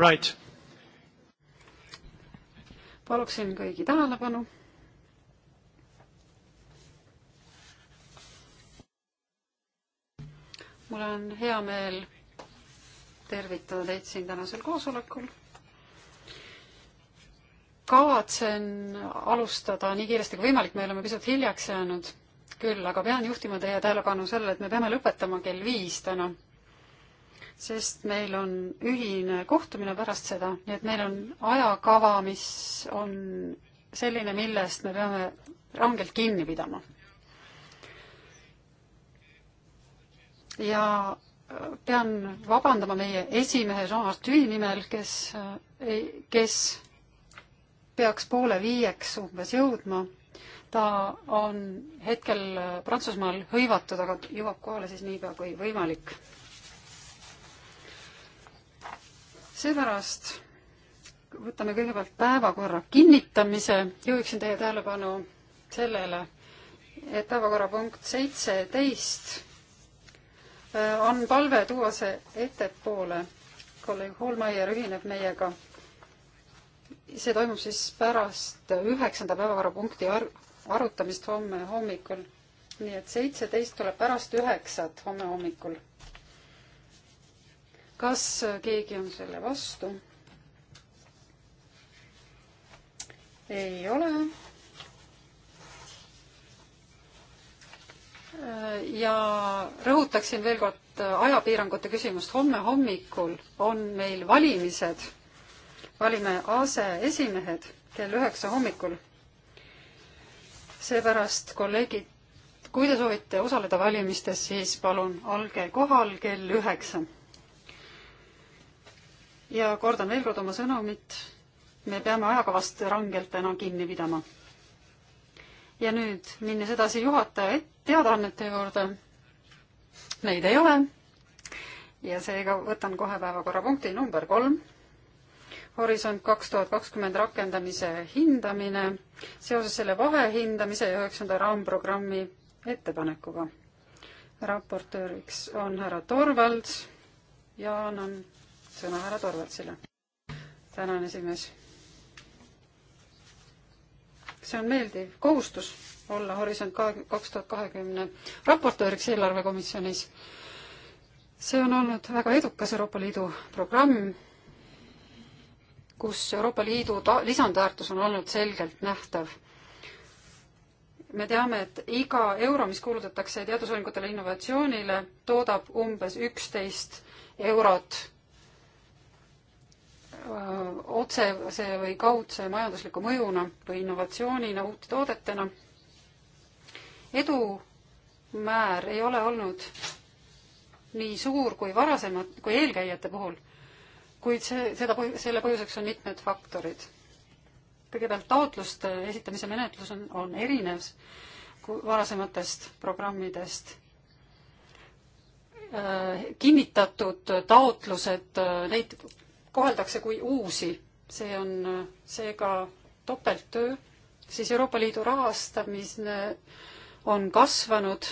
Right. paluksin kõigi tähelepanu. mul on hea meel tervitada teid siin tänasel koosolekul. kavatsen alustada nii kiiresti kui võimalik, me oleme pisut hiljaks jäänud küll, aga pean juhtima teie tähelepanu sellele, et me peame lõpetama kell viis täna sest meil on ühine kohtumine pärast seda, nii et meil on ajakava, mis on selline, millest me peame rangelt kinni pidama. ja pean vabandama meie esimehe Jean Artüi nimel, kes, kes peaks poole viieks umbes jõudma. ta on hetkel Prantsusmaal hõivatud, aga jõuab kohale siis niipea kui võimalik seepärast võtame kõigepealt päevakorra kinnitamise, juhiksin teie tähelepanu sellele, et päevakorrapunkt seitseteist äh, on palve tuua see ettepoole. kolleeg Holmeier ühineb meiega. see toimub siis pärast üheksanda päevakorrapunkti ar arutamist homme hommikul. nii et seitseteist tuleb pärast üheksat homme hommikul kas keegi on selle vastu? ei ole. ja rõhutaksin veel kord ajapiirangute küsimust. homme hommikul on meil valimised. valime aseesimehed kell üheksa hommikul. seepärast, kolleegid, kui te soovite osaleda valimistes, siis palun olge kohal kell üheksa ja kordan veel kord oma sõnumit, me peame ajakavast rangelt enam kinni pidama. ja nüüd, minnes edasi juhataja teadaannete juurde, neid ei ole ja seega võtan kohe päevakorrapunkti number kolm. Horisont kaks tuhat kakskümmend rakendamise hindamine seoses selle vahehindamise ja üheksanda raamprogrammi ettepanekuga. raportööriks on härra Torvalds ja annan sõna härra Torvatsile. tänan, esimees. see on meeldiv kohustus olla Horisont kaks tuhat kahekümne raportööriks eelarvekomisjonis. see on olnud väga edukas Euroopa Liidu programm, kus Euroopa Liidu ta-, lisandväärtus on olnud selgelt nähtav me teame, et iga euro, mis kuulutatakse teadusuuringutele, innovatsioonile, toodab umbes üksteist eurot Äh, otsese või kaudse majandusliku mõjuna või innovatsioonina, uute toodetena. edumäär ei ole olnud nii suur kui varasemad, kui eelkäijate puhul, kuid see, seda, selle põhjuseks on mitmed faktorid. kõigepealt taotluste esitamise menetlus on, on erinev varasematest programmidest äh, kinnitatud taotlused, äh, neid koheldakse kui uusi. see on seega topelttöö, siis Euroopa Liidu rahastamine on kasvanud,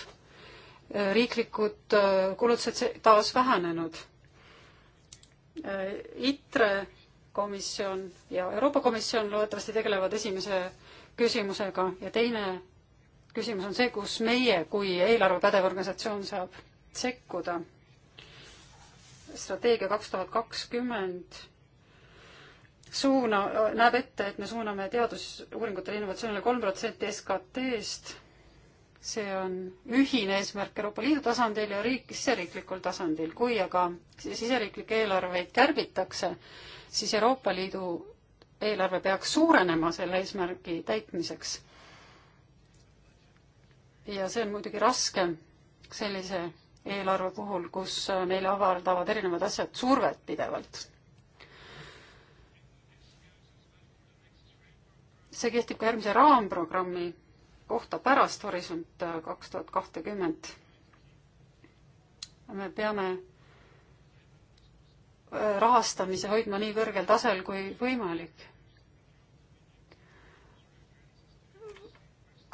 riiklikud äh, kulutused taas vähenenud. Äh, ITRE komisjon ja Euroopa Komisjon loodetavasti tegelevad esimese küsimusega ja teine küsimus on see, kus meie kui eelarvepädev organisatsioon saab sekkuda strateegia kaks tuhat kakskümmend suuna, näeb ette, et me suuname teadusuuringutele innovatsioonile kolm protsenti SKT-st. see on ühine eesmärk Euroopa Liidu tasandil ja riik, siseriiklikul tasandil. kui aga siseriiklikke eelarveid kärbitakse, siis Euroopa Liidu eelarve peaks suurenema selle eesmärgi täitmiseks. ja see on muidugi raske sellise eelarve puhul, kus äh, meile avaldavad erinevad asjad survet pidevalt. see kehtib ka järgmise raamprogrammi kohta pärast Horisont äh, kaks tuhat kahtekümmend. me peame äh, rahastamise hoidma nii kõrgel tasel kui võimalik.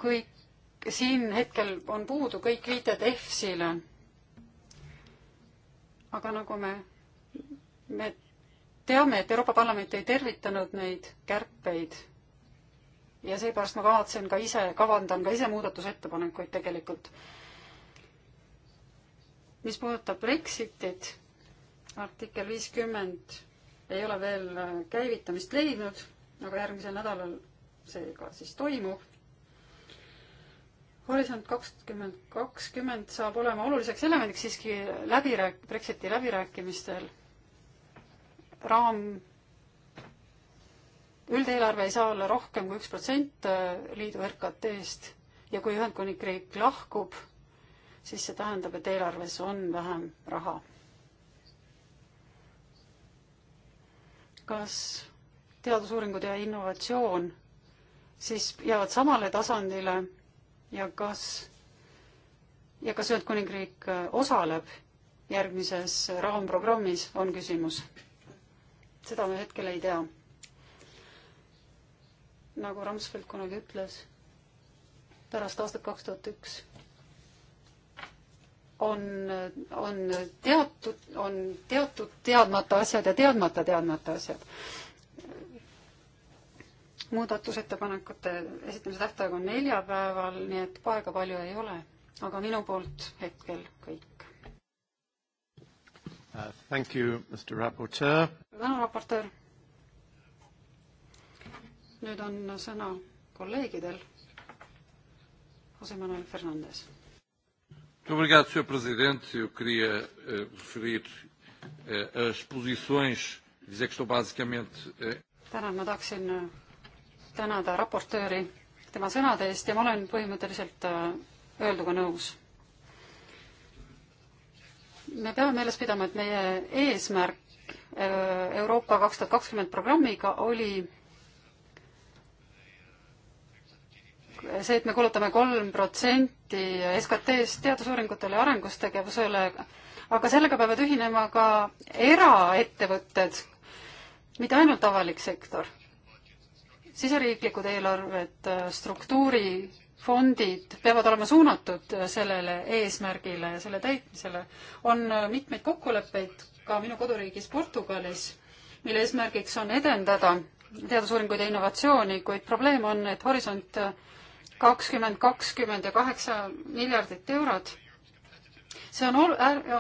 kõik, siin hetkel on puudu kõik viited EFSile aga nagu me, me teame, et Euroopa Parlament ei tervitanud neid kärpeid ja seepärast ma kavatsen ka ise, kavandan ka ise muudatusettepanekuid tegelikult. mis puudutab Brexitit, artikkel viiskümmend ei ole veel käivitamist leidnud, aga järgmisel nädalal see ka siis toimub horisont kakskümmend kakskümmend saab olema oluliseks elemendiks siiski läbirääk-, Brexiti läbirääkimistel. raam, üldeelarve ei saa olla rohkem kui üks protsent äh, liidu RKT-st ja kui Ühendkuningriik lahkub, siis see tähendab, et eelarves on vähem raha. kas teadusuuringud ja innovatsioon siis jäävad samale tasandile ja kas, ja kas Ühendkuningriik äh, osaleb järgmises äh, raamprogrammis, on küsimus. seda me hetkel ei tea. nagu Ramsfeld kunagi ütles, pärast aastat kaks tuhat üks on, äh, on teatud, on teatud teadmata asjad ja teadmata teadmata asjad muudatusettepanekute esitamise tähtaeg on neljapäeval, nii et aega palju ei ole, aga minu poolt hetkel kõik uh,. Thank you, Mr Raportöör. tänu, raportöör. nüüd on sõna kolleegidel. José Manuel Fernández. Obrigado, Sr. Presidente. Eu queria uh, referir uh, as posições, dizer que estou basicamente. Uh... Tänan, ma tahaksin tänada raportööri tema sõnade eest ja ma olen põhimõtteliselt äh, öelduga nõus. me peame meeles pidama, et meie eesmärk äh, Euroopa kaks tuhat kakskümmend programmiga oli see, et me kulutame kolm protsenti SKT-st teadusuuringutele ja arengustegevusele, aga sellega peavad ühinema ka eraettevõtted, mitte ainult avalik sektor siseriiklikud eelarved, struktuurifondid peavad olema suunatud sellele eesmärgile ja selle täitmisele. on mitmeid kokkuleppeid ka minu koduriigis Portugalis, mille eesmärgiks on edendada teadusuuringuid ja innovatsiooni, kuid probleem on, et Horisont kakskümmend kakskümmend ja kaheksa miljardit eurot see on,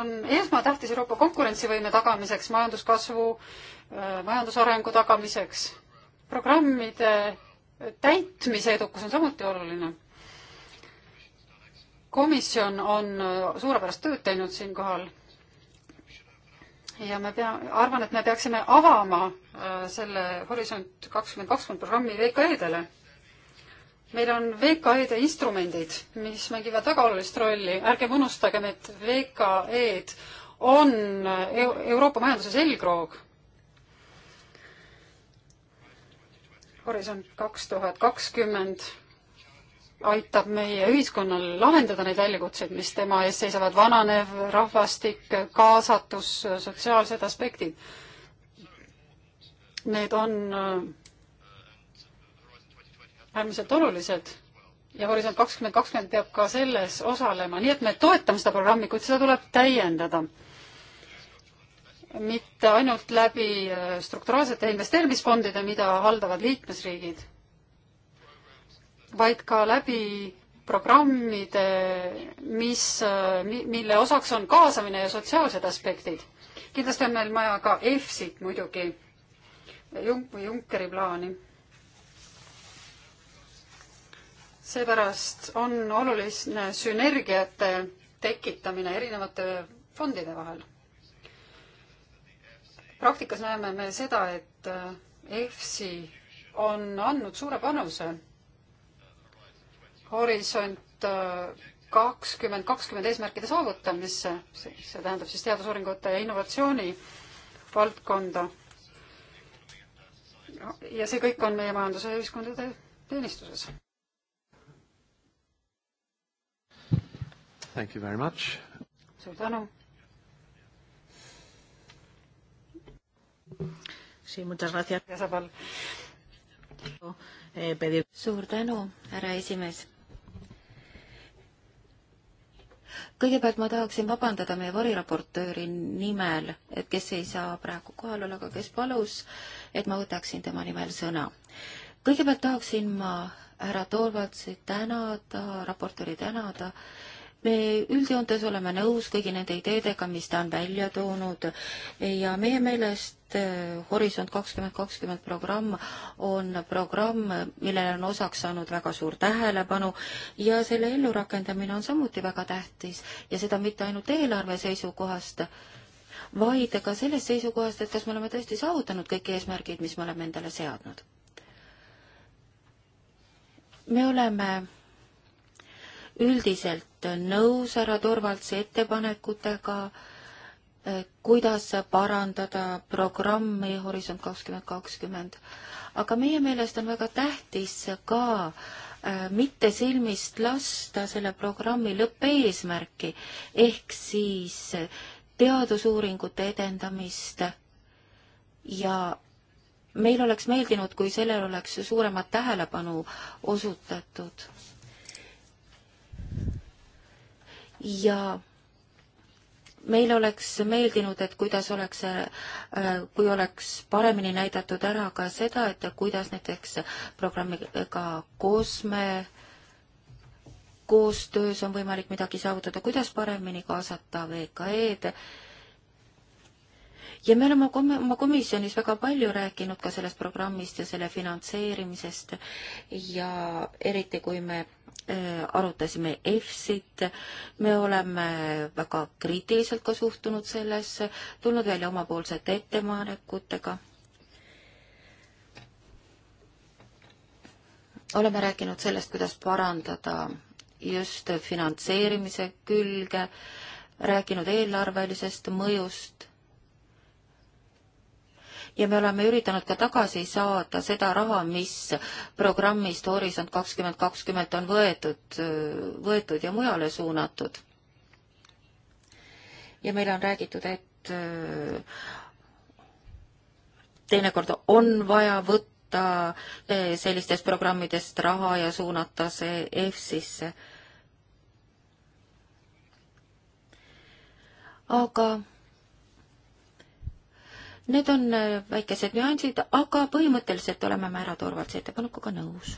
on esmatähtis Euroopa konkurentsivõime tagamiseks, majanduskasvu, äh, majandusarengu tagamiseks programmide täitmise edukus on samuti oluline. komisjon on suurepärast tööd teinud siinkohal. ja me pea, arvan, et me peaksime avama äh, selle Horisont kakskümmend kakskümmend programmi VKE-dele. meil on VKE-de instrumendid, mis mängivad väga olulist rolli, ärgem unustagem, et VKE-d on Euroopa majanduse selgroog Horisont kaks tuhat kakskümmend aitab meie ühiskonnal lahendada neid väljakutseid, mis tema ees seisavad, vananev rahvastik, kaasatus, sotsiaalsed aspektid. Need on äh, äärmiselt olulised ja Horisont kakskümmend kakskümmend peab ka selles osalema, nii et me toetame seda programmi, kuid seda tuleb täiendada mitte ainult läbi äh, strukturaalsete investeerimisfondide, mida haldavad liikmesriigid, vaid ka läbi programmide, mis, äh, mille osaks on kaasamine ja sotsiaalsed aspektid. kindlasti on meil vaja ka EFSit muidugi, Junk-, Junckeri plaani. seepärast on oluline sünergiate tekitamine erinevate fondide vahel praktikas näeme me seda, et äh, EFSI on andnud suure panuse horisont äh, kakskümmend kakskümmend eesmärkide saavutamisse, see tähendab siis teadusuuringute ja innovatsiooni valdkonda. ja see kõik on meie majanduse ja ühiskondade teenistuses. suur tänu Eh, suur tänu, härra esimees. kõigepealt ma tahaksin vabandada meie variraportööri nimel, et kes ei saa praegu kohal olla, aga kes palus, et ma võtaksin tema nimel sõna. kõigepealt tahaksin ma härra Toorvaltsi tänada, raportööri tänada äh, me üldjoontes oleme nõus kõigi nende ideedega, mis ta on välja toonud ja meie meelest eh, Horisont kakskümmend kakskümmend programm on programm, millele on osaks saanud väga suur tähelepanu ja selle ellurakendamine on samuti väga tähtis ja seda mitte ainult eelarve seisukohast, vaid ka sellest seisukohast, et kas me oleme tõesti saavutanud kõik eesmärgid, mis me oleme endale seadnud. me oleme üldiselt nõus härra Torvaldse ettepanekutega, eh, kuidas parandada programmi Horisont kakskümmend kakskümmend. aga meie meelest on väga tähtis ka eh, mitte silmist lasta selle programmi lõppeesmärki, ehk siis teadusuuringute edendamist ja meil oleks meeldinud, kui sellel oleks suuremat tähelepanu osutatud ja meil oleks meeldinud, et kuidas oleks, äh, kui oleks paremini näidatud ära ka seda, et kuidas näiteks programmiga Kosme koostöös on võimalik midagi saavutada, kuidas paremini kaasata VKE-d ja me oleme kom-, oma komisjonis väga palju rääkinud ka sellest programmist ja selle finantseerimisest ja eriti, kui me äh, arutasime EFSit, me oleme väga kriitiliselt ka suhtunud sellesse, tulnud välja omapoolsete ettepanekutega. oleme rääkinud sellest, kuidas parandada just finantseerimise külge, rääkinud eelarvelisest mõjust ja me oleme üritanud ka tagasi saada seda raha, mis programmist Horisont kakskümmend kakskümmend on võetud, võetud ja mujale suunatud. ja meile on räägitud, et äh, teinekord on vaja võtta äh, sellistest programmidest raha ja suunata see EFSisse aga Need on äh, väikesed nüansid, aga põhimõtteliselt oleme me ära Torvaldse ettepanekuga nõus.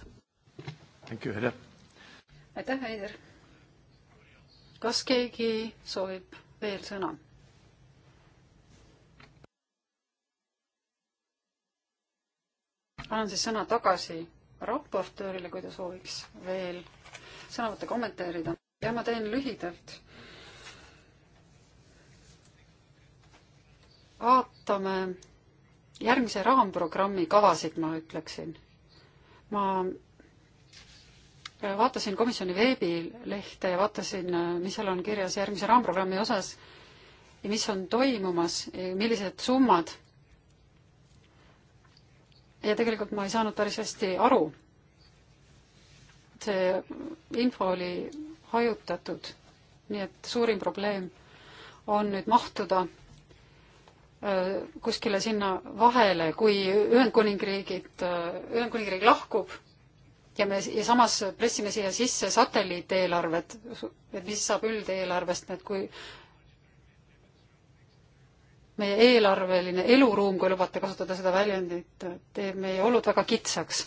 aitäh, Heider. kas keegi soovib veel sõna? annan siis sõna tagasi raportöörile, kui ta sooviks veel sõna võtta, kommenteerida. ja ma teen lühidalt vaatame järgmise raamprogrammi kavasid, ma ütleksin, ma vaatasin komisjoni veebilehte ja vaatasin, mis seal on kirjas järgmise raamprogrammi osas ja mis on toimumas, millised summad. ja tegelikult ma ei saanud päris hästi aru. see info oli hajutatud, nii et suurim probleem on nüüd mahtuda Äh, kuskile sinna vahele, kui Ühendkuningriigid, äh, Ühendkuningriik lahkub ja me ja samas pressime siia sisse satelliiteelarved, et mis saab üldeelarvest, et kui meie eelarveline eluruum, kui lubate kasutada seda väljendit, teeb meie olud väga kitsaks.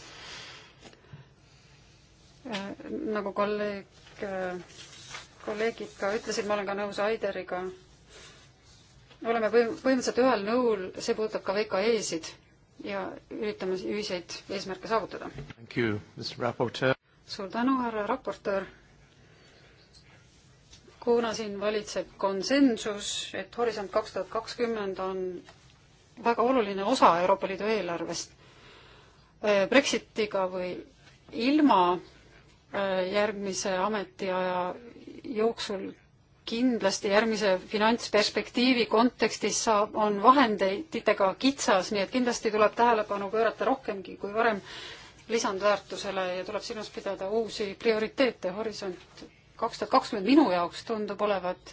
Äh, nagu kolleeg, kolleegid ka ütlesid, ma olen ka nõus Aideriga oleme võim-, põhimõtteliselt ühel nõul, see puudutab ka VKE-sid ja üritame ühiseid eesmärke saavutada. suur tänu, härra raportöör. kuna siin valitseb konsensus, et Horisont kaks tuhat kakskümmend on väga oluline osa Euroopa Liidu eelarvest, äh, Brexitiga või ilma äh, järgmise ametiaja jooksul kindlasti järgmise finantsperspektiivi kontekstis saab, on vahenditega kitsas, nii et kindlasti tuleb tähelepanu pöörata rohkemgi kui varem lisandväärtusele ja tuleb silmas pidada uusi prioriteete. Horisont kaks tuhat kakskümmend minu jaoks tundub olevat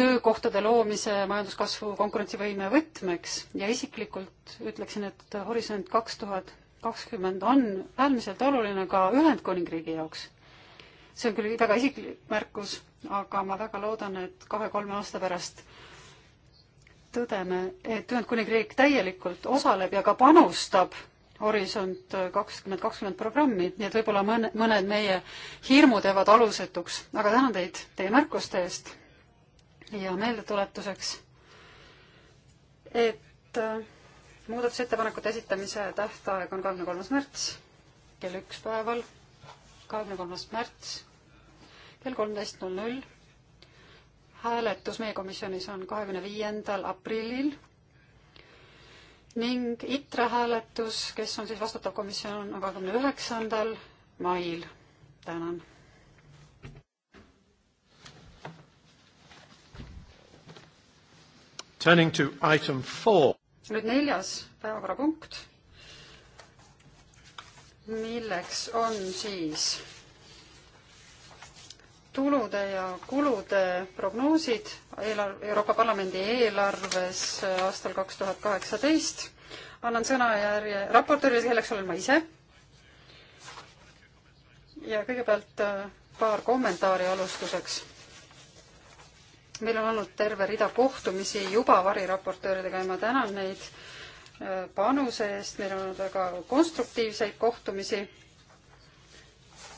töökohtade loomise, majanduskasvu, konkurentsivõime võtmeks ja isiklikult ütleksin, et Horisont kaks tuhat kakskümmend on äärmiselt oluline ka Ühendkuningriigi jaoks see on küll väga isiklik märkus, aga ma väga loodan, et kahe-kolme aasta pärast tõdeme, et Ühendkuningriik täielikult osaleb ja ka panustab Horisont kakskümmend kakskümmend programmi, nii et võib-olla mõne, mõned meie hirmud jäävad alusetuks, aga tänan teid teie märkuste eest ja meeldetuletuseks, et äh, muudatusettepanekute esitamise tähtaeg on kahekümne kolmas märts kell üks päeval kahekümne kolmas märts kell kolmteist null null. hääletus meie komisjonis on kahekümne viiendal aprillil ning ITRE hääletus, kes on siis vastutav komisjon, on kahekümne üheksandal mail. tänan. Turning to item four. nüüd neljas päevakorrapunkt milleks on siis tulude ja kulude prognoosid eelarv, Euroopa Parlamendi eelarves aastal kaks tuhat kaheksateist. annan sõnajärje raportöörile, selleks olen ma ise. ja kõigepealt äh, paar kommentaari alustuseks. meil on olnud terve rida kohtumisi juba variraportööridega ja ma tänan neid panuse eest, meil on olnud väga konstruktiivseid kohtumisi.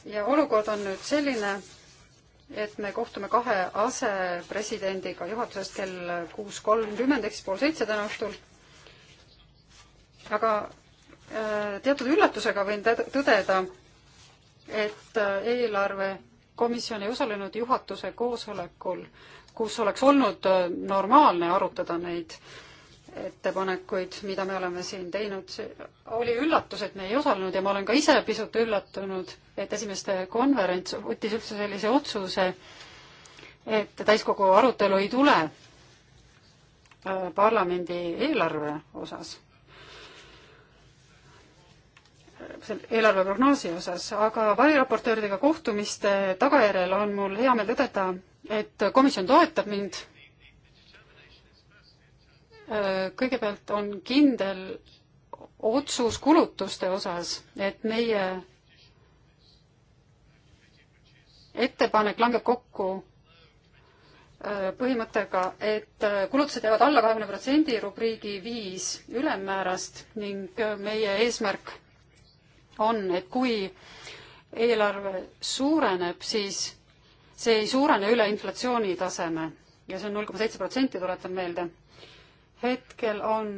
ja olukord on nüüd selline, et me kohtume kahe asepresidendiga juhatusest kell kuus kolmkümmend, ehk siis pool seitse täna õhtul. aga äh, teatud üllatusega võin tõdeda, et äh, eelarvekomisjon ei osalenud juhatuse koosolekul, kus oleks olnud äh, normaalne arutada neid ettepanekuid, mida me oleme siin teinud. oli üllatus, et me ei osalenud ja ma olen ka ise pisut üllatunud, et esimeste konverents võttis üldse sellise otsuse, et täiskogu arutelu ei tule äh, parlamendi eelarve osas, eelarve prognoosi osas, aga variraportööridega kohtumiste tagajärjel on mul hea meel tõdeda, et komisjon toetab mind Äh, kõigepealt on kindel otsus kulutuste osas, et meie ettepanek langeb kokku äh, põhimõttega, et äh, kulutused jäävad alla kahekümne protsendi rubriigi viis ülemmäärast ning meie eesmärk on, et kui eelarve suureneb, siis see ei suurene üle inflatsiooni taseme ja see on null koma seitse protsenti, tuletan meelde hetkel on,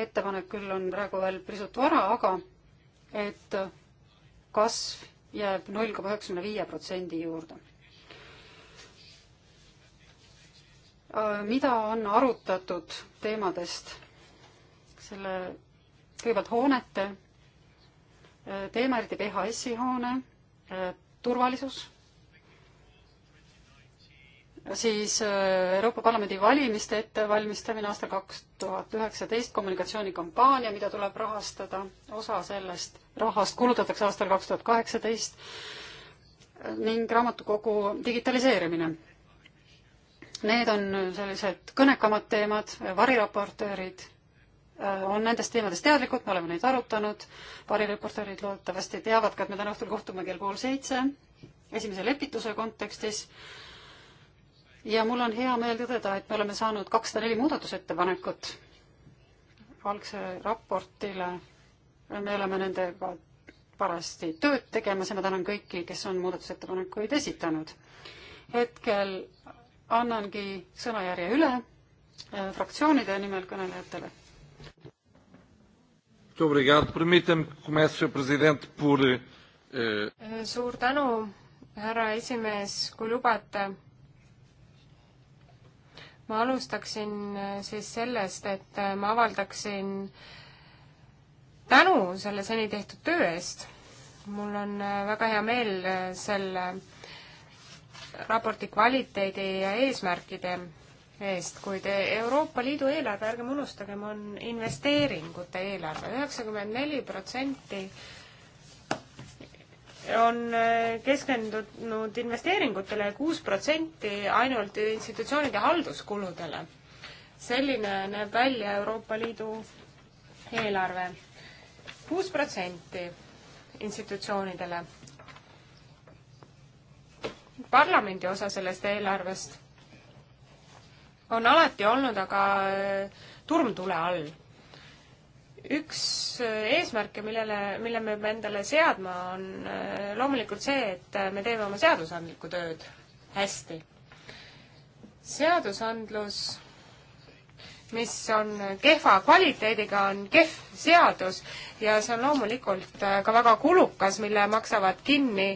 ettepanek küll on praegu veel pisut vara, aga et kasv jääb null koma üheksakümne viie protsendi juurde. Äh, mida on arutatud teemadest? selle, kõigepealt hoonete äh, teema, eriti PHS-i hoone, äh, turvalisus siis äh, Euroopa Parlamendi valimiste ettevalmistamine aastal kaks tuhat üheksateist, kommunikatsioonikampaania, mida tuleb rahastada, osa sellest rahast kulutatakse aastal kaks tuhat kaheksateist ning raamatukogu digitaliseerimine. Need on sellised kõnekamad teemad, variraportöörid äh, on nendest teemadest teadlikud, me oleme neid arutanud, varireportöörid loodetavasti teavad ka, et me täna õhtul kohtume kell pool seitse esimese lepituse kontekstis ja mul on hea meel tõdeda, et me oleme saanud kakssada neli muudatusettepanekut algse raportile. me oleme nendega parajasti tööd tegemas ja ma tänan kõiki, kes on muudatusettepanekuid esitanud. hetkel annangi sõnajärje üle äh, fraktsioonide nimel kõnelejatele. Eh, suur tänu, härra esimees, kui lubate ma alustaksin äh, siis sellest, et äh, ma avaldaksin tänu selle seni tehtud töö eest. mul on äh, väga hea meel selle raporti kvaliteedi ja eesmärkide eest, kuid Euroopa Liidu eelarve, ärgem unustagem, on investeeringute eelarve. üheksakümmend neli protsenti on äh, keskendunud investeeringutele ja kuus protsenti ainult institutsioonide halduskuludele. selline näeb välja Euroopa Liidu eelarve. kuus protsenti institutsioonidele. parlamendi osa sellest eelarvest on alati olnud aga äh, turmtule all üks äh, eesmärke, millele, mille me peame endale seadma, on äh, loomulikult see, et äh, me teeme oma seadusandlikku tööd hästi. seadusandlus, mis on kehva kvaliteediga, on kehv seadus ja see on loomulikult ka väga kulukas, mille maksavad kinni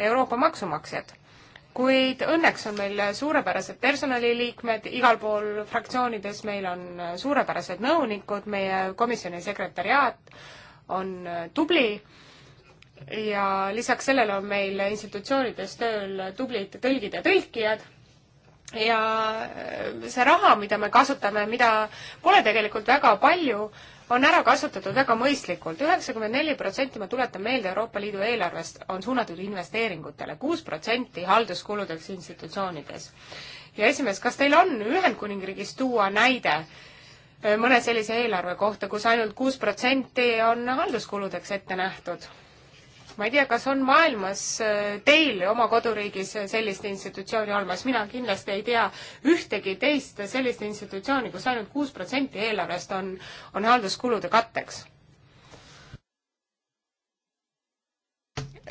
Euroopa maksumaksjad kuid õnneks on meil suurepärased personaliliikmed igal pool fraktsioonides, meil on suurepärased nõunikud, meie komisjoni sekretäriaat on tubli ja lisaks sellele on meil institutsioonides tööl tublid tõlgid ja tõlkijad ja see raha, mida me kasutame, mida pole tegelikult väga palju, on ära kasutatud väga mõistlikult. üheksakümmend neli protsenti, ma tuletan meelde, Euroopa Liidu eelarvest on suunatud investeeringutele, kuus protsenti halduskuludeks institutsioonides. ja esimees, kas teil on Ühendkuningriigis tuua näide äh, mõne sellise eelarve kohta kus, kus ainult kuus protsenti on halduskuludeks ette nähtud? ma ei tea, kas on maailmas äh, teil oma koduriigis äh, sellist institutsiooni olemas, mina kindlasti ei tea ühtegi teist sellist institutsiooni, kus ainult kuus protsenti eelarvest on, on halduskulude katteks.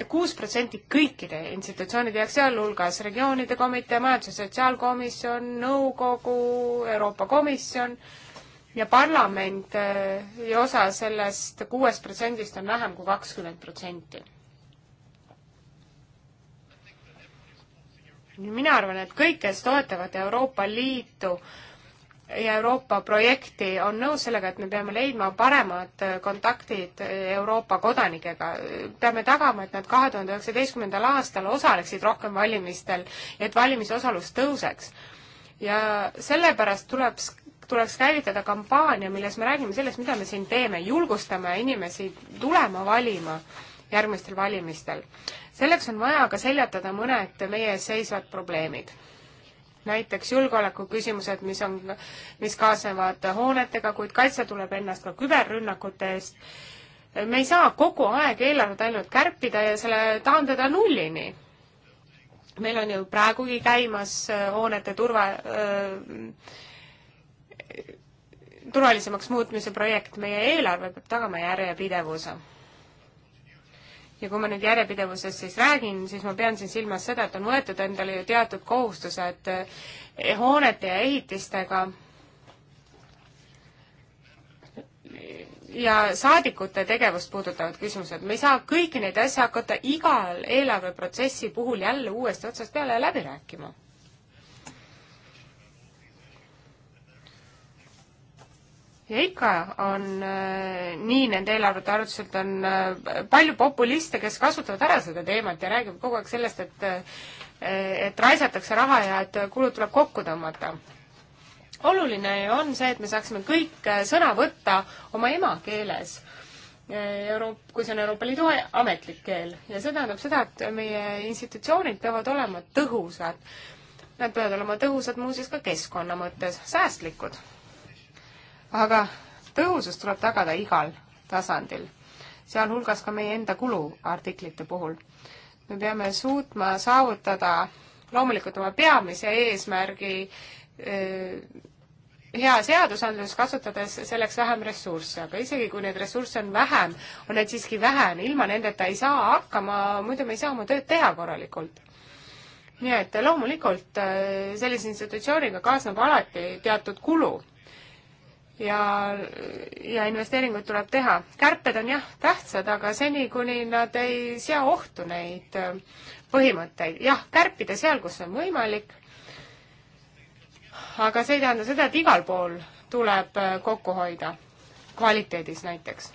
kuus protsenti kõikide institutsioonide jaoks, sealhulgas regioonide komitee, majandus- ja sotsiaalkomisjon, nõukogu, Euroopa Komisjon, ja parlament äh, osa sellest kuuest protsendist on vähem kui kakskümmend protsenti. mina arvan, et kõik, kes toetavad Euroopa Liitu ja Euroopa projekti, on nõus sellega, et me peame leidma paremad kontaktid Euroopa kodanikega. peame tagama, et nad kahe tuhande üheksateistkümnendal aastal osaleksid rohkem valimistel ja et valimisosalus tõuseks ja sellepärast tuleb tuleks käivitada kampaania, milles me räägime sellest, mida me siin teeme, julgustame inimesi tulema valima järgmistel valimistel. selleks on vaja ka seljatada mõned meie ees seisvad probleemid. näiteks julgeolekuküsimused, mis on, mis kaasnevad hoonetega, kuid kaitse tuleb ennast ka küberrünnakute eest. me ei saa kogu aeg eelarvet ainult kärpida ja selle taandada nullini meil on ju praegugi käimas äh, hoonete turva, äh, turvalisemaks muutmise projekt, meie eelarve peab tagama järjepidevuse. ja kui ma nüüd järjepidevusest siis räägin, siis ma pean siin silmas seda, et on võetud endale ju teatud kohustused eh, hoonete ja ehitistega ja saadikute tegevust puudutavad küsimused, me ei saa kõiki neid asju hakata igal eelarveprotsessi puhul jälle uuesti otsast peale läbi rääkima ja ikka on äh, nii nende eelarvete arutluselt on äh, palju populiste, kes kasutavad ära seda teemat ja räägivad kogu aeg sellest, et äh, et raisatakse raha ja et kulud tuleb kokku tõmmata. oluline on see, et me saaksime kõik äh, sõna võtta oma emakeeles äh, Euroop-, kui see on Euroopa Liidu ametlik keel ja see tähendab seda, et meie institutsioonid peavad olema tõhusad. Nad peavad olema tõhusad muuseas ka keskkonna mõttes, säästlikud aga tõhusus tuleb tagada igal tasandil, sealhulgas ka meie enda kuluartiklite puhul. me peame suutma saavutada loomulikult oma peamise eesmärgi öö, hea seadusandlus, kasutades selleks vähem ressursse, aga isegi kui neid ressursse on vähem, on neid siiski vähem, ilma nendeta ei saa hakkama, muidu me ei saa oma tööd teha korralikult. nii et loomulikult sellise institutsiooniga kaasneb alati teatud kulu ja, ja investeeringuid tuleb teha. kärped on jah, tähtsad, aga seni, kuni nad ei sea ohtu neid äh, põhimõtteid, jah, kärpida seal, kus on võimalik, aga see ei tähenda seda, et igal pool tuleb äh, kokku hoida, kvaliteedis näiteks.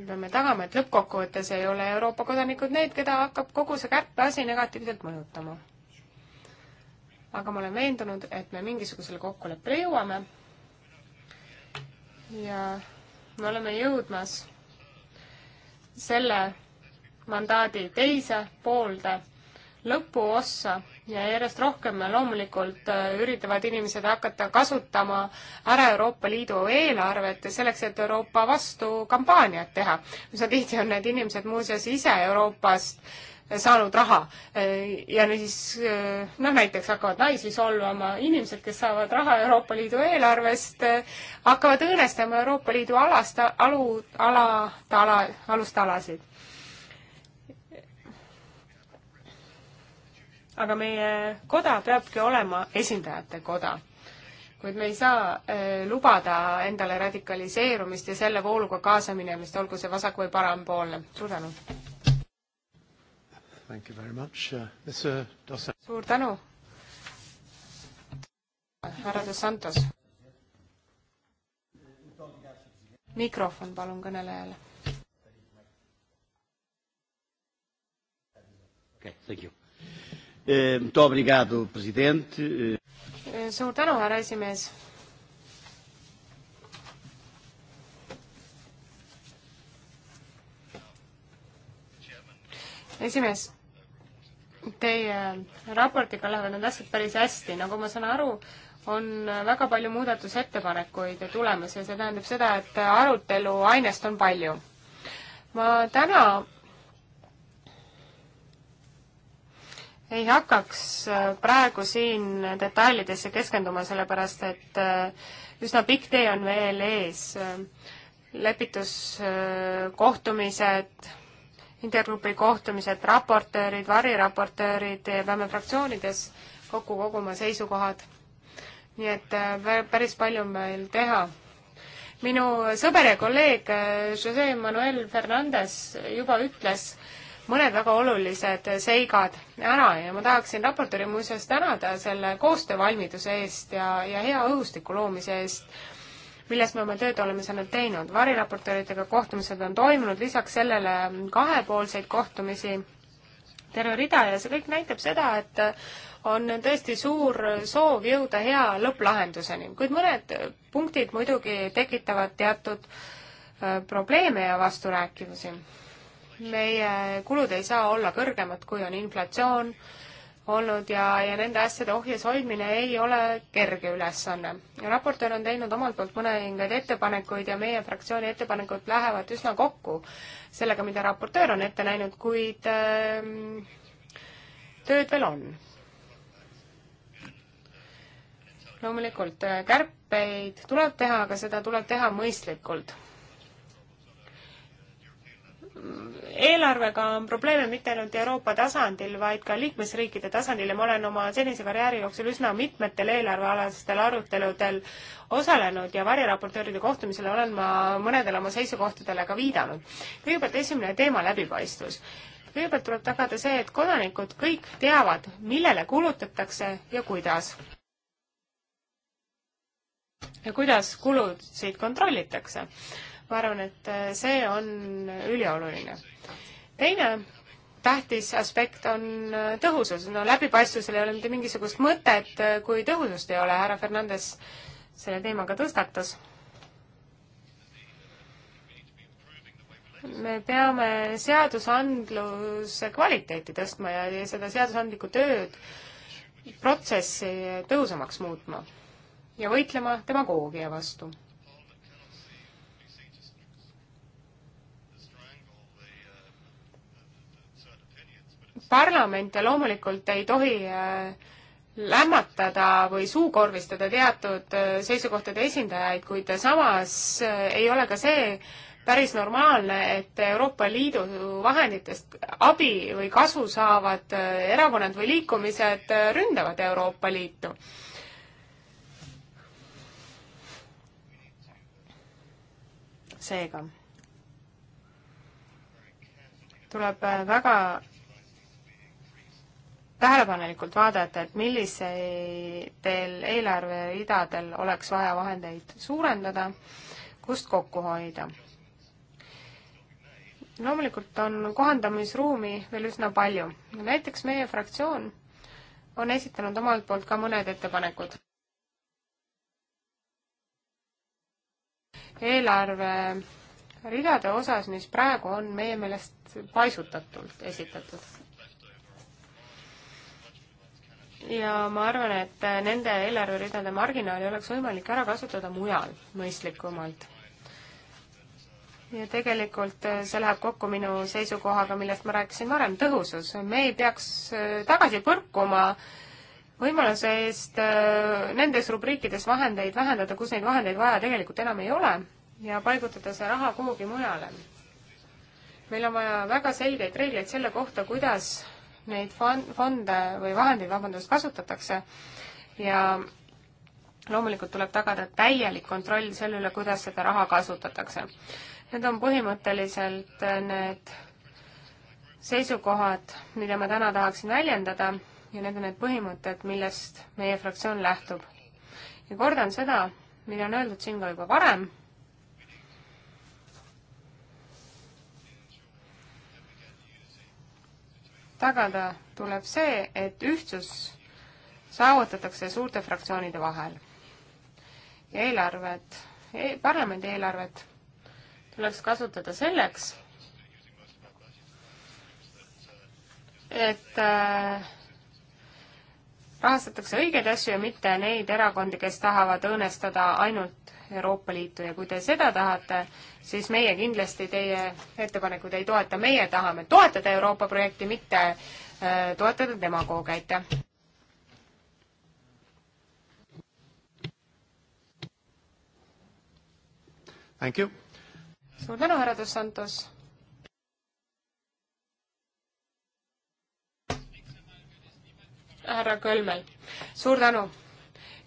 me peame tagama, et lõppkokkuvõttes ei ole Euroopa kodanikud need, keda hakkab kogu see kärpeasi negatiivselt mõjutama aga ma olen veendunud, et me mingisugusele kokkuleppele jõuame. ja me oleme jõudmas selle mandaadi teise poolde lõpuossa ja järjest rohkem loomulikult äh, üritavad inimesed hakata kasutama ära Euroopa Liidu eelarvet selleks, et Euroopa vastu kampaaniat teha. üsna tihti on need inimesed muuseas ise Euroopast saanud raha. ja siis noh, näiteks hakkavad naisi solvama, inimesed, kes saavad raha Euroopa Liidu eelarvest, hakkavad õõnestama Euroopa Liidu alast, alu, ala, ala, alustalasid. aga meie koda peabki olema esindajate koda kuid me ei saa äh, lubada endale radikaliseerumist ja selle vooluga kaasa minemist, olgu see vasak- või parempoolne. suur tänu! Thank you very much. Uh, Mr. Dos suur tänu, härra Dos Santos. mikrofon palun kõnelejale. okei okay,, thank you eh,. Muito obrigado, president eh.. suur tänu, härra esimees. esimees teie raportiga lähevad need asjad päris hästi, nagu ma saan aru, on väga palju muudatusettepanekuid tulemas ja see tähendab seda, et arutelu ainest on palju. ma täna ei hakkaks praegu siin detailidesse keskenduma, sellepärast et äh, üsna pikk tee on veel ees. Äh, lepituskohtumised äh, intergrupi kohtumised, raportöörid, variraportöörid, peame fraktsioonides kokku koguma seisukohad. nii et äh, päris palju on meil teha. minu sõber ja kolleeg äh, Jose Manuel Fernandez juba ütles mõned väga olulised seigad ära ja ma tahaksin raportööri muuseas tänada selle koostöövalmiduse eest ja, ja hea õhustiku loomise eest milles me oma tööd oleme saanud teinud. variraportööridega kohtumised on toimunud, lisaks sellele kahepoolseid kohtumisi, terve rida ja see kõik näitab seda, et on tõesti suur soov jõuda hea lõpplahenduseni, kuid mõned punktid muidugi tekitavad teatud äh, probleeme ja vasturääkivusi. meie kulud ei saa olla kõrgemad, kui on inflatsioon, olnud ja, ja nende asjade ohjes hoidmine ei ole kerge ülesanne. raportöör on teinud omalt poolt mõningaid ettepanekuid ja meie fraktsiooni ettepanekud lähevad üsna kokku sellega, mida raportöör on ette näinud, kuid äh, tööd veel on. loomulikult äh, kärpeid tuleb teha, aga seda tuleb teha mõistlikult eelarvega on probleeme mitte ainult Euroopa tasandil, vaid ka liikmesriikide tasandil ja ma olen oma senise karjääri jooksul üsna mitmetel eelarvealastel aruteludel osalenud ja variraportööride kohtumisel olen ma mõnedele oma seisukohtadele ka viidanud. kõigepealt esimene teema, läbipaistvus. kõigepealt tuleb tagada see, et kodanikud kõik teavad, millele kulutatakse ja kuidas. ja kuidas kulusid kontrollitakse ma arvan, et äh, see on ülioluline. teine tähtis aspekt on äh, tõhusus, no läbipaistvusel ei ole mitte mingisugust mõtet, äh, kui tõhusust ei ole, härra Fernandes selle teema ka tõstatas. me peame seadusandluse kvaliteeti tõstma ja, ja seda seadusandlikku tööd, protsessi tõhusamaks muutma ja võitlema demagoogia vastu parlamente loomulikult ei tohi äh, lämmatada või suukorvistada teatud äh, seisukohtade esindajaid, kuid samas äh, ei ole ka see päris normaalne, et Euroopa Liidu vahenditest abi või kasu saavad erakonnad või liikumised ründavad Euroopa Liitu. seega tuleb väga tähelepanelikult vaadata, et millistel eelarveridadel oleks vaja vahendeid suurendada, kust kokku hoida. loomulikult on kohandamisruumi veel üsna palju. näiteks meie fraktsioon on esitanud omalt poolt ka mõned ettepanekud. eelarveridade osas, mis praegu on meie meelest paisutatult esitatud ja ma arvan, et nende eelarveridade marginaali oleks võimalik ära kasutada mujal mõistlikumalt. ja tegelikult äh, see läheb kokku minu seisukohaga, millest ma rääkisin varem, tõhusus. me ei peaks äh, tagasi põrkuma võimaluse eest äh, nendes rubriikides vahendeid vähendada, kus neid vahendeid vaja tegelikult enam ei ole ja paigutada see raha kuhugi mujale. meil on vaja väga selgeid reegleid selle kohta, kuidas neid fonde või vahendeid, vabandust, kasutatakse ja loomulikult tuleb tagada täielik kontroll selle üle, kuidas seda raha kasutatakse. Need on põhimõtteliselt need seisukohad, mida ma täna tahaksin väljendada ja need on need põhimõtted, millest meie fraktsioon lähtub. ja kordan seda, mida on öeldud siin ka juba varem tagada tuleb see, et ühtsus saavutatakse suurte fraktsioonide vahel. ja eelarved e, parlamendi eelarvet tuleks kasutada selleks, et äh, rahastatakse õigeid asju ja mitte neid erakondi, kes tahavad õõnestada ainult Euroopa Liitu ja kui te seda tahate, siis meie kindlasti teie ettepanekuid ei toeta, meie tahame toetada Euroopa projekti, mitte äh, toetada demagoogia, aitäh! Thank you! suur tänu, härra Dos Santos! härra Kölmel, suur tänu!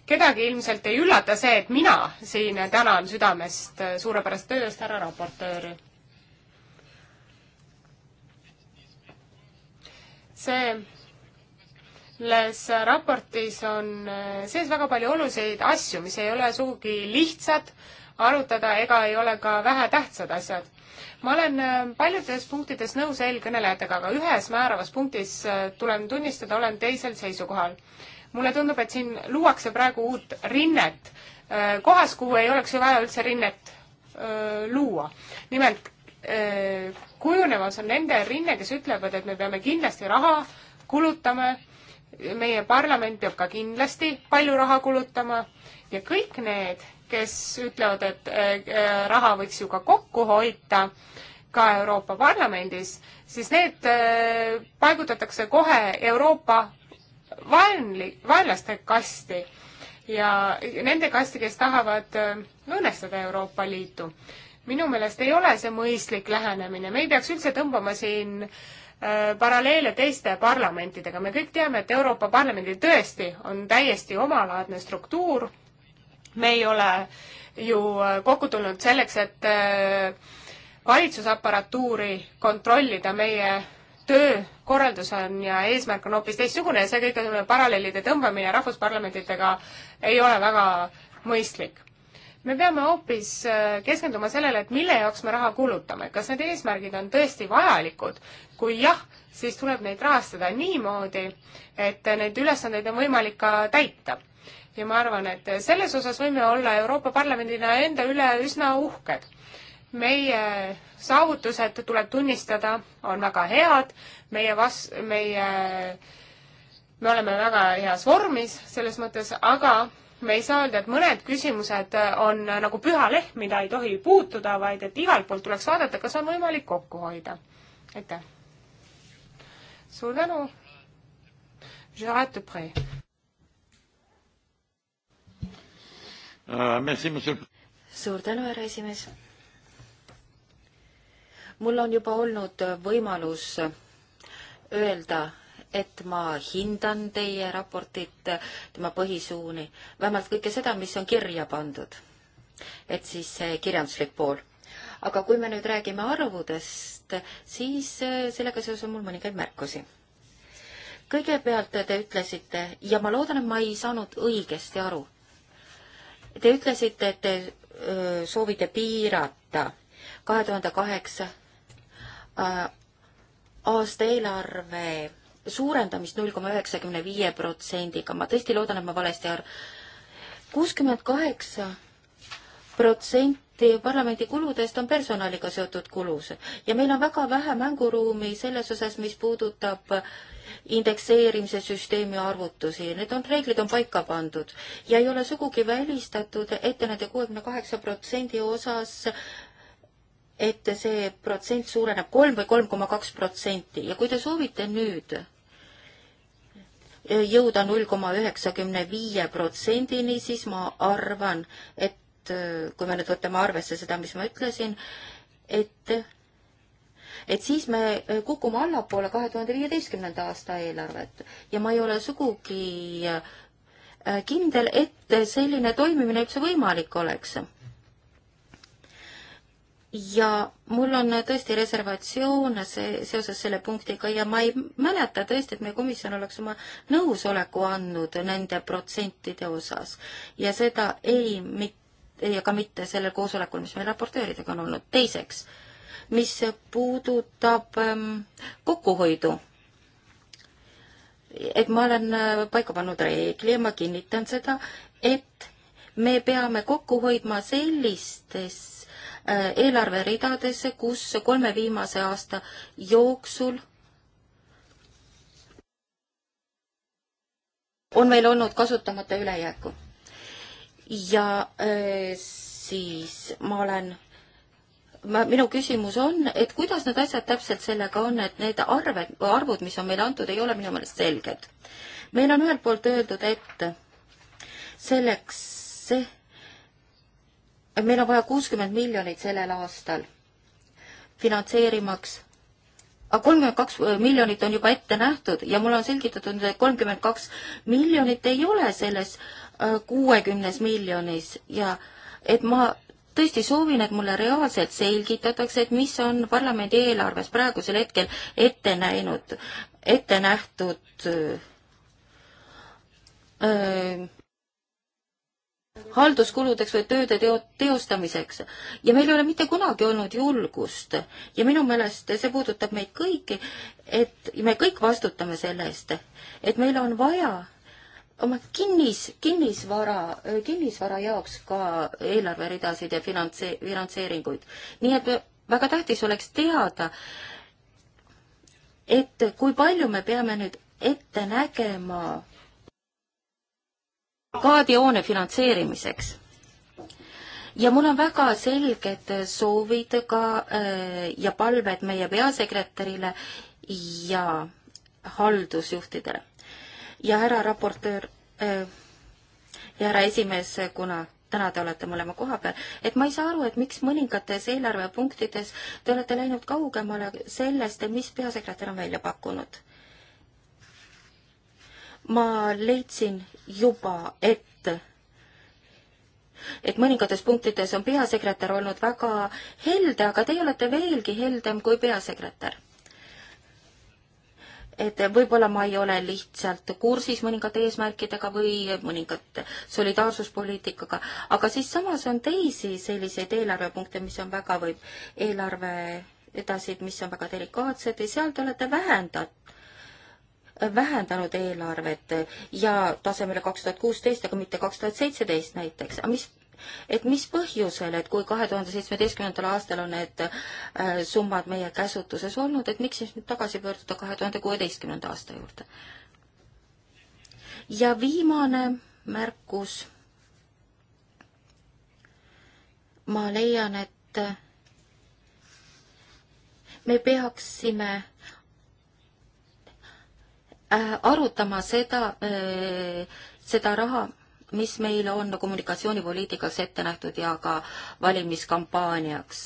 kedagi ilmselt ei üllata see, et mina siin tänan südamest äh, suurepärase töö eest härra raportööri. selles raportis on äh, sees väga palju oluliseid asju, mis ei ole sugugi lihtsad arutada ega ei ole ka vähetähtsad asjad. ma olen äh, paljudes punktides nõus eelkõnelejatega, aga ühes määravas punktis tulen tunnistada, olen teisel seisukohal mulle tundub, et siin luuakse praegu uut rinnet äh, kohas, kuhu ei oleks ju vaja üldse rinnet öö, äh, luua. nimelt öö, äh, kujunemas on nende rinne, kes ütlevad, et me peame kindlasti raha kulutama, meie parlament peab ka kindlasti palju raha kulutama ja kõik need, kes ütlevad, et öö, raha võiks ju ka kokku hoida, ka Euroopa Parlamendis, siis need paigutatakse kohe Euroopa vaenli-, vaenlaste kasti ja nende kasti, kes tahavad äh, õõnestada Euroopa Liitu. minu meelest ei ole see mõistlik lähenemine, me ei peaks üldse tõmbama siin äh, paralleele teiste parlamentidega, me kõik teame, et Euroopa Parlamendil tõesti on täiesti omalaadne struktuur, me ei ole ju äh, kokku tulnud selleks, et äh, valitsusaparaatuuri kontrollida meie töökorraldus on ja eesmärk on hoopis teistsugune ja see kõik paralleelide tõmbamine rahvusparlamentidega ei ole väga mõistlik. me peame hoopis äh, keskenduma sellele, et mille jaoks me raha kulutame, kas need eesmärgid on tõesti vajalikud, kui jah, siis tuleb neid rahastada niimoodi, et neid ülesandeid on võimalik ka täita ja ma arvan, et selles osas võime olla Euroopa Parlamendina enda üle üsna uhked meie saavutused, tuleb tunnistada, on väga head, meie vas-, meie, me oleme väga heas vormis selles mõttes, aga me ei saa öelda, et mõned küsimused äh, on äh, nagu püha lehm, mida ei tohi puutuda, vaid et igalt poolt tuleks vaadata, kas on võimalik kokku hoida. aitäh! suur tänu! Ah, suur tänu, härra esimees! mul on juba olnud võimalus öelda, et ma hindan teie raportit, tema põhisuuni, vähemalt kõike seda, mis on kirja pandud. et siis see kirjanduslik pool. aga kui me nüüd räägime arvudest, siis eh, sellega seoses on mul mõningaid märkusi. kõigepealt te ütlesite ja ma loodan, et ma ei saanud õigesti aru. Te ütlesite, et te öö, eh, soovite piirata kahe tuhande kaheksa Äh, aastaeelarve suurendamist null koma üheksakümne viie protsendiga, ma tõesti loodan, et ma valesti ei arva. kuuskümmend kaheksa protsenti parlamendi kuludest on personaliga seotud kulus ja meil on väga vähe mänguruumi selles osas, mis puudutab indekseerimise süsteemi arvutusi, need on, reeglid on paika pandud ja ei ole sugugi välistatud, et nende kuuekümne kaheksa protsendi osas et see protsent suureneb kolm või kolm koma kaks protsenti ja kui te soovite nüüd jõuda null koma üheksakümne viie protsendini, siis ma arvan, et kui me nüüd võtame arvesse seda, mis ma ütlesin, et, et siis me kukume allapoole kahe tuhande viieteistkümnenda aasta eelarvet ja ma ei ole sugugi kindel, et selline toimimine üldse võimalik oleks ja mul on tõesti reservatsioon see, seoses selle punktiga ja ma ei mäleta tõesti, et meie komisjon oleks oma nõusoleku andnud nende protsentide osas ja seda ei mit-, ja ka mitte sellel koosolekul, mis meil raportööridega on olnud. teiseks, mis puudutab ähm, kokkuhoidu, et ma olen äh, paika pannud reegli ja ma kinnitan seda, et me peame kokku hoidma sellistes Äh, eelarveridadesse, kus kolme viimase aasta jooksul on meil olnud kasutamata ülejääku. ja äh, siis ma olen ma, minu küsimus on, et kuidas need asjad täpselt sellega on, et need arved, arvud, mis on meile antud, ei ole minu meelest selged. meil on ühelt poolt öeldud, et selleks see meil on vaja kuuskümmend miljonit sellel aastal finantseerimaks aga kolmkümmend kaks äh, miljonit on juba ette nähtud ja mulle on selgitatud, et kolmkümmend kaks miljonit ei ole selles äh, kuuekümnes miljonis ja et ma tõesti soovin, et mulle reaalselt selgitatakse, et mis on parlamendi eelarves praegusel hetkel ette näinud, ette nähtud öö, äh, halduskuludeks või tööde teo-, teostamiseks. ja meil ei ole mitte kunagi olnud julgust ja minu meelest see puudutab meid kõiki, et me kõik vastutame selle eest, et meil on vaja oma kinnis, kinnisvara, kinnisvara jaoks ka eelarveridasid ja finantse-, finantseeringuid. nii et väga tähtis oleks teada, et kui palju me peame nüüd ette nägema kaadihoone finantseerimiseks. ja mul on väga selged soovid ka äh, ja palved meie peasekretärile ja haldusjuhtidele. ja härra raportöör äh, ja härra esimees, kuna täna te olete mõlema koha peal, et ma ei saa aru, et miks mõningates eelarvepunktides te olete läinud kaugemale sellest, mis peasekretär on välja pakkunud ma leidsin juba, et, et mõningates punktides on peasekretär olnud väga helde, aga teie olete veelgi heldem kui peasekretär. et võib-olla ma ei ole lihtsalt kursis mõningate eesmärkidega või mõningate solidaarsuspoliitikaga, aga siis samas on teisi selliseid eelarvepunkte, mis on väga, võib eelarve edasid, mis on väga delikaatsed ja seal te olete vähendanud vähendanud eelarvet ja tasemele kaks tuhat kuusteist, aga mitte kaks tuhat seitseteist näiteks, aga mis et mis põhjusel, et kui kahe tuhande seitsmeteistkümnendal aastal on need äh, summad meie käsutuses olnud, et miks siis nüüd tagasi pöörduda kahe tuhande kuueteistkümnenda aasta juurde? ja viimane märkus. ma leian, et me peaksime Äh, arutama seda, äh, seda raha, mis meil on kommunikatsioonipoliitikaks ette nähtud ja ka valimiskampaaniaks.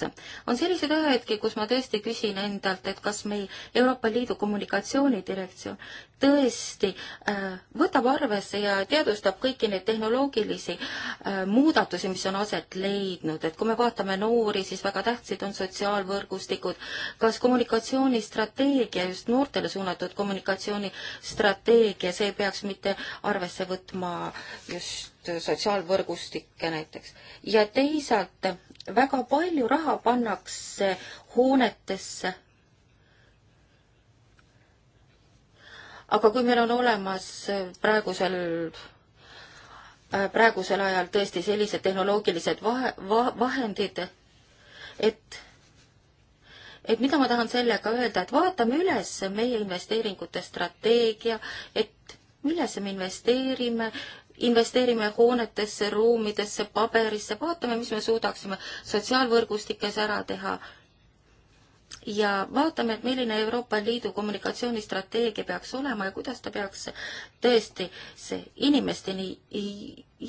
on selliseid ajahetki, kus ma tõesti küsin endalt, et kas meil Euroopa Liidu kommunikatsioonidirektsioon tõesti äh, võtab arvesse ja teadvustab kõiki neid tehnoloogilisi äh, muudatusi, mis on aset leidnud, et kui me vaatame noori, siis väga tähtsad on sotsiaalvõrgustikud, kas kommunikatsioonistrateegia, just noortele suunatud kommunikatsioonistrateegia, see peaks mitte arvesse võtma just sotsiaalvõrgustikke näiteks. ja teisalt väga palju raha pannakse hoonetesse aga kui meil on olemas äh, praegusel äh, praegusel ajal tõesti sellised tehnoloogilised vahe, va, vahendid, et, et mida ma tahan sellega öelda, et vaatame üles meie investeeringute strateegia, et millesse me investeerime, investeerime hoonetesse, ruumidesse, paberisse, vaatame, mis me suudaksime sotsiaalvõrgustikes ära teha ja vaatame, et milline Euroopa Liidu kommunikatsioonistrateegia peaks olema ja kuidas ta peaks tõesti see inimesteni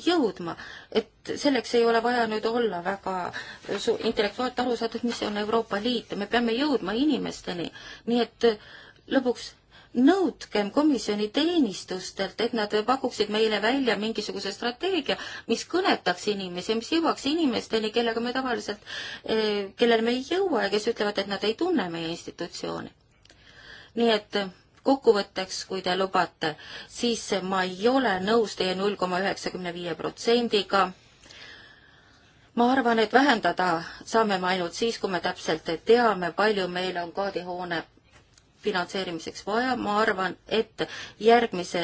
jõudma. et selleks ei ole vaja nüüd olla väga intellektuaalt aru saada, et mis on Euroopa Liit, me peame jõudma inimesteni. nii et lõpuks nõudkem komisjoni teenistustelt, et nad pakuksid meile välja mingisuguse strateegia, mis kõnetaks inimesi, mis jõuaks inimesteni, kellega me tavaliselt, eh, kellele me ei jõua ja kes ütlevad, et nad ei tunne meie institutsiooni. nii et kokkuvõtteks, kui te lubate, siis ma ei ole nõus teie null koma üheksakümne viie protsendiga ma arvan, et vähendada saame me ainult siis, kui me täpselt teame, palju meil on koodihoone finantseerimiseks vaja, ma arvan, et järgmise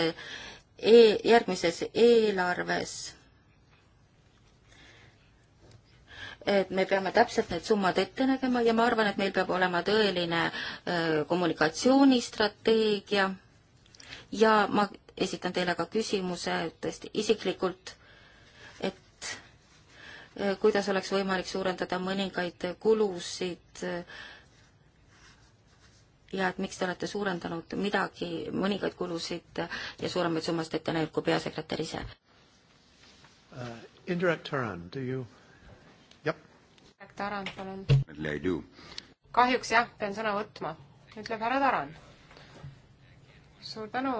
e, järgmises eelarves et me peame täpselt need summad ette nägema ja ma arvan, et meil peab olema tõeline äh, kommunikatsioonistrateegia ja ma esitan teile ka küsimuse tõesti isiklikult, et äh, kuidas oleks võimalik suurendada mõningaid kulusid äh, ja et miks te olete suurendanud midagi, mõningaid kulusid ja suuremaid summasid ette näinud kui peasekretär ise uh,? Indrek Tarand, do you? jah. Indrek Tarand, palun. kahjuks jah, pean sõna võtma, ütleb härra Tarand. suur tänu.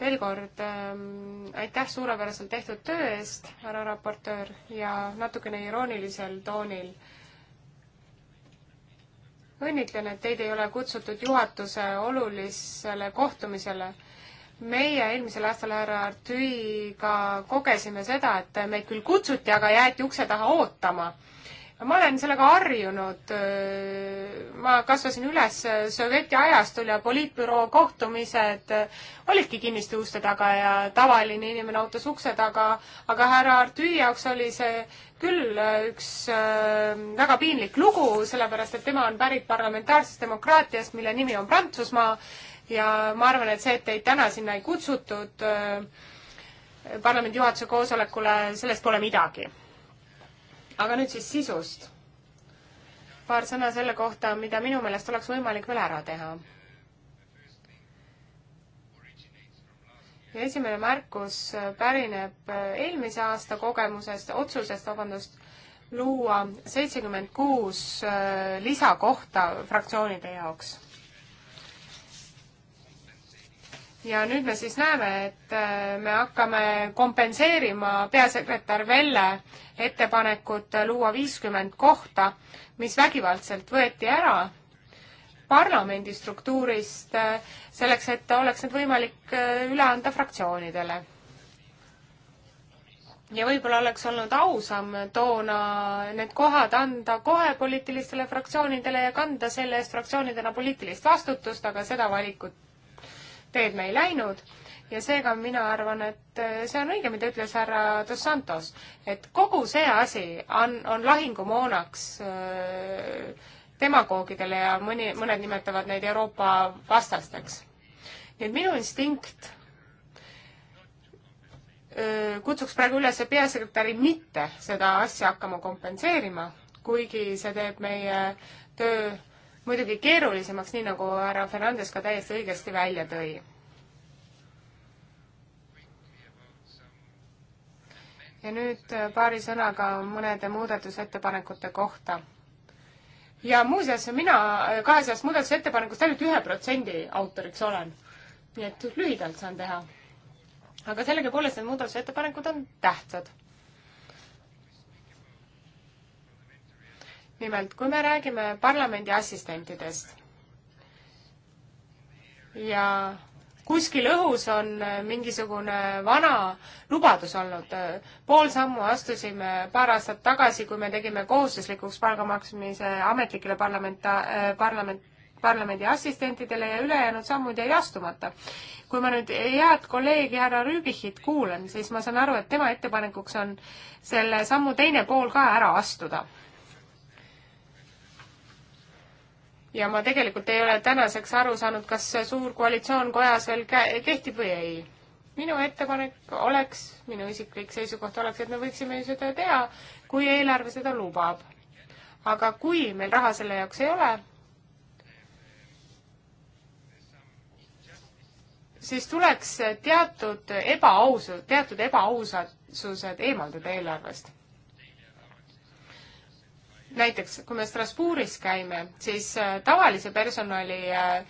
veel kord ähm, aitäh suurepäraselt tehtud töö eest, härra raportöör, ja natukene iroonilisel toonil äh, õnnitlen, et teid ei ole kutsutud juhatuse olulisele kohtumisele. meie eelmisel aastal härra Artüiga kogesime seda, et meid küll kutsuti, aga jäeti ukse taha ootama no ma olen sellega harjunud, ma kasvasin üles sovjetiajastul ja poliitbüroo kohtumised olidki kinniste uste taga ja tavaline inimene autos ukse taga, aga härra Artüi jaoks oli see küll üks väga piinlik lugu, sellepärast et tema on pärit parlamentaarsest demokraatiast, mille nimi on Prantsusmaa ja ma arvan, et see, et teid täna sinna ei kutsutud parlamendi juhatuse koosolekule, sellest pole midagi aga nüüd siis sisust. paar sõna selle kohta, mida minu meelest oleks võimalik veel ära teha. ja esimene märkus pärineb eelmise aasta kogemusest, otsusest, vabandust, luua seitsekümmend kuus äh, lisakohta fraktsioonide jaoks ja nüüd me siis näeme, et äh, me hakkame kompenseerima peasekretär Velle ettepanekut luua viiskümmend kohta, mis vägivaldselt võeti ära parlamendi struktuurist äh, selleks, et oleks need võimalik äh, üle anda fraktsioonidele. ja võib-olla oleks olnud ausam toona need kohad anda kohe poliitilistele fraktsioonidele ja kanda selle eest fraktsioonidena poliitilist vastutust, aga seda valikut teed me ei läinud ja seega mina arvan, et äh, see on õige, mida ütles härra Dos Santos, et kogu see asi on, on lahingumoonaks öö, äh, demagoogidele ja mõni, mõned nimetavad neid Euroopa vastasteks. nii et minu instinkt öö, äh, kutsuks praegu üles peasekretäri mitte seda asja hakkama kompenseerima, kuigi see teeb meie töö muidugi keerulisemaks, nii nagu härra Fernandes ka täiesti õigesti välja tõi. ja nüüd äh, paari sõnaga mõnede muudatusettepanekute kohta. ja muuseas, mina äh, kahesajast muudatusettepanekust ainult ühe protsendi autoriks olen. nii et lühidalt saan teha. aga sellegipoolest need muudatusettepanekud on tähtsad nimelt, kui me räägime parlamendi assistentidest ja kuskil õhus on mingisugune vana lubadus olnud. pool sammu astusime paar aastat tagasi, kui me tegime kohustuslikuks palga maksmise ametlikele parlamenta-, parlament, parlamendi assistentidele ja ülejäänud sammud jäid astumata. kui ma nüüd head kolleegi härra Rüübichit kuulan, siis ma saan aru, et tema ettepanekuks on selle sammu teine pool ka ära astuda ja ma tegelikult ei ole tänaseks aru saanud, kas suur koalitsioon kojas veel kehtib või ei. minu ettepanek oleks, minu isiklik seisukoht oleks, et me võiksime ju seda teha, kui eelarve seda lubab. aga kui meil raha selle jaoks ei ole, siis tuleks teatud ebaausu, teatud ebaausasused eemaldada eelarvest näiteks kui me Strasbourgis käime, siis äh, tavalise personali äh,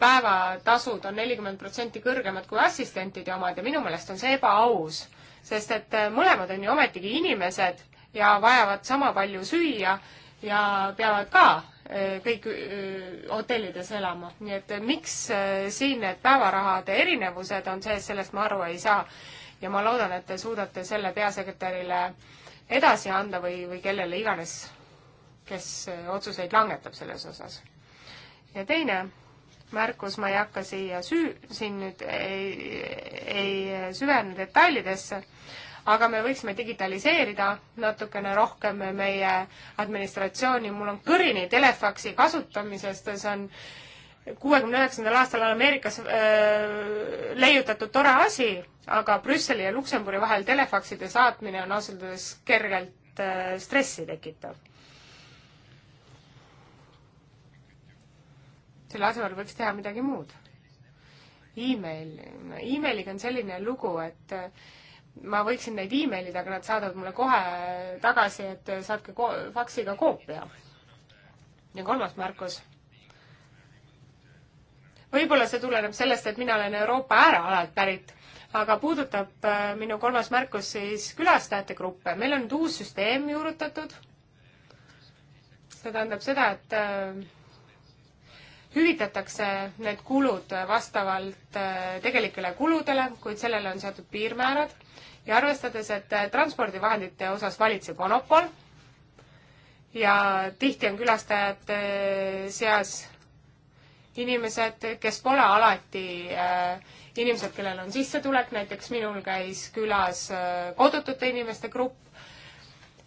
päevatasud on nelikümmend protsenti kõrgemad kui assistentide omad ja minu meelest on see ebaaus, sest et äh, mõlemad on ju ometigi inimesed ja vajavad sama palju süüa ja peavad ka kõik hotellides elama, nii et miks siin need päevarahade erinevused on sees, sellest ma aru ei saa. ja ma loodan, et te suudate selle peasekretärile edasi anda või, või kellele iganes kes eh, otsuseid langetab selles osas. ja teine märkus, ma ei hakka siia süü-, siin nüüd ei, ei süvene detailidesse, aga me võiksime digitaliseerida natukene rohkem meie administratsiooni, mul on kõrini telefaksi kasutamisest, see on kuuekümne üheksandal aastal Ameerikas öö, äh, leiutatud tore asi, aga Brüsseli ja Luksemburi vahel telefakside saatmine on ausalt öeldes kergelt öö, äh, stressi tekitav selle asemel võiks teha midagi muud e. email, emailiga on selline lugu, et äh, ma võiksin neid emailida, aga nad saadavad mulle kohe tagasi, et äh, saatke ko faksiga koopia. ja kolmas märkus. võib-olla see tuleneb sellest, et mina olen Euroopa äärealalt pärit, aga puudutab äh, minu kolmas märkus siis külastajate gruppe. meil on nüüd uus süsteem juurutatud. see tähendab seda, et hüvitatakse need kulud vastavalt äh, tegelikele kuludele, kuid sellele on seatud piirmäärad ja arvestades, et äh, transpordivahendite osas valitseb monopol ja tihti on külastajate äh, seas inimesed, kes pole alati inimesed, kellel on sissetulek, näiteks minul käis külas kodutute inimeste grupp,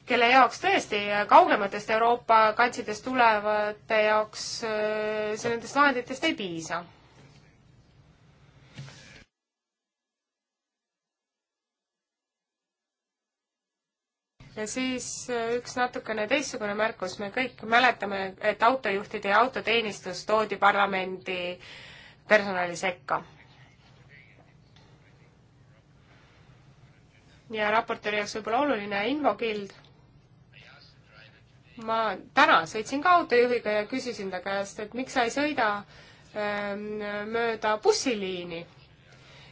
kelle jaoks tõesti kaugematest Euroopa kantsidest tulevate jaoks äh, see nendest vahenditest ei piisa. ja siis äh, üks natukene teistsugune märkus, me kõik mäletame, et autojuhtide ja autoteenistus toodi parlamendi personali sekka ja raportööri jaoks võib-olla oluline infokild ma täna sõitsin ka autojuhiga ja küsisin ta käest, et miks sa ei sõida öö, ähm, mööda bussiliini,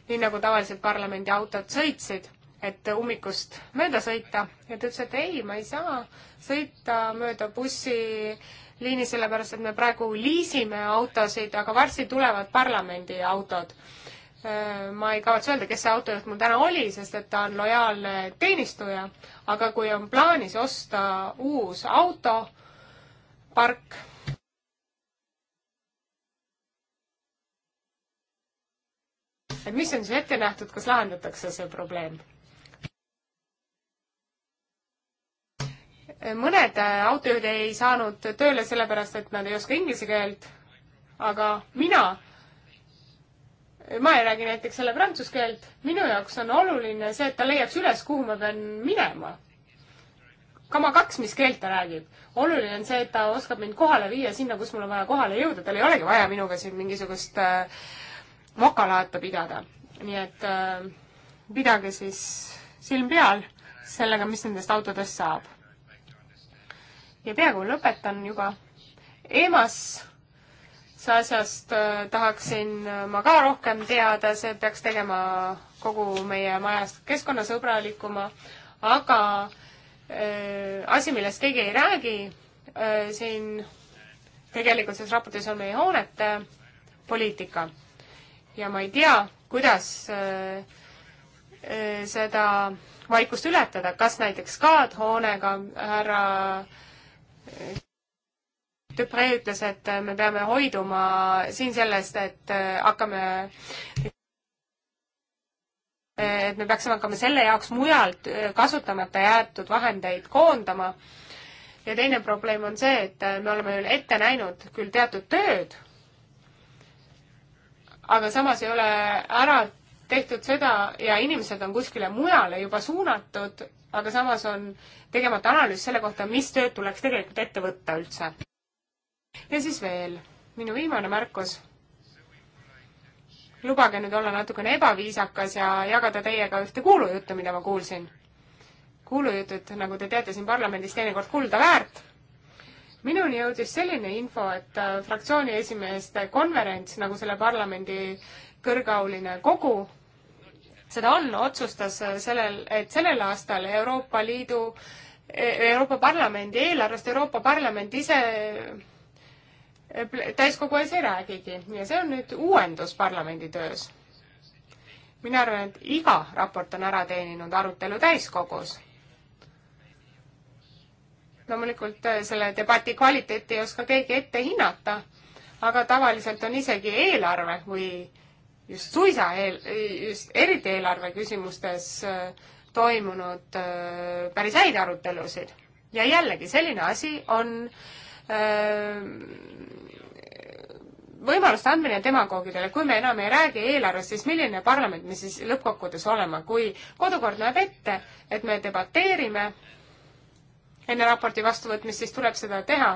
nii nagu tavaliselt parlamendi autod sõitsid, et ummikust mööda sõita. ja ta ütles, et ei, ma ei saa sõita mööda bussiliini, sellepärast et me praegu liisime autosid, aga varsti tulevad parlamendi autod Äh, ma ei kavatse öelda, kes see autojuht mul täna oli, sest et ta on lojaalne teenistuja, aga kui on plaanis osta uus autopark, et mis on siis ette nähtud, kas lahendatakse see probleem? Äh, mõned äh, autojuhid ei saanud tööle sellepärast, et nad ei oska inglise keelt, aga mina ma ei räägi näiteks selle prantsuse keelt, minu jaoks on oluline see, et ta leiaks üles, kuhu ma pean minema. kama kaks, mis keelt ta räägib. oluline on see, et ta oskab mind kohale viia sinna, kus mul on vaja kohale jõuda, tal ei olegi vaja minuga siin mingisugust äh, vokalaata pidada. nii et äh, pidage siis silm peal sellega, mis nendest autodest saab. ja peaaegu lõpetan juba. EMAS asjast äh, tahaksin äh, ma ka rohkem teada, see peaks tegema kogu meie majast keskkonnasõbralikuma, aga äh, asi, millest keegi ei räägi siin tegelikult selles raportis on meie hoonete poliitika. ja ma ei tea, kuidas seda vaikust ületada, kas näiteks kaadhoonega härra Dupre ütles, et äh, me peame hoiduma siin sellest, et äh, hakkame et me peaksime hakkama selle jaoks mujalt äh, kasutamata jäetud vahendeid koondama. ja teine probleem on see, et me oleme ette näinud küll teatud tööd, aga samas ei ole ära tehtud seda ja inimesed on kuskile mujale juba suunatud, aga samas on tegemata analüüs selle kohta, mis tööd tuleks tegelikult ette võtta üldse ja siis veel minu viimane märkus. lubage nüüd olla natukene ebaviisakas ja jagada teiega ühte kuulujuttu, mida ma kuulsin. kuulujutud, nagu te teate, siin parlamendis teinekord kulda väärt. minuni jõudis selline info, et äh, fraktsiooni esimeeste konverents, nagu selle parlamendi kõrgauline kogu, seda on, otsustas äh, sellel, et sellel aastal Euroopa Liidu e-, Euroopa Parlamendi eelarvest Euroopa Parlament ise täiskogu ees ei räägigi ja see on nüüd uuendus parlamendi töös. mina arvan, et iga raport on ära teeninud arutelu täiskogus. loomulikult äh, selle debati kvaliteeti ei oska keegi ette hinnata, aga tavaliselt on isegi eelarve või just suisa eel, just eriti eelarve küsimustes äh, toimunud äh, päris häid arutelusid. ja jällegi, selline asi on äh, Äh, võimaluste andmine demagoogidele, kui me enam ei räägi eelarvest, siis milline parlament me siis lõppkokkuvõttes olema, kui kodukord näeb ette, et me debateerime enne raporti vastuvõtmist, siis tuleb seda teha.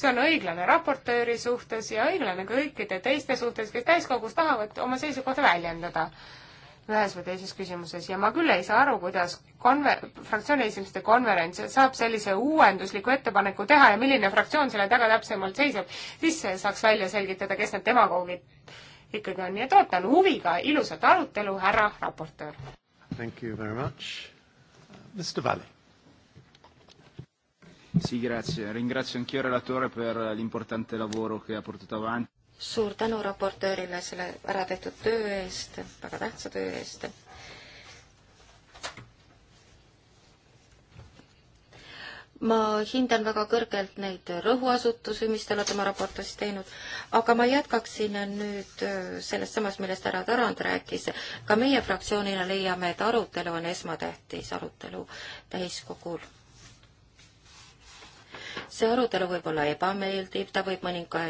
see on õiglane raportööri suhtes ja õiglane kõikide teiste suhtes, kes täiskogus tahavad oma seisukohta väljendada ühes või teises küsimuses ja ma küll ei saa aru, kuidas konver-, fraktsiooni esimeeste konverents saab sellise uuendusliku ettepaneku teha ja milline fraktsioon selle taga täpsemalt seisab, siis saaks välja selgitada, kes need demagoogid ikkagi on, nii et ootan huviga ilusat arutelu, härra raportöör. Thank you very much, Mr Valley. Sì, grazie. Ringrazio anch'io il relatore per l'importante lavoro che ha portato avanti suur tänu raportöörile selle ära tehtud töö eest, väga tähtsa töö eest. ma hindan väga kõrgelt neid rõhuasutusi, mis te olete oma raportis teinud, aga ma jätkaksin nüüd äh, sellest samast, millest härra Tarand rääkis. ka meie fraktsioonina leiame, et arutelu on esmatähtis, arutelu täiskogul see arutelu võib olla ebameeldiv, ta võib mõninga,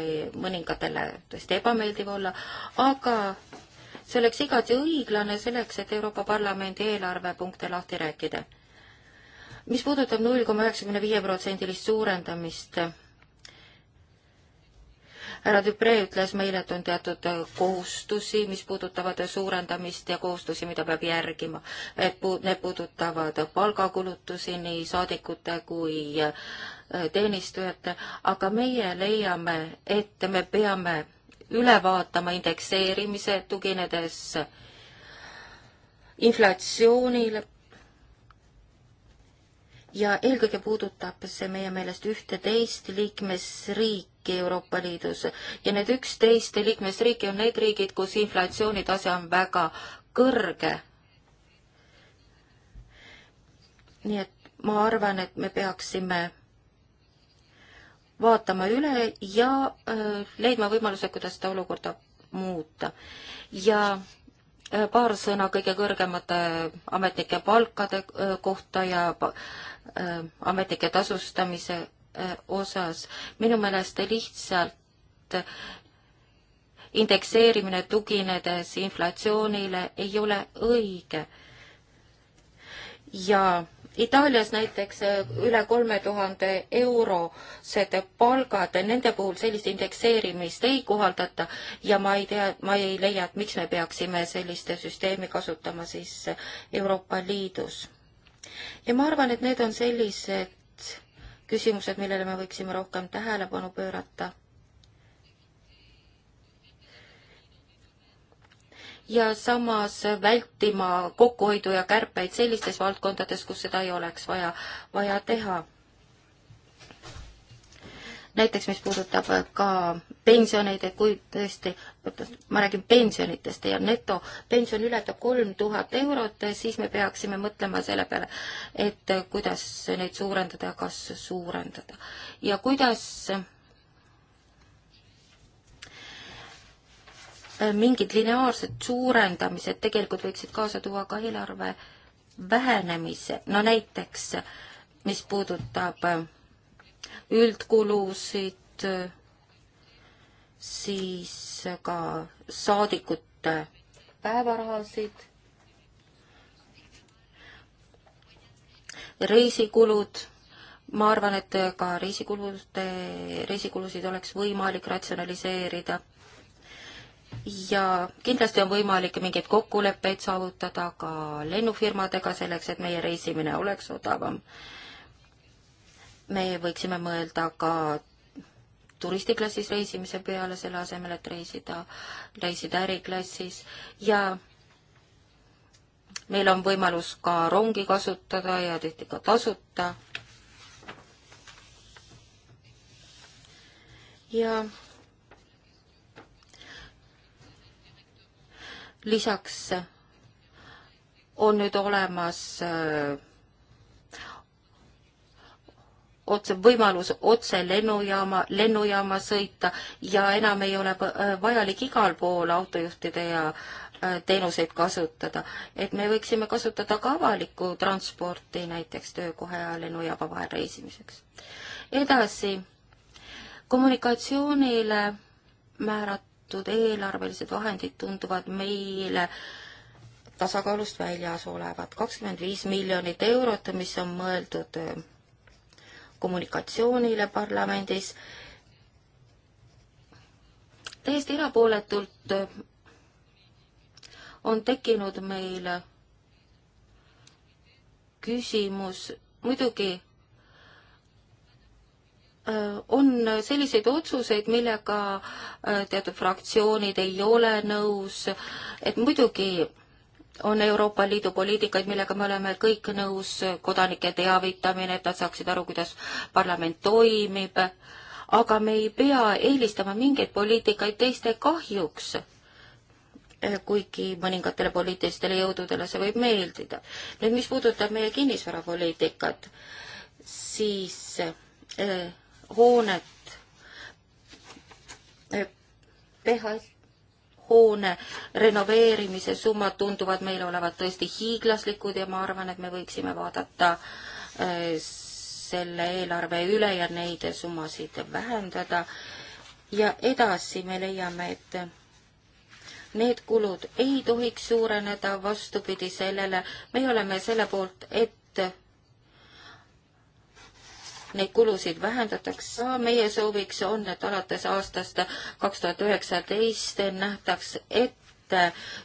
mõningatele tõesti ebameeldiv olla, aga see oleks igati õiglane selleks, et Euroopa Parlamendi eelarvepunkte lahti rääkida. mis puudutab null koma üheksakümne viie protsendilist suurendamist, härra Dupree ütles meile, et on teatud kohustusi, mis puudutavad suurendamist ja kohustusi, mida peab järgima. et puud-, need puudutavad palgakulutusi nii saadikute kui teenistujate, aga meie leiame, et me peame üle vaatama indekseerimise, tuginedes inflatsioonile. ja eelkõige puudutab see meie meelest ühteteist liikmesriiki Euroopa Liidus ja need üksteist liikmesriiki on need riigid, kus inflatsioonitase on väga kõrge. nii et ma arvan, et me peaksime vaatama üle ja äh, leidma võimaluse, kuidas seda olukorda muuta. ja äh, paar sõna kõige kõrgemate ametnike palkade äh, kohta ja ametnike tasustamise osas. minu meelest lihtsalt indekseerimine tuginedes inflatsioonile ei ole õige. ja Itaalias näiteks äh, üle kolme tuhande eurosed palgad, nende puhul sellist indekseerimist ei kohaldata ja ma ei tea, ma ei leia, et miks me peaksime sellist süsteemi kasutama siis äh, Euroopa Liidus. ja ma arvan, et need on sellised küsimused, millele me võiksime rohkem tähelepanu pöörata ja samas vältima kokkuhoidu ja kärpeid sellistes valdkondades, kus seda ei oleks vaja, vaja teha. näiteks, mis puudutab ka pensioneid, et kui tõesti, ma räägin pensionitest ja netopension ületab kolm tuhat eurot, siis me peaksime mõtlema selle peale, et kuidas neid suurendada ja kas suurendada ja kuidas mingid lineaarsed suurendamised tegelikult võiksid kaasa tuua ka eelarve vähenemise, no näiteks mis puudutab äh, üldkulusid, siis ka saadikute päevarahasid, reisikulud ma arvan, et ka reisikulude, reisikulusid oleks võimalik ratsionaliseerida ja kindlasti on võimalik mingeid kokkuleppeid saavutada ka lennufirmadega selleks, et meie reisimine oleks odavam. me võiksime mõelda ka turistiklassis reisimise peale, selle asemel, et reisida, reisida äriklassis ja meil on võimalus ka rongi kasutada ja tihti ka tasuta. ja lisaks on nüüd olemas äh, otse, võimalus otse lennujaama, lennujaama sõita ja enam ei ole äh, vajalik igal pool autojuhtide ja äh, teenuseid kasutada. et me võiksime kasutada ka avalikku transporti näiteks töökoha ja lennujaama vahel reisimiseks. edasi, kommunikatsioonile määrat-, eraldatud eelarvelised vahendid tunduvad meile tasakaalust väljas olevat. kakskümmend viis miljonit eurot, mis on mõeldud äh, kommunikatsioonile parlamendis. täiesti erapooletult äh, on tekkinud meil küsimus, muidugi Äh, on selliseid otsuseid, millega äh, teatud fraktsioonid ei ole nõus, et muidugi on Euroopa Liidu poliitikaid, millega me oleme kõik nõus, kodanike teavitamine, et nad saaksid aru, kuidas parlament toimib, aga me ei pea eelistama mingeid poliitikaid teiste kahjuks, äh, kuigi mõningatele poliitilistele jõududele see võib meeldida. nüüd, mis puudutab meie kinnisvarapoliitikat, siis äh, hoonet, eh, PHS hoone renoveerimise summad tunduvad meile olevat tõesti hiiglaslikud ja ma arvan, et me võiksime vaadata eh, selle eelarve üle ja neid summasid vähendada. ja edasi me leiame, et need kulud ei tohiks suureneda, vastupidi sellele, me oleme selle poolt, et neid kulusid vähendatakse. meie sooviks on, et alates aastast kaks tuhat üheksateist nähtaks ette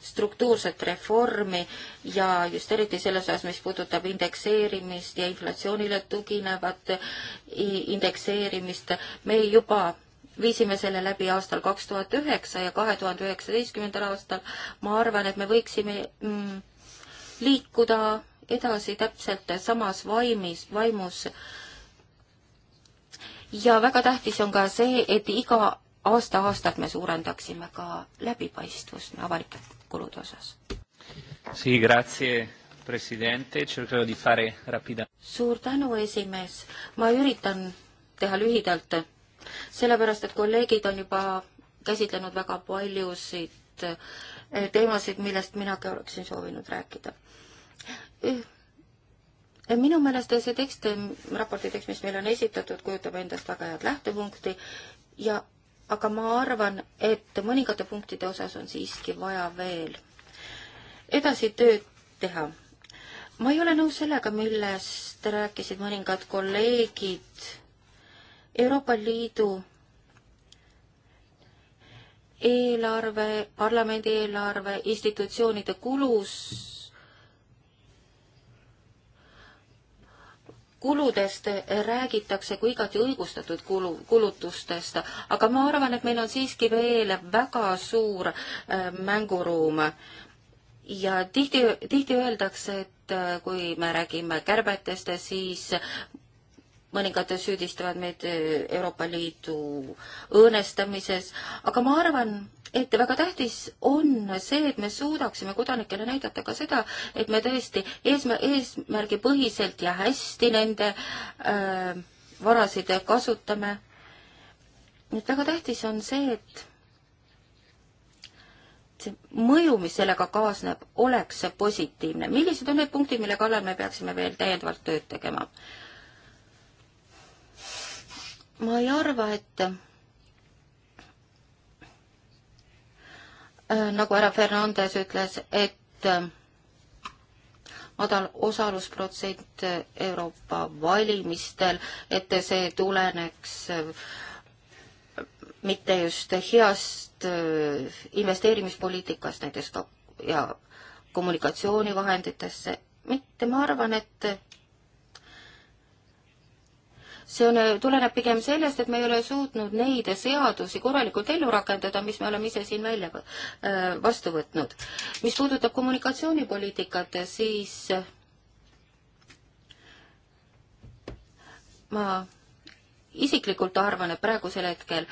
struktuurset reformi ja just eriti selles osas, mis puudutab indekseerimist ja inflatsioonile tuginevat indekseerimist. me juba viisime selle läbi aastal kaks tuhat üheksa ja kahe tuhande üheksateistkümnendal aastal ma arvan, et me võiksime mm, liikuda edasi täpselt samas vaimis, vaimus ja väga tähtis on ka see, et iga aasta-aastalt me suurendaksime ka läbipaistvust avalike kulude osas. Sì, grazie Presidente, cercherò di fare rapida-. suur tänu, esimees. ma üritan teha lühidalt, sellepärast et kolleegid on juba käsitlenud väga paljusid eh, teemasid, millest minagi oleksin soovinud rääkida minu meelest see tekst, raporti tekst, mis meile on esitatud, kujutab endast väga head lähtepunkti ja aga ma arvan, et mõningate punktide osas on siiski vaja veel edasi tööd teha. ma ei ole nõus sellega, millest rääkisid mõningad kolleegid Euroopa Liidu eelarve, parlamendi eelarve, institutsioonide kulus kuludest räägitakse kui igati õigustatud kulu, kulutustest, aga ma arvan, et meil on siiski veel väga suur äh, mänguruum. ja tihti, tihti öeldakse, et äh, kui me räägime kärbetest, siis mõningad süüdistavad meid äh, Euroopa Liidu õõnestamises, aga ma arvan, et väga tähtis on see, et me suudaksime kodanikele näidata ka seda, et me tõesti eesmär-, eesmärgipõhiselt ja hästi nende äh, varasid kasutame. et väga tähtis on see, et see mõju, mis sellega kaasneb, oleks positiivne. millised on need punktid, mille kallal me peaksime veel täiendavalt tööd tegema? ma ei arva, et Äh, nagu härra Fernandes ütles, et äh, madal osalusprotsent äh, Euroopa valimistel, et see tuleneks mitte just heast investeerimispoliitikast näiteks ka ja kommunikatsioonivahenditesse, mitte, ma arvan, et see on, tuleneb pigem sellest, et me ei ole suutnud neid seadusi korralikult ellu rakendada, mis me oleme ise siin välja äh, vastu võtnud. mis puudutab kommunikatsioonipoliitikat, siis ma isiklikult arvan, et praegusel hetkel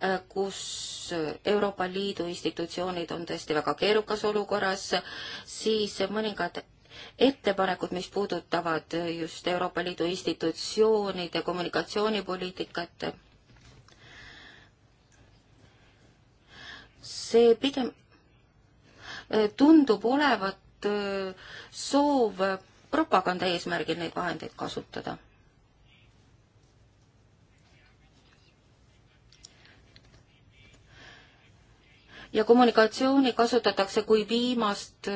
äh, kus Euroopa Liidu institutsioonid on tõesti väga keerukas olukorras, siis mõningad ettepanekud, mis puudutavad just Euroopa Liidu institutsioonide kommunikatsioonipoliitikat. see pigem eh, tundub olevat eh, soov propaganda eesmärgil neid vahendeid kasutada ja kommunikatsiooni kasutatakse kui viimast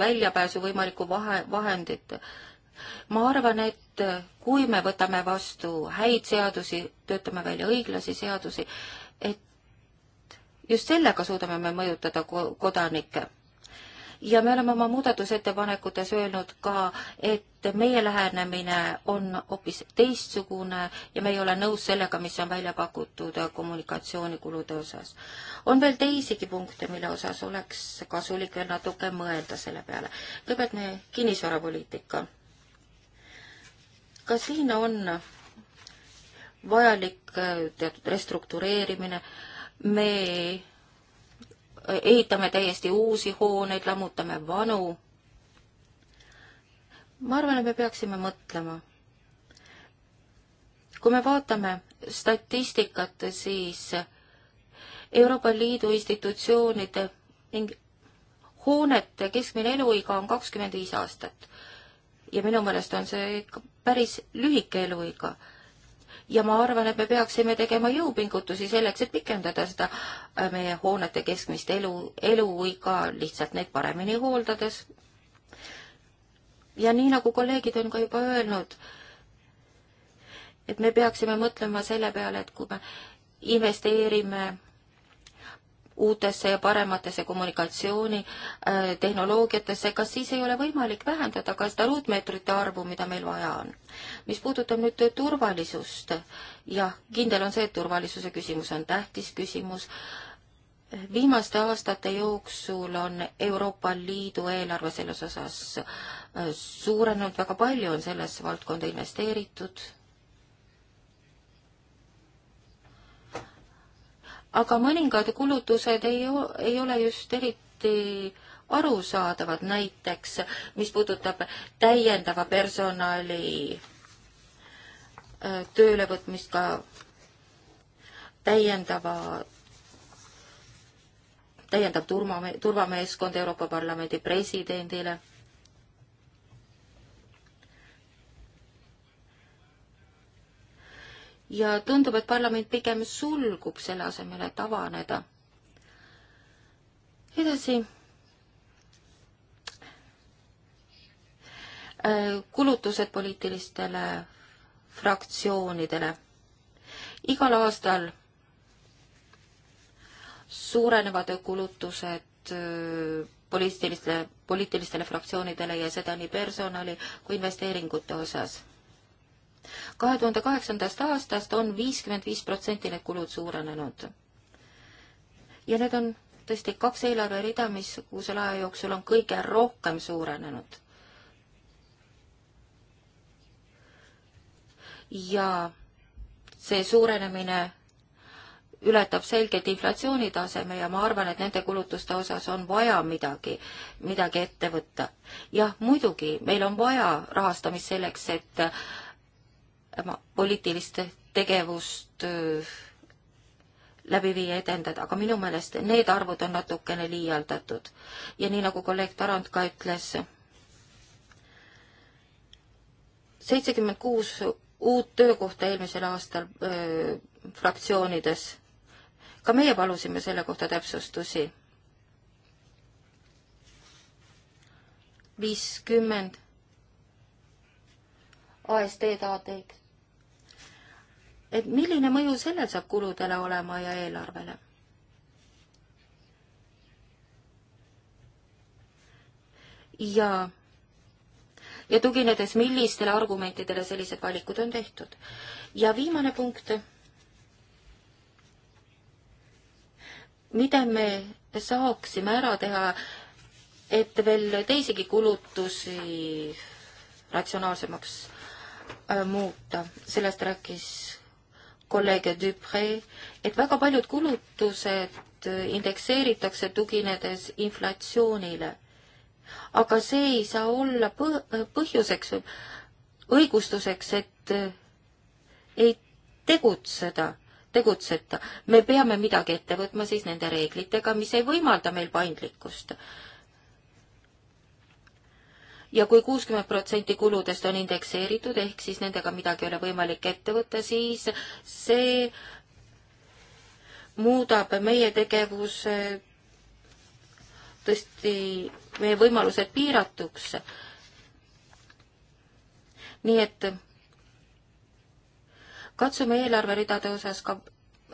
väljapääsu võimalikku vahe, vahendit. ma arvan, et kui me võtame vastu häid seadusi, töötame välja õiglasi seadusi, et just sellega suudame me mõjutada kodanikke ja me oleme oma muudatusettepanekutes öelnud ka, et meie lähenemine on hoopis teistsugune ja me ei ole nõus sellega, mis on välja pakutud kommunikatsioonikulude osas. on veel teisigi punkte, mille osas oleks kasulik veel natuke mõelda selle peale. kõigepealt meie kinnisvarapoliitika. ka siin on vajalik teatud restruktureerimine, me ehitame täiesti uusi hooneid, lammutame vanu. ma arvan, et me peaksime mõtlema. kui me vaatame statistikat, siis Euroopa Liidu institutsioonide ning hoonete keskmine eluiga on kakskümmend viis aastat. ja minu meelest on see ikka päris lühike eluiga ja ma arvan, et me peaksime tegema jõupingutusi selleks, et pikendada seda äh, meie hoonete keskmist elu, eluiga lihtsalt neid paremini hooldades. ja nii, nagu kolleegid on ka juba öelnud, et me peaksime mõtlema selle peale, et kui me investeerime uutesse ja parematesse kommunikatsioonitehnoloogiatesse, äh, kas siis ei ole võimalik vähendada ka seda ruutmeetrite arvu, mida meil vaja on? mis puudutab nüüd turvalisust, jah, kindel on see, et turvalisuse küsimus on tähtis küsimus, viimaste aastate jooksul on Euroopa Liidu eelarve selles osas äh, suurenenud, väga palju on selles valdkonda investeeritud aga mõningad kulutused ei, ei ole just eriti arusaadavad, näiteks mis puudutab täiendava personali äh, töölevõtmist ka täiendava täiendav turma, turvameeskond Euroopa Parlamendi presidendile ja tundub, et parlament pigem sulgub selle asemel, et avaneda. edasi. Äh, kulutused poliitilistele fraktsioonidele. igal aastal suurenevad kulutused äh, poliitilistele, poliitilistele fraktsioonidele ja seda nii personali kui investeeringute osas kahe tuhande kaheksandast aastast on viiskümmend viis protsenti need kulud suurenenud. ja need on tõesti kaks eelarverida, mis kogu selle aja jooksul on kõige rohkem suurenenud. ja see suurenemine ületab selgelt inflatsioonitaseme ja ma arvan, et nende kulutuste osas on vaja midagi, midagi ette võtta. jah, muidugi, meil on vaja rahastamist selleks, et poliitilist tegevust äh, läbi viia, edendada, aga minu meelest need arvud on natukene liialdatud. ja nii, nagu kolleeg Tarand ka ütles, seitsekümmend kuus uut töökohta eelmisel aastal öö, äh, fraktsioonides. ka meie palusime selle kohta täpsustusi. viiskümmend ASD taateid et milline mõju sellel saab kuludele olema ja eelarvele? ja, ja tuginedes millistele argumentidele sellised valikud on tehtud. ja viimane punkt. mida me saaksime ära teha, et veel teisigi kulutusi ratsionaalsemaks äh, muuta, sellest rääkis kolleeg Dupree, et väga paljud kulutused äh, indekseeritakse tuginedes inflatsioonile. aga see ei saa olla äh, põhjuseks või õigustuseks, et äh, ei tegutseda, tegutseta. me peame midagi ette võtma siis nende reeglitega, mis ei võimalda meil paindlikkust ja kui kuuskümmend protsenti kuludest on indekseeritud, ehk siis nendega midagi ei ole võimalik ette võtta, siis see muudab meie tegevuse tõesti, meie võimalused piiratuks. nii et katsume eelarveridade osas ka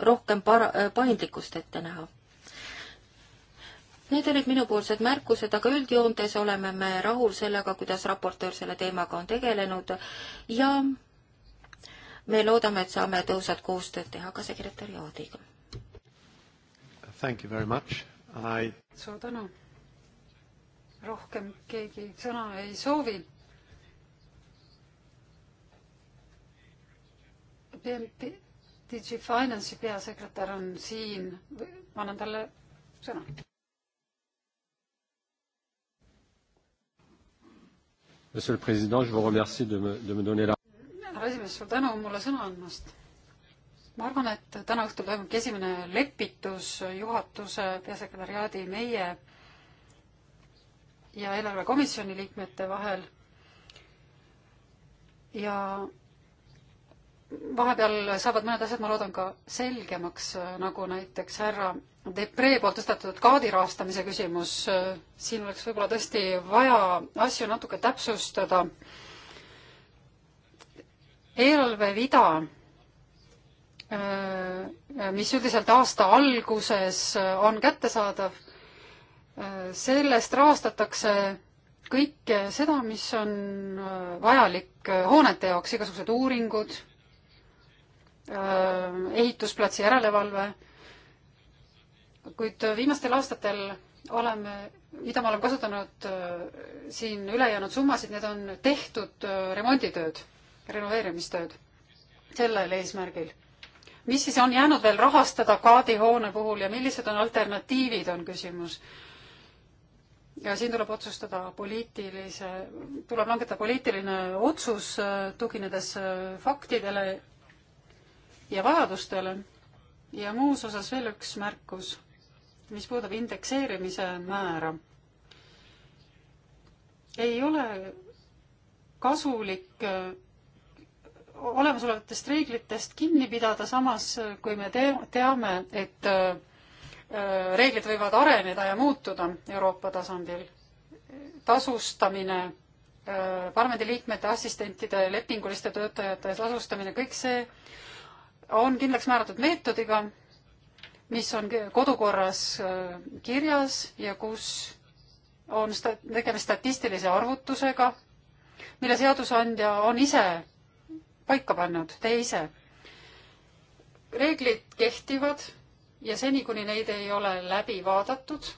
rohkem para-, paindlikkust ette näha Need olid minupoolsed märkused, aga üldjoontes oleme me rahul sellega, kuidas raportöör selle teemaga on tegelenud ja me loodame, et saame tõhusat koostööd teha ka sekretäriaadiga. Thank you very much I.... suur tänu. rohkem keegi sõna ei soovi BNP Digi Finance'i peasekretär on siin, ma annan talle sõna. Monsieur le Président, je vous remercie de me, de me donner la härra esimees, suur tänu mulle sõna andmast. ma arvan, et täna õhtul toimub esimene lepitus juhatuse peasekretäriaadi meie ja eelarvekomisjoni liikmete vahel. ja vahepeal saavad mõned asjad, ma loodan, ka selgemaks, nagu näiteks härra Depree poolt tõstatatud kaadi rahastamise küsimus, siin oleks võib-olla tõesti vaja asju natuke täpsustada. eelarverida, äh, mis üldiselt aasta alguses on kättesaadav, äh, sellest rahastatakse kõike seda, mis on äh, vajalik hoonete jaoks, igasugused uuringud, ehitusplatsi järelevalve kuid viimastel aastatel oleme, mida me oleme kasutanud äh, siin ülejäänud summasid, need on tehtud äh, remonditööd, renoveerimistööd sellel eesmärgil. mis siis on jäänud veel rahastada Kaadi hoone puhul ja millised on alternatiivid, on küsimus. ja siin tuleb otsustada poliitilise, tuleb langetada poliitiline otsus, äh, tuginedes faktidele ja vajadustele. ja muus osas veel üks märkus mis puudub indekseerimise määra. ei ole kasulik äh, olemasolevatest reeglitest kinni pidada, samas äh, kui me te teame, et äh, reeglid võivad areneda ja muutuda Euroopa tasandil. tasustamine, parlamendiliikmete, assistentide, lepinguliste töötajate tasustamine, kõik see on kindlaks määratud meetodiga mis on kodukorras äh, kirjas ja kus on sta-, tegemist statistilise arvutusega, mille seadusandja on ise paika pannud, teie ise. reeglid kehtivad ja seni, kuni neid ei ole läbi vaadatud,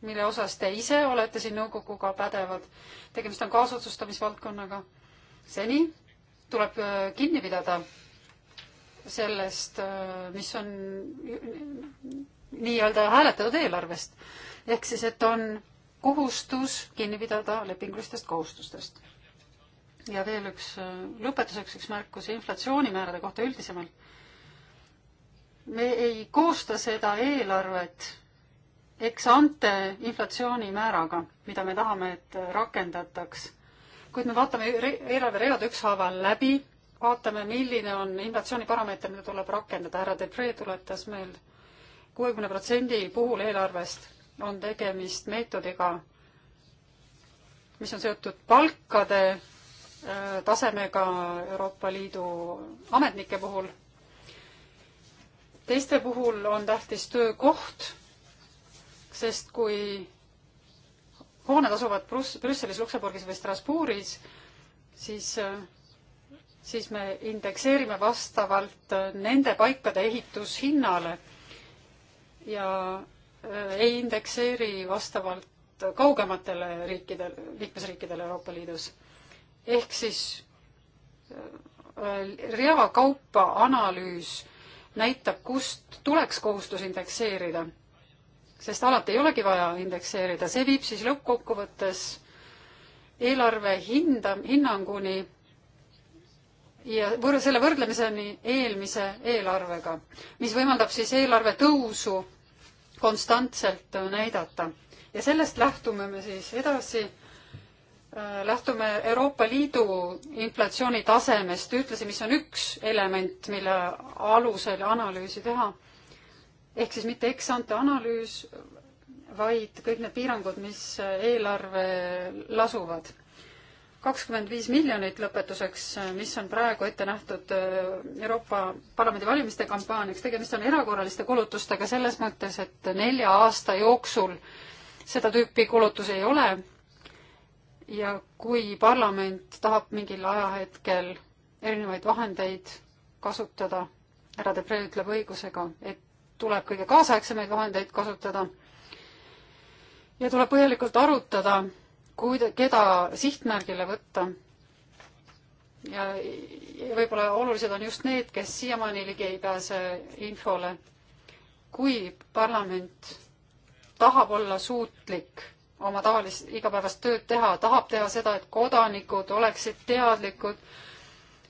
mille osas te ise olete siin nõukoguga pädevad, tegemist on kaasotsustamisvaldkonnaga, seni tuleb äh, kinni pidada sellest, äh, mis on nii-öelda hääletatud eelarvest. ehk siis, et on kohustus kinni pidada lepingulistest kohustustest. ja veel üks, äh, lõpetuseks üks märkus inflatsioonimäärade kohta üldisemalt. me ei koosta seda eelarvet eks ante inflatsioonimääraga, mida me tahame, et rakendataks. kuid me vaatame eelarve read ükshaaval läbi vaatame, milline on inflatsiooniparameeter, mida tuleb rakendada. härra Debre tuletas meil kuuekümne protsendi puhul eelarvest on tegemist meetodiga, mis on seotud palkade äh, tasemega Euroopa Liidu ametnike puhul. teiste puhul on tähtis töökoht, sest kui hooned asuvad Brüsselis, Luksemburgis või Strasbourgis, siis äh, siis me indekseerime vastavalt äh, nende paikade ehitushinnale ja äh, ei indekseeri vastavalt kaugematele riikidele, liikmesriikidele Euroopa Liidus. ehk siis äh, rea kaupa analüüs näitab, kust tuleks kohustus indekseerida. sest alati ei olegi vaja indekseerida, see viib siis lõppkokkuvõttes eelarve hinda, hinnanguni, ja võr-, selle võrdlemiseni eelmise eelarvega, mis võimaldab siis eelarve tõusu konstantselt näidata. ja sellest lähtume me siis edasi, äh, lähtume Euroopa Liidu inflatsiooni tasemest, ütlesin, mis on üks element, mille alusel analüüsi teha. ehk siis mitte eksante analüüs, vaid kõik need piirangud, mis eelarve lasuvad kakskümmend viis miljonit lõpetuseks, mis on praegu ette nähtud äh, Euroopa Parlamendi valimiste kampaaniaks, tegemist on erakorraliste kulutustega selles mõttes, et nelja aasta jooksul seda tüüpi kulutusi ei ole. ja kui parlament tahab mingil ajahetkel erinevaid vahendeid kasutada, härra Debre ütleb õigusega, et tuleb kõige kaasaegsemaid vahendeid kasutada ja tuleb põhjalikult arutada kuida-, keda sihtmärgile võtta. ja võib-olla olulised on just need, kes siiamaani ligi ei pääse infole. kui parlament tahab olla suutlik oma tavalist igapäevast tööd teha, tahab teha seda, et kodanikud oleksid teadlikud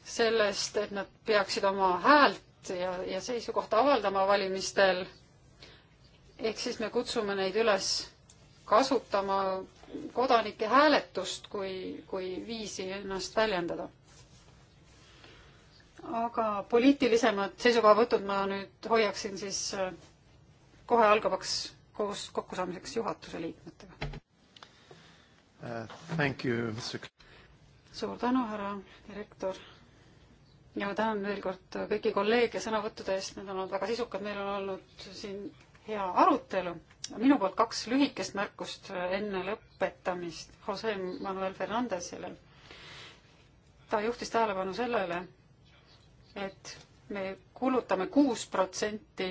sellest, et nad peaksid oma häält ja, ja seisukohta avaldama valimistel. ehk siis me kutsume neid üles kasutama kodanike hääletust kui, kui viisi ennast väljendada. aga poliitilisemad seisukohavõtud ma nüüd hoiaksin siis äh, kohe algavaks koos kokkusaamiseks juhatuse liikmetega uh,. Thank you, Mr. suur tänu, härra direktor. ja ma tänan veel kord kõiki kolleege sõnavõttude eest, need on olnud väga sisukad, meil on olnud siin hea arutelu. minu poolt kaks lühikest märkust enne lõpetamist Jose Manuel Fernandesele. ta juhtis tähelepanu sellele, et me kulutame kuus protsenti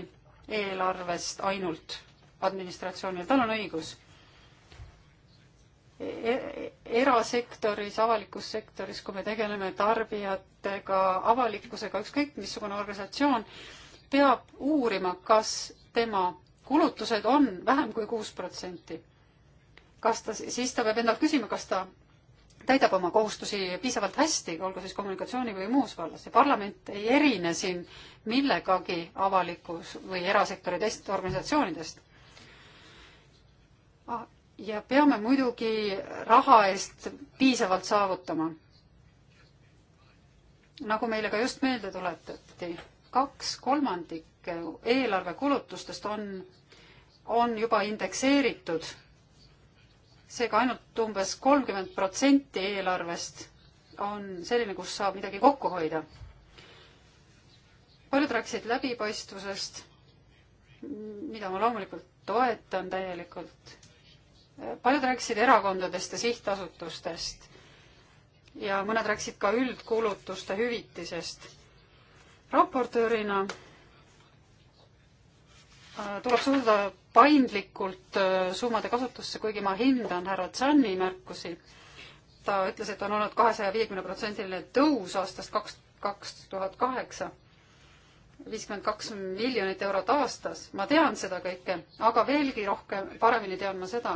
eelarvest ainult administratsioonile, tal on õigus e. e- erasektoris, avalikus sektoris, kui me tegeleme tarbijatega, avalikkusega, ükskõik missugune organisatsioon, peab uurima, kas tema kulutused on vähem kui kuus protsenti, kas ta, siis ta peab endalt küsima, kas ta täidab oma kohustusi piisavalt hästi, olgu siis kommunikatsiooni või muus vallas ja parlament ei erine siin millegagi avalikus või erasektori teistest organisatsioonidest. ja peame muidugi raha eest piisavalt saavutama. nagu meile ka just meelde tuletati, kaks kolmandik enamik eelarvekulutustest on, on juba indekseeritud. seega ainult umbes kolmkümmend protsenti eelarvest on selline, kus saab midagi kokku hoida. paljud rääkisid läbipaistvusest, mida ma loomulikult toetan täielikult. paljud rääkisid erakondadest ja sihtasutustest ja mõned rääkisid ka üldkulutuste hüvitisest. raportöörina Äh, tuleb suhtuda paindlikult äh, summade kasutusse, kuigi ma hindan härra Tsanni märkusi. ta ütles, et on olnud kahesaja viiekümne protsendiline tõus aastast kaks, kaks tuhat kaheksa. viiskümmend kaks miljonit eurot aastas, ma tean seda kõike, aga veelgi rohkem, paremini tean ma seda,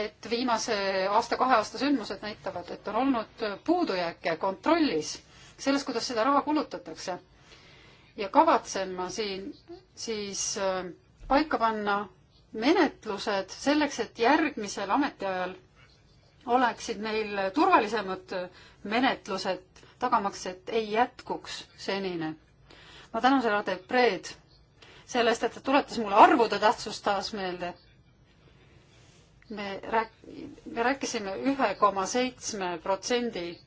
et viimase aasta-kahe aasta sündmused näitavad, et on olnud puudujääke kontrollis, selles, kuidas seda raha kulutatakse ja kavatsen ma siin siis äh, paika panna menetlused selleks, et järgmisel ametiajal oleksid meil turvalisemad menetlused, tagamaks, et ei jätkuks senine. ma tänan selle Ade Preed sellest, et ta tuletas mulle arvude tähtsust taas meelde. me rääk-, me rääkisime ühe koma seitsme protsendi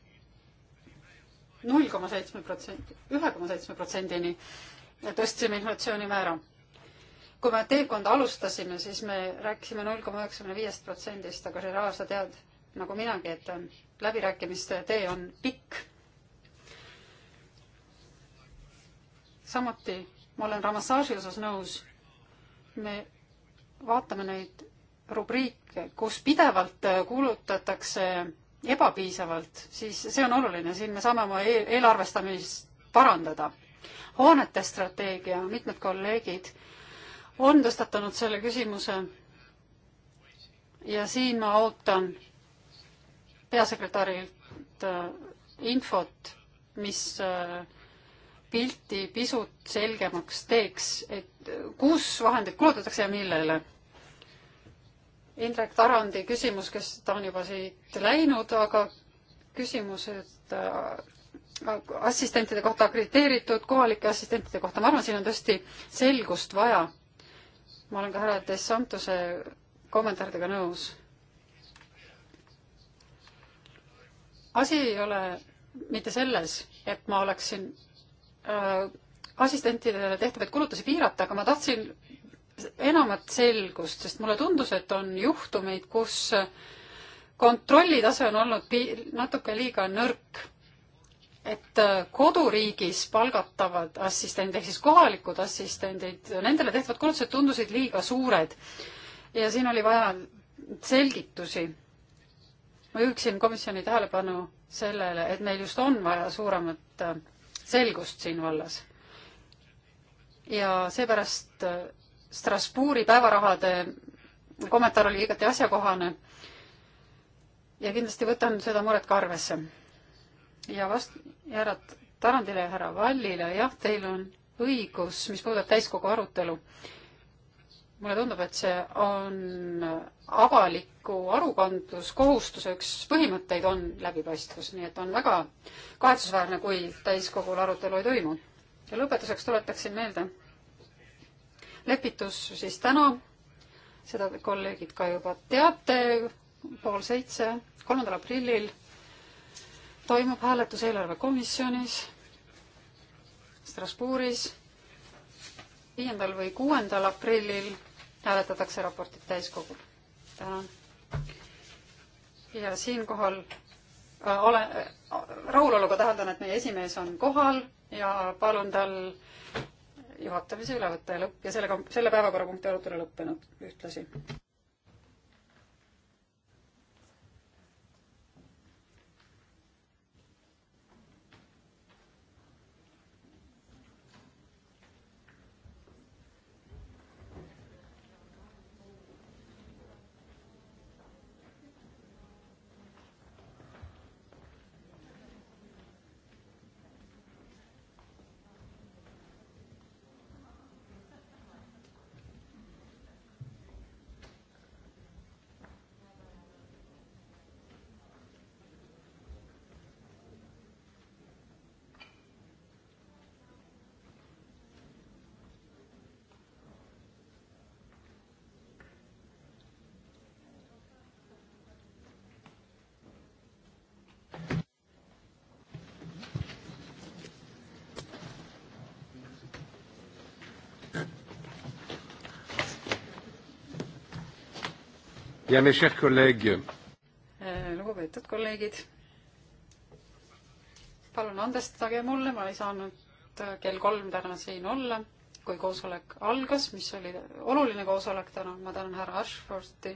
null koma seitsme protsenti, ühe koma seitsme protsendini tõstsime inflatsioonimäära. kui me teekonda alustasime, siis me rääkisime null koma üheksakümne viiest protsendist, aga Gerard, sa tead nagu minagi, et läbirääkimiste tee on pikk. samuti ma olen Ramassaaži osas nõus. me vaatame neid rubriike, kus pidevalt kuulutatakse ebapiisavalt, siis see on oluline, siin me saame oma eelarvestamist parandada. hoonete strateegia, mitmed kolleegid on tõstatanud selle küsimuse ja siin ma ootan peasekretärilt äh, infot, mis äh, pilti pisut selgemaks teeks, et äh, kus vahendeid kulutatakse ja millele. Indrek Tarandi küsimus, kes, ta on juba siit läinud, aga küsimus, et äh, assistentide kohta akrediteeritud, kohalike assistentide kohta, ma arvan, siin on tõesti selgust vaja. ma olen ka härra De Santose kommentaaridega nõus. asi ei ole mitte selles, et ma oleksin äh, assistentidele tehtavaid kulutusi piirata, aga ma tahtsin enamat selgust, sest mulle tundus, et on juhtumeid, kus kontrollitase on olnud pi-, natuke liiga nõrk. et äh, koduriigis palgatavad assistendid ehk siis kohalikud assistendid, nendele tehtavad kulutused tundusid liiga suured. ja siin oli vaja selgitusi. ma juhiksin komisjoni tähelepanu sellele, et meil just on vaja suuremat äh, selgust siin vallas. ja seepärast äh, Strasbourgi päevarahade kommentaar oli igati asjakohane ja kindlasti võtan seda muret ka arvesse. ja vast-, härra Tarandile ja härra Vallile, jah, teil on õigus, mis puudutab täiskogu arutelu. mulle tundub, et see on avaliku arukandluskohustuse üks põhimõtteid, on läbipaistvus, nii et on väga kahetsusväärne, kui täiskogul arutelu ei toimu. ja lõpetuseks tuletaksin meelde lepitus siis täna, seda te kolleegid ka juba teate, pool seitse, kolmandal aprillil toimub hääletus eelarvekomisjonis Strasbourgis. viiendal või kuuendal aprillil hääletatakse raportit täiskogul. tänan. ja siinkohal äh, ole äh,, rahuloluga täheldan, et meie esimees on kohal ja palun tal juhatamise üle võtta ja lõpp ja sellega on selle päevakorrapunkti arutelu lõppenud ühtlasi. Eh, lugupeetud kolleegid, palun andestage mulle, ma ei saanud eh, kell kolm täna siin olla, kui koosolek algas, mis oli oluline koosolek täna, ma tänan härra Ashfordi,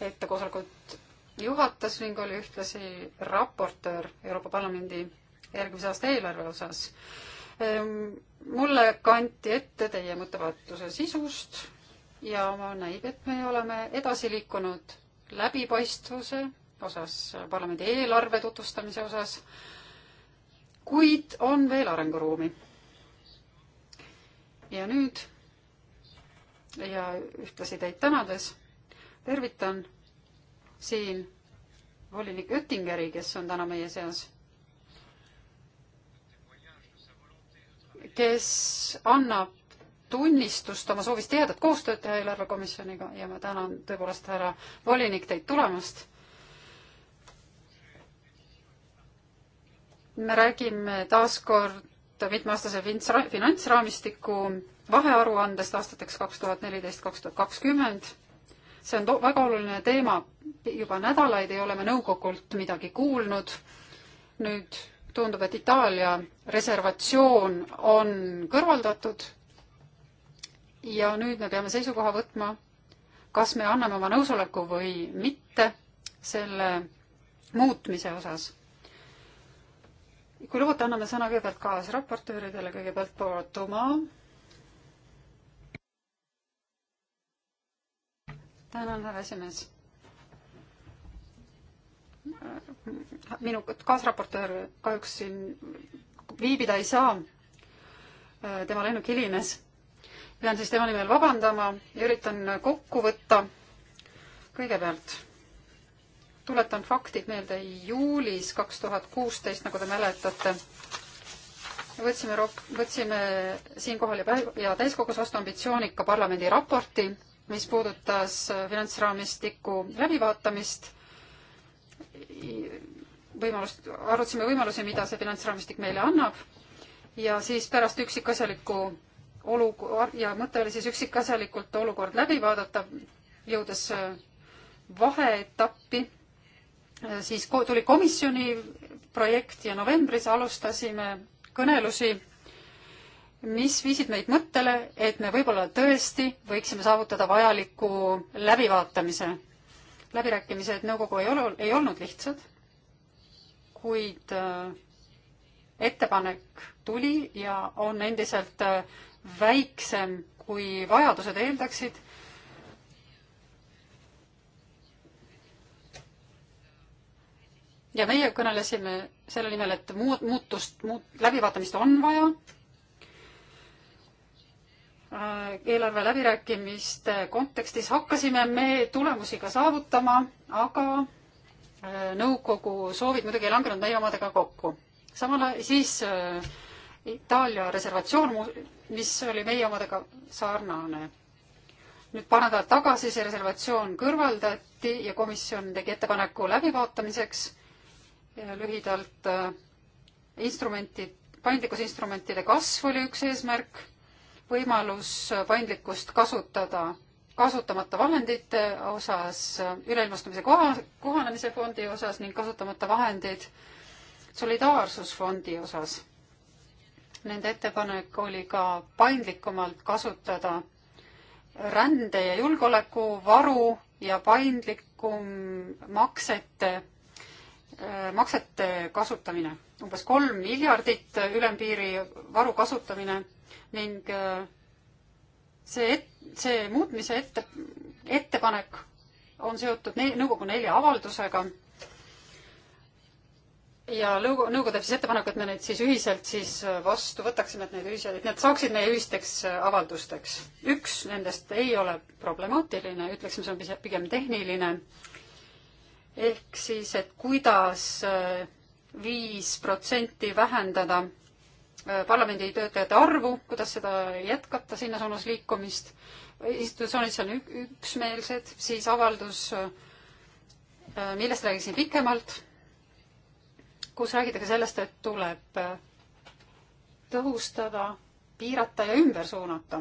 et ta koosolekut juhatas ning oli ühtlasi raportöör Euroopa Parlamendi järgmise aasta eelarve osas. mulle kanti ette teie mõttevahetuse sisust ja näib, et me oleme edasi liikunud läbipaistvuse osas, parlamendi eelarve tutvustamise osas, kuid on veel arenguruumi. ja nüüd ja ühtlasi teid tänades tervitan siin volinik Oettingeri, kes on täna meie seas, kes annab tunnistust oma soovist tihedat koostööd teha eelarvekomisjoniga ja ma tänan tõepoolest, härra volinik, teid tulemast. me räägime taas kord mitmeaastase finantsraamistiku vahearuandest aastateks kaks tuhat neliteist, kaks tuhat kakskümmend. see on väga oluline teema, juba nädalaid ei ole me nõukogult midagi kuulnud. nüüd tundub, et Itaalia reservatsioon on kõrvaldatud ja nüüd me peame seisukoha võtma, kas me anname oma nõusoleku või mitte selle muutmise osas. kui lubate, anname sõna kõigepealt kaasraportööridele, kõigepealt proua Toma. tänan, härra esimees. minu kaasraportöör kahjuks siin viibida ei saa. tema lennuk hilines pean siis tema nimel vabandama ja üritan kokku võtta. kõigepealt tuletan faktid meelde juulis kaks tuhat kuusteist, nagu te mäletate. võtsime, võtsime siinkohal ja, ja täiskogus vastu ambitsioonika parlamendi raporti, mis puudutas finantsraamistiku läbivaatamist. võimalust, arutasime võimalusi, mida see finantsraamistik meile annab ja siis pärast üksikasjalikku olukord ja mõte oli siis üksikasjalikult olukord läbi vaadata, jõudes äh, vaheetappi, äh, siis tuli komisjoni projekt ja novembris alustasime kõnelusi, mis viisid meid mõttele, et me võib-olla tõesti võiksime saavutada vajaliku läbivaatamise. läbirääkimised nõukogu ei ole, ei olnud lihtsad, kuid äh, ettepanek tuli ja on endiselt väiksem, kui vajadused eeldaksid. ja meie kõnelesime selle nimel, et muud, muutust, muut-, läbivaatamist on vaja eelarve läbirääkimiste kontekstis hakkasime me tulemusi ka saavutama, aga äh, nõukogu soovid muidugi ei langenud meie omadega kokku. samal ajal siis äh, Itaalia reservatsioon mis oli meie omadega sarnane. nüüd paar nädalat tagasi see reservatsioon kõrvaldati ja komisjon tegi ettepaneku läbivaatamiseks lühidalt äh, instrumenti, paindlikkusinstrumentide kasv oli üks eesmärk, võimalus äh, paindlikkust kasutada kasutamata vahendite osas, äh, üleilmastumise koha, kohanemise fondi osas ning kasutamata vahendid solidaarsusfondi osas Nende ettepanek oli ka paindlikumalt kasutada rände- ja julgeolekuvaru ja paindlikum maksete, äh, maksete kasutamine. umbes kolm miljardit ülempiiri varu kasutamine ning äh, see, see muutmise ette, ettepanek on seotud ne-, nõukogu nelja avaldusega ja nõukogu, nõukogu teeb siis ettepaneku, et me neid siis ühiselt siis äh, vastu võtaksime, et neid ühiselt, et need saaksid meie ühisteks äh, avaldusteks. üks nendest ei ole problemaatiline, ütleksime, see on pigem tehniline. ehk siis, et kuidas äh, viis protsenti vähendada parlamendi töötajate arvu, kuidas seda jätkata, sinna suunas liikumist. institutsioonid seal on üksmeelsed, siis avaldus, millest räägiksin pikemalt kus räägitakse sellest, et tuleb tõhustada, piirata ja ümber suunata.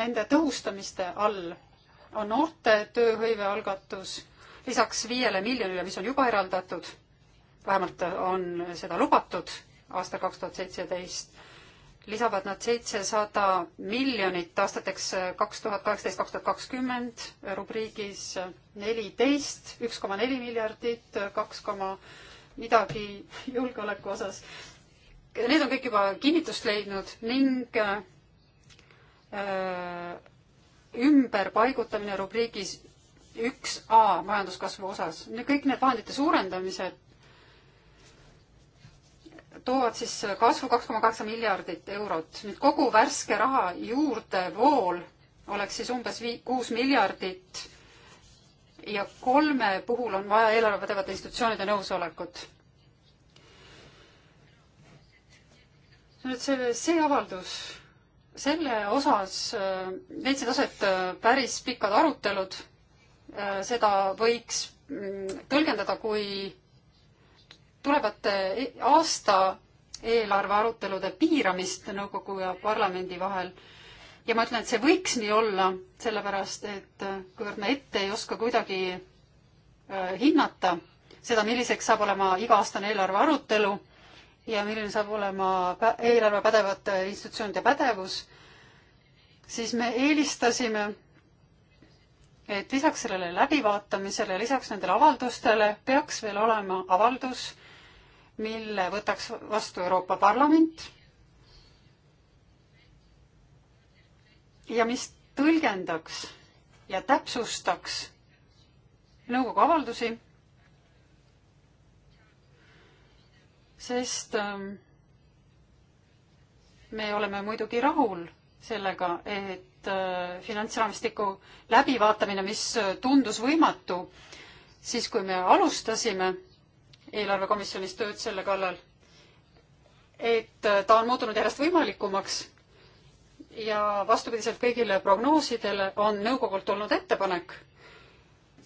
Nende tõhustamiste all on noorte tööhõive algatus, lisaks viiele miljonile, mis on juba eraldatud, vähemalt on seda lubatud aastal kaks tuhat seitseteist lisavad nad seitsesada miljonit aastateks kaks tuhat kaheksateist, kaks tuhat kakskümmend rubriigis neliteist, üks koma neli miljardit, kaks koma midagi julgeoleku osas. Need on kõik juba kinnitust leidnud ning öö, äh, ümberpaigutamine rubriigis üks A majanduskasvu osas. kõik need vahendite suurendamised toovad siis kasvu kaks koma kaheksa miljardit eurot. nüüd kogu värske raha juurdevool oleks siis umbes vii-, kuus miljardit ja kolme puhul on vaja eelarve pädevate institutsioonide nõusolekut. nüüd see, see avaldus, selle osas äh, leidsid aset äh, päris pikad arutelud, äh, seda võiks mm, tõlgendada kui tulevate eh, aasta eelarve arutelude piiramist nõukogu ja parlamendi vahel. ja ma ütlen, et see võiks nii olla, sellepärast et eh, kuivõrd me ette ei oska kuidagi eh, hinnata seda, milliseks saab olema iga-aastane eelarve arutelu ja milline saab olema eelarve pädevate institutsioonide pädevus, siis me eelistasime, et lisaks sellele läbivaatamisele ja lisaks nendele avaldustele peaks veel olema avaldus mille võtaks vastu Euroopa Parlament ja mis tõlgendaks ja täpsustaks nõukogu avaldusi, sest ähm, me oleme muidugi rahul sellega, et äh, finantsraamistiku läbivaatamine, mis äh, tundus võimatu siis, kui me alustasime eelarvekomisjonis tööd selle kallal, et äh, ta on muutunud järjest võimalikumaks ja vastupidiselt kõigile prognoosidele on nõukogult olnud ettepanek.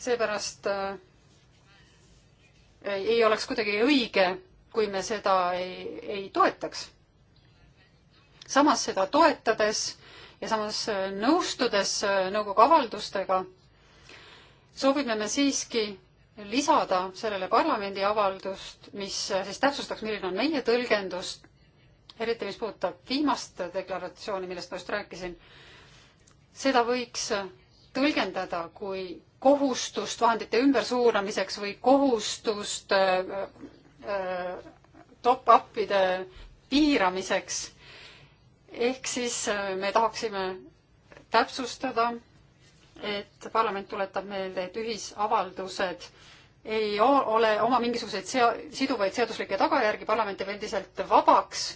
seepärast äh, ei oleks kuidagi õige, kui me seda ei, ei toetaks. samas seda toetades ja samas äh, nõustudes äh, nõukogu avaldustega soovime me siiski lisada sellele parlamendi avaldust, mis äh, siis täpsustaks, milline on meie tõlgendus, eriti mis puudutab viimast deklaratsiooni, millest ma just rääkisin, seda võiks äh, tõlgendada kui kohustust vahendite ümbersuunamiseks või kohustust äh, top-up'ide piiramiseks. ehk siis me tahaksime täpsustada, et parlament tuletab meelde, et ühisavaldused ei ole oma mingisuguseid sea-, siduvaid seaduslikke tagajärgi, parlament jääb endiselt vabaks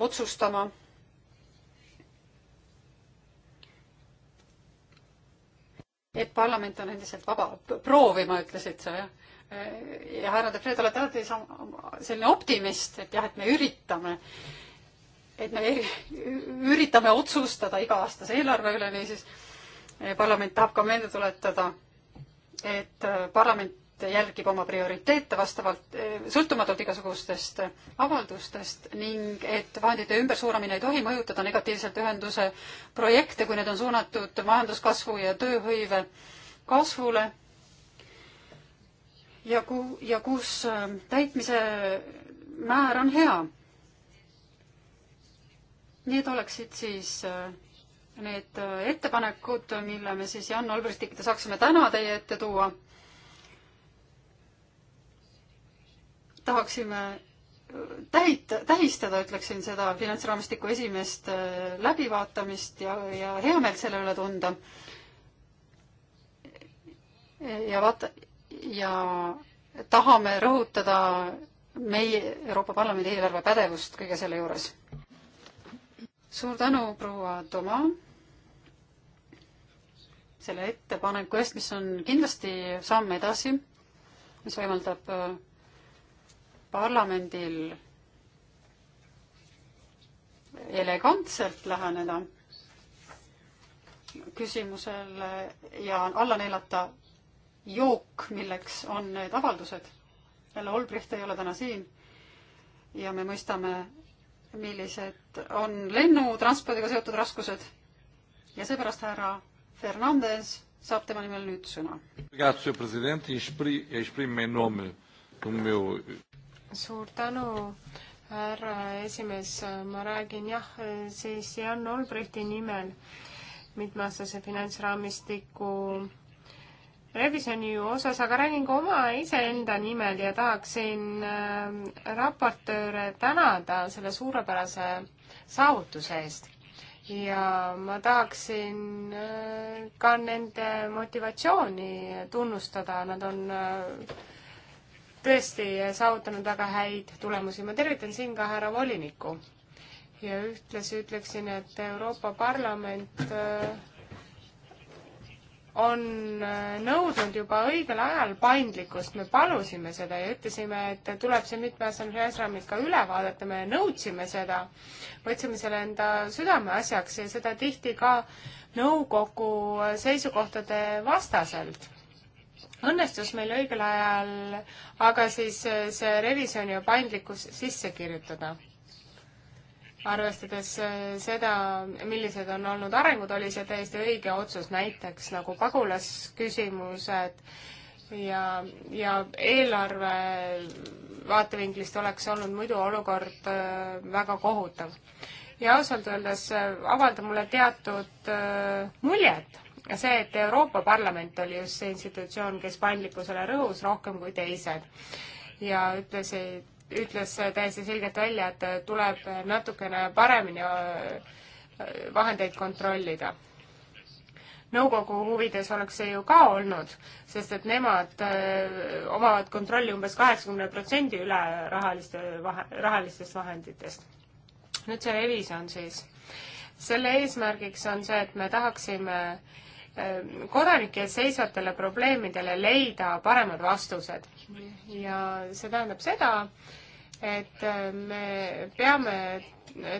otsustama. et parlament on endiselt vaba, proovima ütlesid sa jah? ja härra De Fred, olete alati selline optimist, et jah, et me üritame, et me üritame otsustada iga-aastase eelarve üle, niisiis parlament tahab ka meelde tuletada et äh, parlament järgib oma prioriteete vastavalt, äh, sõltumatult igasugustest äh, avaldustest ning et vahendite ümbersuuramine ei tohi mõjutada negatiivselt ühenduse projekte, kui need on suunatud majanduskasvu ja tööhõive kasvule ja ku-, ja kus täitmise määr on hea. Need oleksid siis äh, need äh, ettepanekud, mille me siis Jan Albrechtiga saaksime täna teie ette tuua. tahaksime äh, tähit-, tähistada, ütleksin seda finantsraamistiku esimest äh, läbivaatamist ja, ja heameelt selle üle tunda. ja vaata, ja tahame rõhutada meie Euroopa Parlamendi eelarve pädevust kõige selle juures. suur tänu, proua Toma selle ettepaneku eest, mis on kindlasti samm edasi, mis võimaldab äh, parlamendil elegantselt läheneda küsimusele ja alla neelata jook, milleks on need avaldused. jälle Olbricht ei ole täna siin ja me mõistame, millised on lennutranspordiga seotud raskused ja seepärast härra Fernandes saab tema nimel nüüd sõna. suur tänu, härra esimees, ma räägin jah, siis Jan Olbrechti nimel mitmeaastase finantsraamistiku revisjoni osas, aga räägin ka oma iseenda nimel ja tahaksin äh, raportööre tänada selle suurepärase saavutuse eest ja ma tahaksin äh, ka nende motivatsiooni tunnustada, nad on äh, tõesti saavutanud väga häid tulemusi. ma tervitan siin ka härra volinikku ja ühtlasi ütleksin, et Euroopa Parlament äh, on äh, nõudnud juba õigel ajal paindlikkust, me palusime seda ja ütlesime, et tuleb see mitmeaastane finantsraamid ka üle vaadata, me nõudsime seda, võtsime selle enda südameasjaks ja seda tihti ka nõukogu seisukohtade vastaselt õnnestus meil õigel ajal aga siis äh, see revisjon ja paindlikkus sisse kirjutada arvestades äh, seda, millised on olnud arengud, oli see täiesti õige otsus, näiteks nagu pagulasküsimused ja, ja eelarve vaatevinklist oleks olnud muidu olukord äh, väga kohutav. ja ausalt öeldes äh, avaldab mulle teatud muljet see, et Euroopa Parlament oli just see institutsioon, kes paindlikkusele rõhus rohkem kui teised ja ütlesid ütles täiesti selgelt välja, et tuleb natukene paremini äh, vahendeid kontrollida. nõukogu huvides oleks see ju ka olnud, sest et nemad äh, omavad kontrolli umbes kaheksakümne protsendi üle rahaliste, rahalistest vahenditest. nüüd see revisjon siis. selle eesmärgiks on see, et me tahaksime äh, kodanike seisvatele probleemidele leida paremad vastused. ja see tähendab seda, et äh, me peame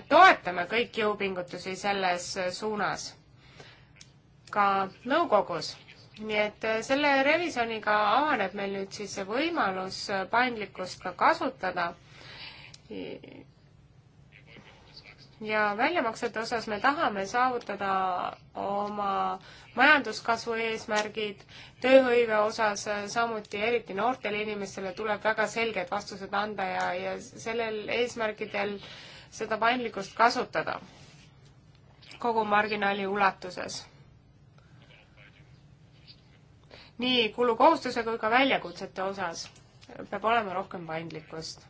toetama kõiki jõupingutusi selles suunas, ka nõukogus. nii et äh, selle revisjoniga avaneb meil nüüd siis see võimalus paindlikkust ka kasutada ja väljamaksete osas me tahame saavutada oma majanduskasvu eesmärgid, tööhõive osas äh, samuti, eriti noortele inimestele tuleb väga selged vastused anda ja, ja sellel eesmärgidel seda paindlikkust kasutada kogu marginaali ulatuses. nii kulukohustuse kui ka väljakutsete osas peab olema rohkem paindlikkust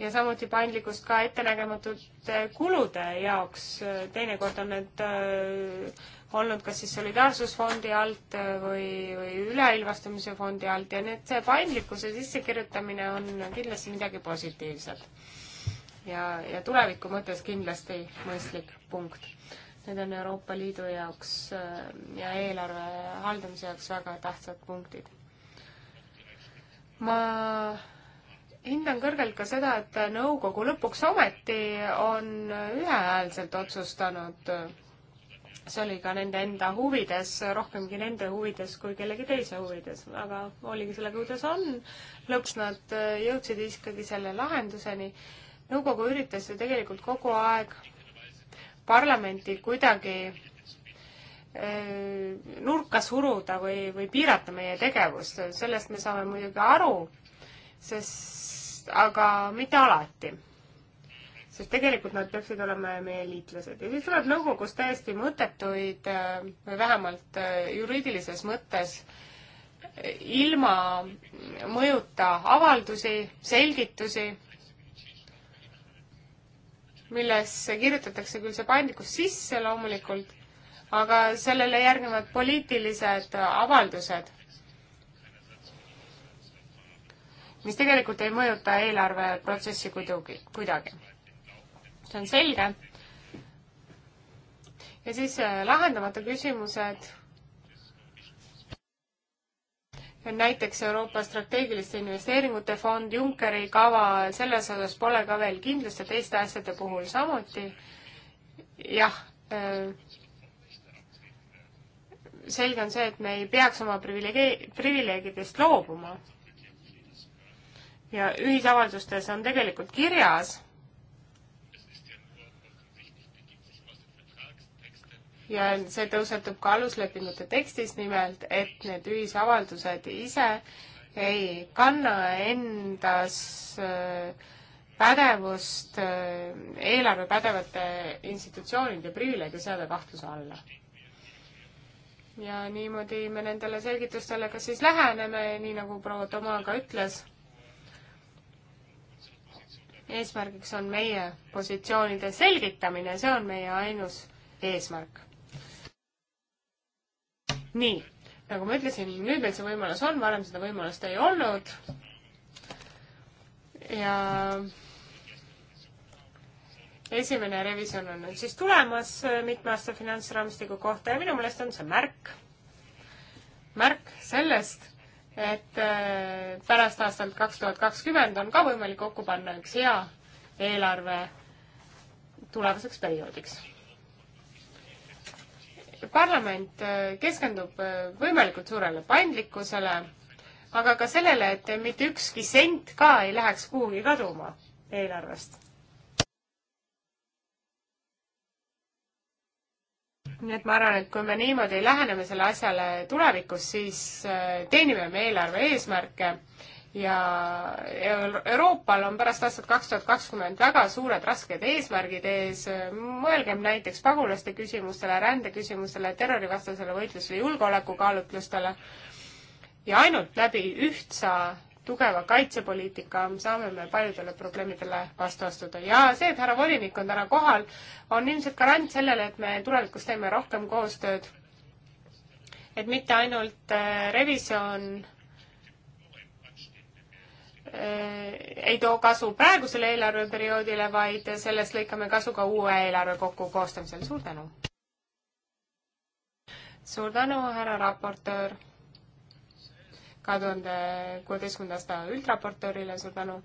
ja samuti paindlikkust ka ettenägematute kulude jaoks, teinekord on need äh, olnud kas siis Solidaarsusfondi alt äh, või, või Üleilmastumise fondi alt ja nii et see paindlikkuse sissekirjutamine on kindlasti midagi positiivset. ja, ja tuleviku mõttes kindlasti mõistlik punkt. Need on Euroopa Liidu jaoks äh, ja eelarve haldamise jaoks väga tähtsad punktid. ma hindan kõrgelt ka seda, et nõukogu lõpuks ometi on ühehäälselt otsustanud, see oli ka nende enda huvides, rohkemgi nende huvides kui kellegi teise huvides, aga oligi sellega, kuidas on. lõpuks nad jõudsid ikkagi selle lahenduseni. nõukogu üritas ju tegelikult kogu aeg parlamenti kuidagi äh, nurka suruda või, või piirata meie tegevust, sellest me saame muidugi aru, sest aga mitte alati. sest tegelikult nad peaksid olema meie liitlased ja siis tuleb nõukogus täiesti mõttetuid äh, või vähemalt äh, juriidilises mõttes äh, ilma mõjuta avaldusi, selgitusi, millesse kirjutatakse küll see paindlikkus sisse loomulikult, aga sellele järgnevad poliitilised avaldused mis tegelikult ei mõjuta eelarveprotsessi kuidagi, kuidagi. see on selge. ja siis äh, lahendamata küsimused. näiteks Euroopa strateegiliste investeeringute fond, Junckeri kava, selles osas pole ka veel kindlust ja teiste asjade puhul samuti. jah äh, selge on see, et me ei peaks oma privileegi, privileegidest loobuma ja ühisavaldustes on tegelikult kirjas, ja see tõusetub ka aluslepingute tekstis nimelt, et need ühisavaldused ise ei kanna endas äh, pädevust äh, eelarve pädevate institutsioonide privileegi seada kahtluse alla. ja niimoodi me nendele selgitustele ka siis läheneme, nii nagu proua Toma ka ütles eesmärgiks on meie positsioonide selgitamine, see on meie ainus eesmärk. nii, nagu ma ütlesin, nüüd meil see võimalus on, varem seda võimalust ei olnud. ja esimene revisjon on nüüd siis tulemas äh, mitme aasta finantsraamistiku kohta ja minu meelest on see märk, märk sellest, et äh, pärast aastat kaks tuhat kakskümmend on ka võimalik kokku panna üks hea eelarve tulevaseks perioodiks. parlament äh, keskendub äh, võimalikult suurele paindlikkusele, aga ka sellele, et mitte ükski sent ka ei läheks kuhugi kaduma eelarvest nii et ma arvan, et kui me niimoodi läheneme selle asjale tulevikus, siis äh, teenime me eelarve eesmärke ja Euroopal on pärast aastat kaks tuhat kakskümmend väga suured rasked eesmärgid ees, mõelgem näiteks pagulaste küsimustele, rändeküsimustele, terrorivastasele võitlusele, julgeolekukaalutlustele ja ainult läbi ühtsa tugeva kaitsepoliitika saame me paljudele probleemidele vastu astuda. ja see, et härra volinik on täna kohal, on ilmselt garant sellele, et me tulevikus teeme rohkem koostööd. et mitte ainult äh, revisjon äh, ei too kasu praegusele eelarveperioodile, vaid sellest lõikame kasu ka uue eelarve kokku koostamisel. suur tänu! suur tänu, härra raportöör! kahe tuhande kuueteistkümnenda aasta üldraportöörile, suur tänu!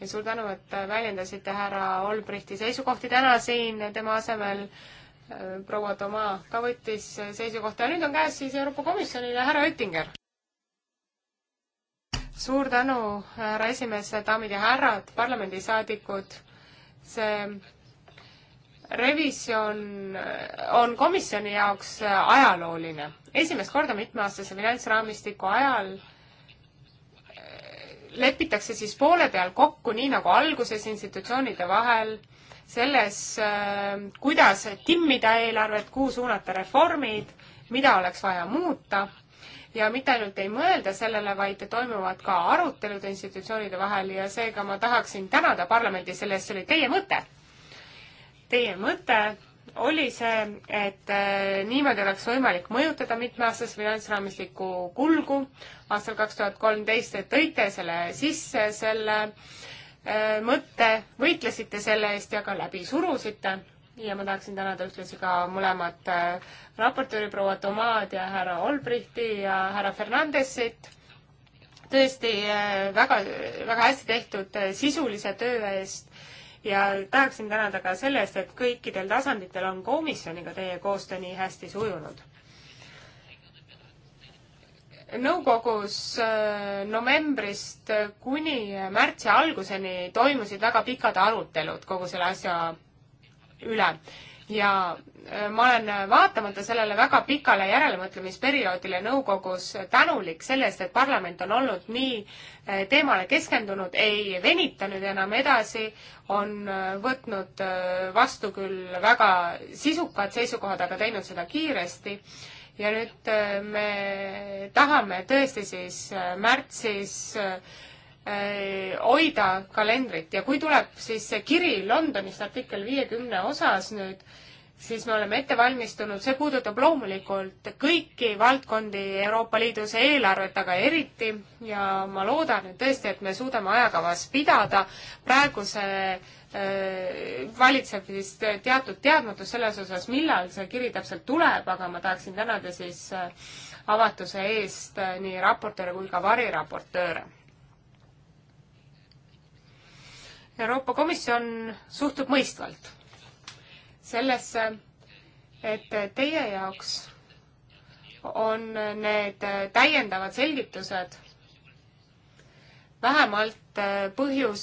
ja suur tänu, et väljendasite härra Olbrichti seisukohti täna siin tema asemel proua Toma ka võttis seisukohta ja nüüd on käes siis Euroopa Komisjonile härra Oettinger. suur tänu, härra esimees, daamid ja härrad, parlamendisaadikud. see revisjon on komisjoni jaoks ajalooline. esimest korda mitmeaastase finantsraamistiku ajal äh, lepitakse siis poole peal kokku, nii nagu alguses institutsioonide vahel, selles, äh, kuidas timmida eelarvet, kuhu suunata reformid, mida oleks vaja muuta ja mitte ainult ei mõelda sellele, vaid toimuvad ka arutelud institutsioonide vahel ja seega ma tahaksin tänada parlamendi, selles oli teie mõte. Teie mõte oli see, et äh, niimoodi oleks võimalik mõjutada mitmeaastase finantsraamistiku kulgu aastal kaks tuhat kolmteist, et tõite selle sisse, selle äh, mõtte, võitlesite selle eest ja ka läbi surusite. ja ma tahaksin tänada ühtlasi ka mõlemat äh, raportööri proua Tomaad ja härra Olbrichti ja härra Fernandesit. tõesti väga, väga hästi tehtud sisulise töö eest ja tahaksin tänada ka selle eest, et kõikidel tasanditel on komisjoniga teie koostöö nii hästi sujunud. nõukogus äh, novembrist kuni märtsi alguseni toimusid väga pikad arutelud kogu selle asja üle ja äh, ma olen vaatamata sellele väga pikale järelemõtlemisperioodile nõukogus tänulik selle eest, et parlament on olnud nii äh, teemale keskendunud, ei venitanud enam edasi, on äh, võtnud vastu küll väga sisukad seisukohad, aga teinud seda kiiresti. ja nüüd me tahame tõesti siis märtsis Äh, hoida kalendrit ja kui tuleb siis see kiri Londonist artikkel viiekümne osas nüüd, siis me oleme ette valmistunud, see puudutab loomulikult kõiki valdkondi Euroopa Liidus eelarvet, aga eriti ja ma loodan nüüd tõesti, et me suudame ajakavas pidada praeguse äh, valitseb siis teatud teadmatus selles osas, millal see kiri täpselt tuleb, aga ma tahaksin tänada siis äh, avatuse eest äh, nii raportööre kui ka variraportööre Euroopa Komisjon suhtub mõistvalt sellesse, et teie jaoks on need täiendavad selgitused vähemalt põhjus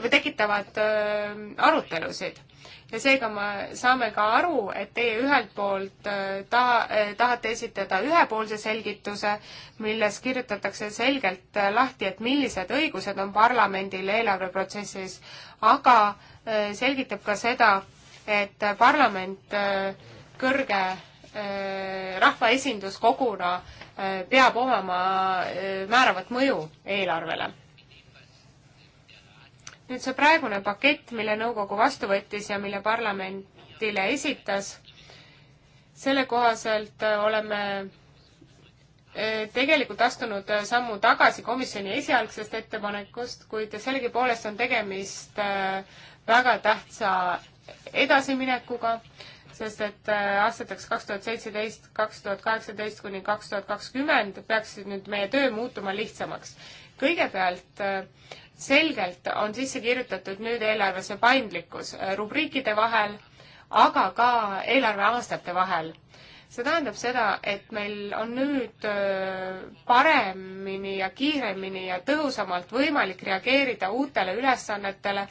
või tekitavad äh, arutelusid ja seega me saame ka aru, et teie ühelt poolt äh, ta-, äh, tahate esitada ühepoolse selgituse, milles kirjutatakse selgelt äh, lahti, et millised õigused on parlamendil eelarveprotsessis, aga selgitab ka seda, et parlament kõrge rahvaesinduskoguna peab omama määravat mõju eelarvele nüüd see praegune pakett, mille nõukogu vastu võttis ja mille parlamentile esitas, selle kohaselt äh, oleme äh, tegelikult astunud äh, sammu tagasi komisjoni esialgsest ettepanekust, kuid sellegipoolest on tegemist väga tähtsa edasiminekuga, sest et aastateks kaks tuhat seitseteist, kaks tuhat kaheksateist kuni kaks tuhat kakskümmend peaks nüüd meie töö muutuma lihtsamaks. kõigepealt selgelt on sisse kirjutatud nüüd eelarvesse paindlikkus äh, rubriikide vahel, aga ka eelarveaastate vahel. see tähendab seda, et meil on nüüd äh, paremini ja kiiremini ja tõhusamalt võimalik reageerida uutele ülesannetele,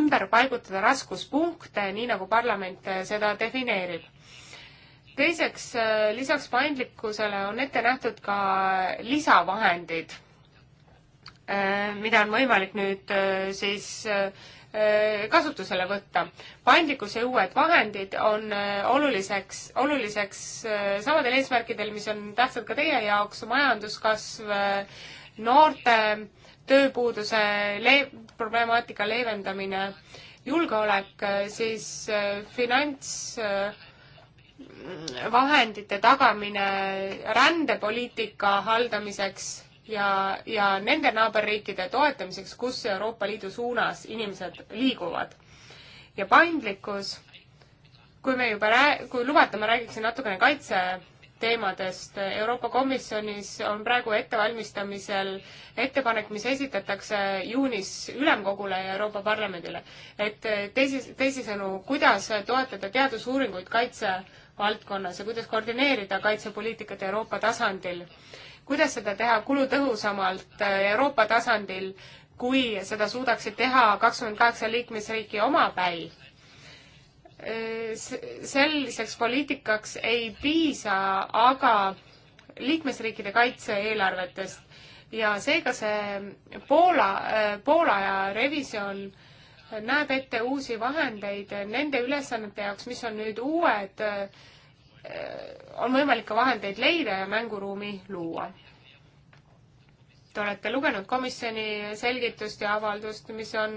ümber paigutada raskuspunkte, nii nagu parlament äh, seda defineerib teiseks, lisaks paindlikkusele on ette nähtud ka lisavahendid Äh, mida on võimalik nüüd äh, siis äh, kasutusele võtta. paindlikkus ja uued vahendid on oluliseks, oluliseks samadel eesmärkidel, mis on tähtsad ka teie jaoks, majanduskasv, noorte tööpuuduse le-, problemaatika leevendamine, julgeolek, siis finantsvahendite tagamine rändepoliitika haldamiseks ja, ja nende naaberriikide toetamiseks, kus Euroopa Liidu suunas inimesed liiguvad. ja paindlikkus, kui me juba rää-, kui lubate, ma räägiksin natukene kaitse teemadest. Euroopa Komisjonis on praegu ettevalmistamisel ettepanek, mis esitatakse juunis Ülemkogule ja Euroopa Parlamendile. et teisis, teisisõnu, kuidas toetada teadusuuringuid kaitsevaldkonnas ja kuidas koordineerida kaitsepoliitikat Euroopa tasandil kuidas seda teha kulutõhusamalt äh, Euroopa tasandil, kui seda suudaksid teha kakskümmend kaheksa liikmesriiki omapäi. Äh, selliseks poliitikaks ei piisa aga liikmesriikide kaitse-eelarvetest ja seega see Poola, äh, Poola ja revisjon näeb ette uusi vahendeid nende ülesannete jaoks, mis on nüüd uued äh, on võimalik ka vahendeid leida ja mänguruumi luua. Te olete lugenud komisjoni selgitust ja avaldust, mis on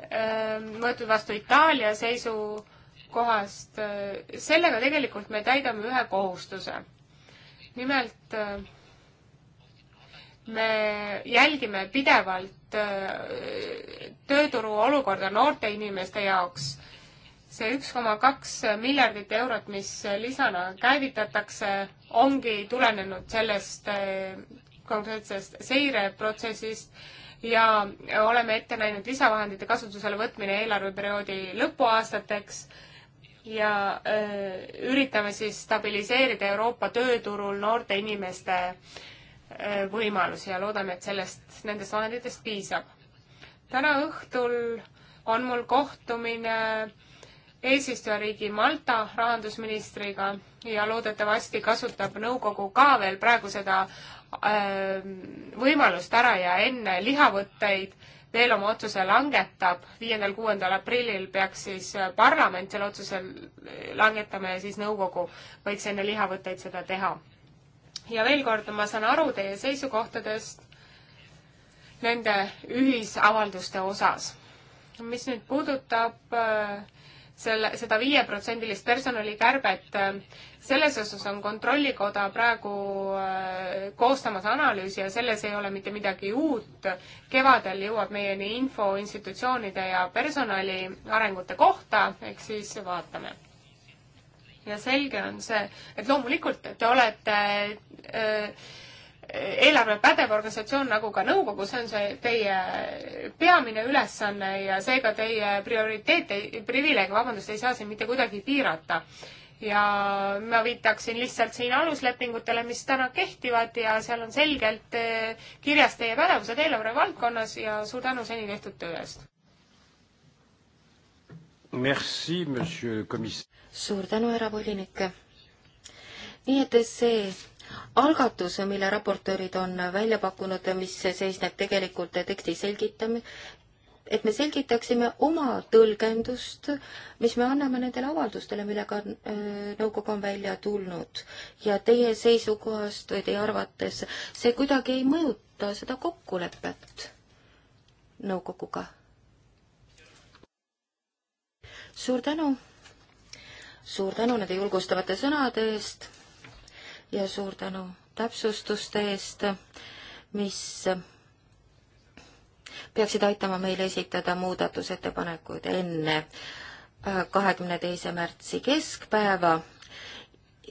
ähm, võetud vastu Itaalia seisukohast. sellega tegelikult me täidame ühe kohustuse. nimelt äh, me jälgime pidevalt äh, tööturu olukorda noorte inimeste jaoks see üks koma kaks miljardit eurot, mis lisana käivitatakse, ongi tulenenud sellest eh, konkreetsest seireprotsessist ja oleme ette näinud lisavahendite kasutusele võtmine eelarveperioodi lõpuaastateks ja öö, eh, üritame siis stabiliseerida Euroopa tööturul noorte inimeste öö, eh, võimalusi ja loodame, et sellest, nendest vahenditest piisab. täna õhtul on mul kohtumine öö, eesistujariigi Malta rahandusministriga ja loodetavasti kasutab nõukogu ka veel praegu seda äh, võimalust ära ja enne lihavõtteid veel oma otsuse langetab. viiendal-kuuendal aprillil peaks siis äh, parlament selle otsuse langetama ja siis nõukogu võiks enne lihavõtteid seda teha. ja veel kord, ma saan aru teie seisukohtadest nende ühisavalduste osas. mis nüüd puudutab äh, selle, seda viieprotsendilist personalikärbet, äh, selles osas on Kontrollikoda praegu äh, koostamas analüüsi ja selles ei ole mitte midagi uut. kevadel jõuab meieni info institutsioonide ja personali arengute kohta, eks siis vaatame. ja selge on see, et loomulikult te olete öö, äh, eelarvepädev organisatsioon nagu ka nõukogu, see on see teie peamine ülesanne ja seega teie prioriteete, privileege, vabandust, ei saa siin mitte kuidagi piirata. ja ma viitaksin lihtsalt siin aluslepingutele, mis täna kehtivad ja seal on selgelt eh, kirjas teie pädevused eelarve valdkonnas ja suur tänu seni tehtud töö eest. Merci, monsieur le commissaire. suur tänu, härra volinik. nii et see algatuse, mille raportöörid on välja pakkunud, mis seisneb tegelikult teksti selgitamine, et me selgitaksime oma tõlgendust, mis me anname nendele avaldustele, millega äh, nõukogu on välja tulnud. ja teie seisukohast või teie arvates see kuidagi ei mõjuta seda kokkulepet nõukoguga? suur tänu! suur tänu nende julgustavate sõnade eest ja suur tänu täpsustuste eest, mis peaksid aitama meil esitada muudatusettepanekuid enne äh, kahekümne teise märtsi keskpäeva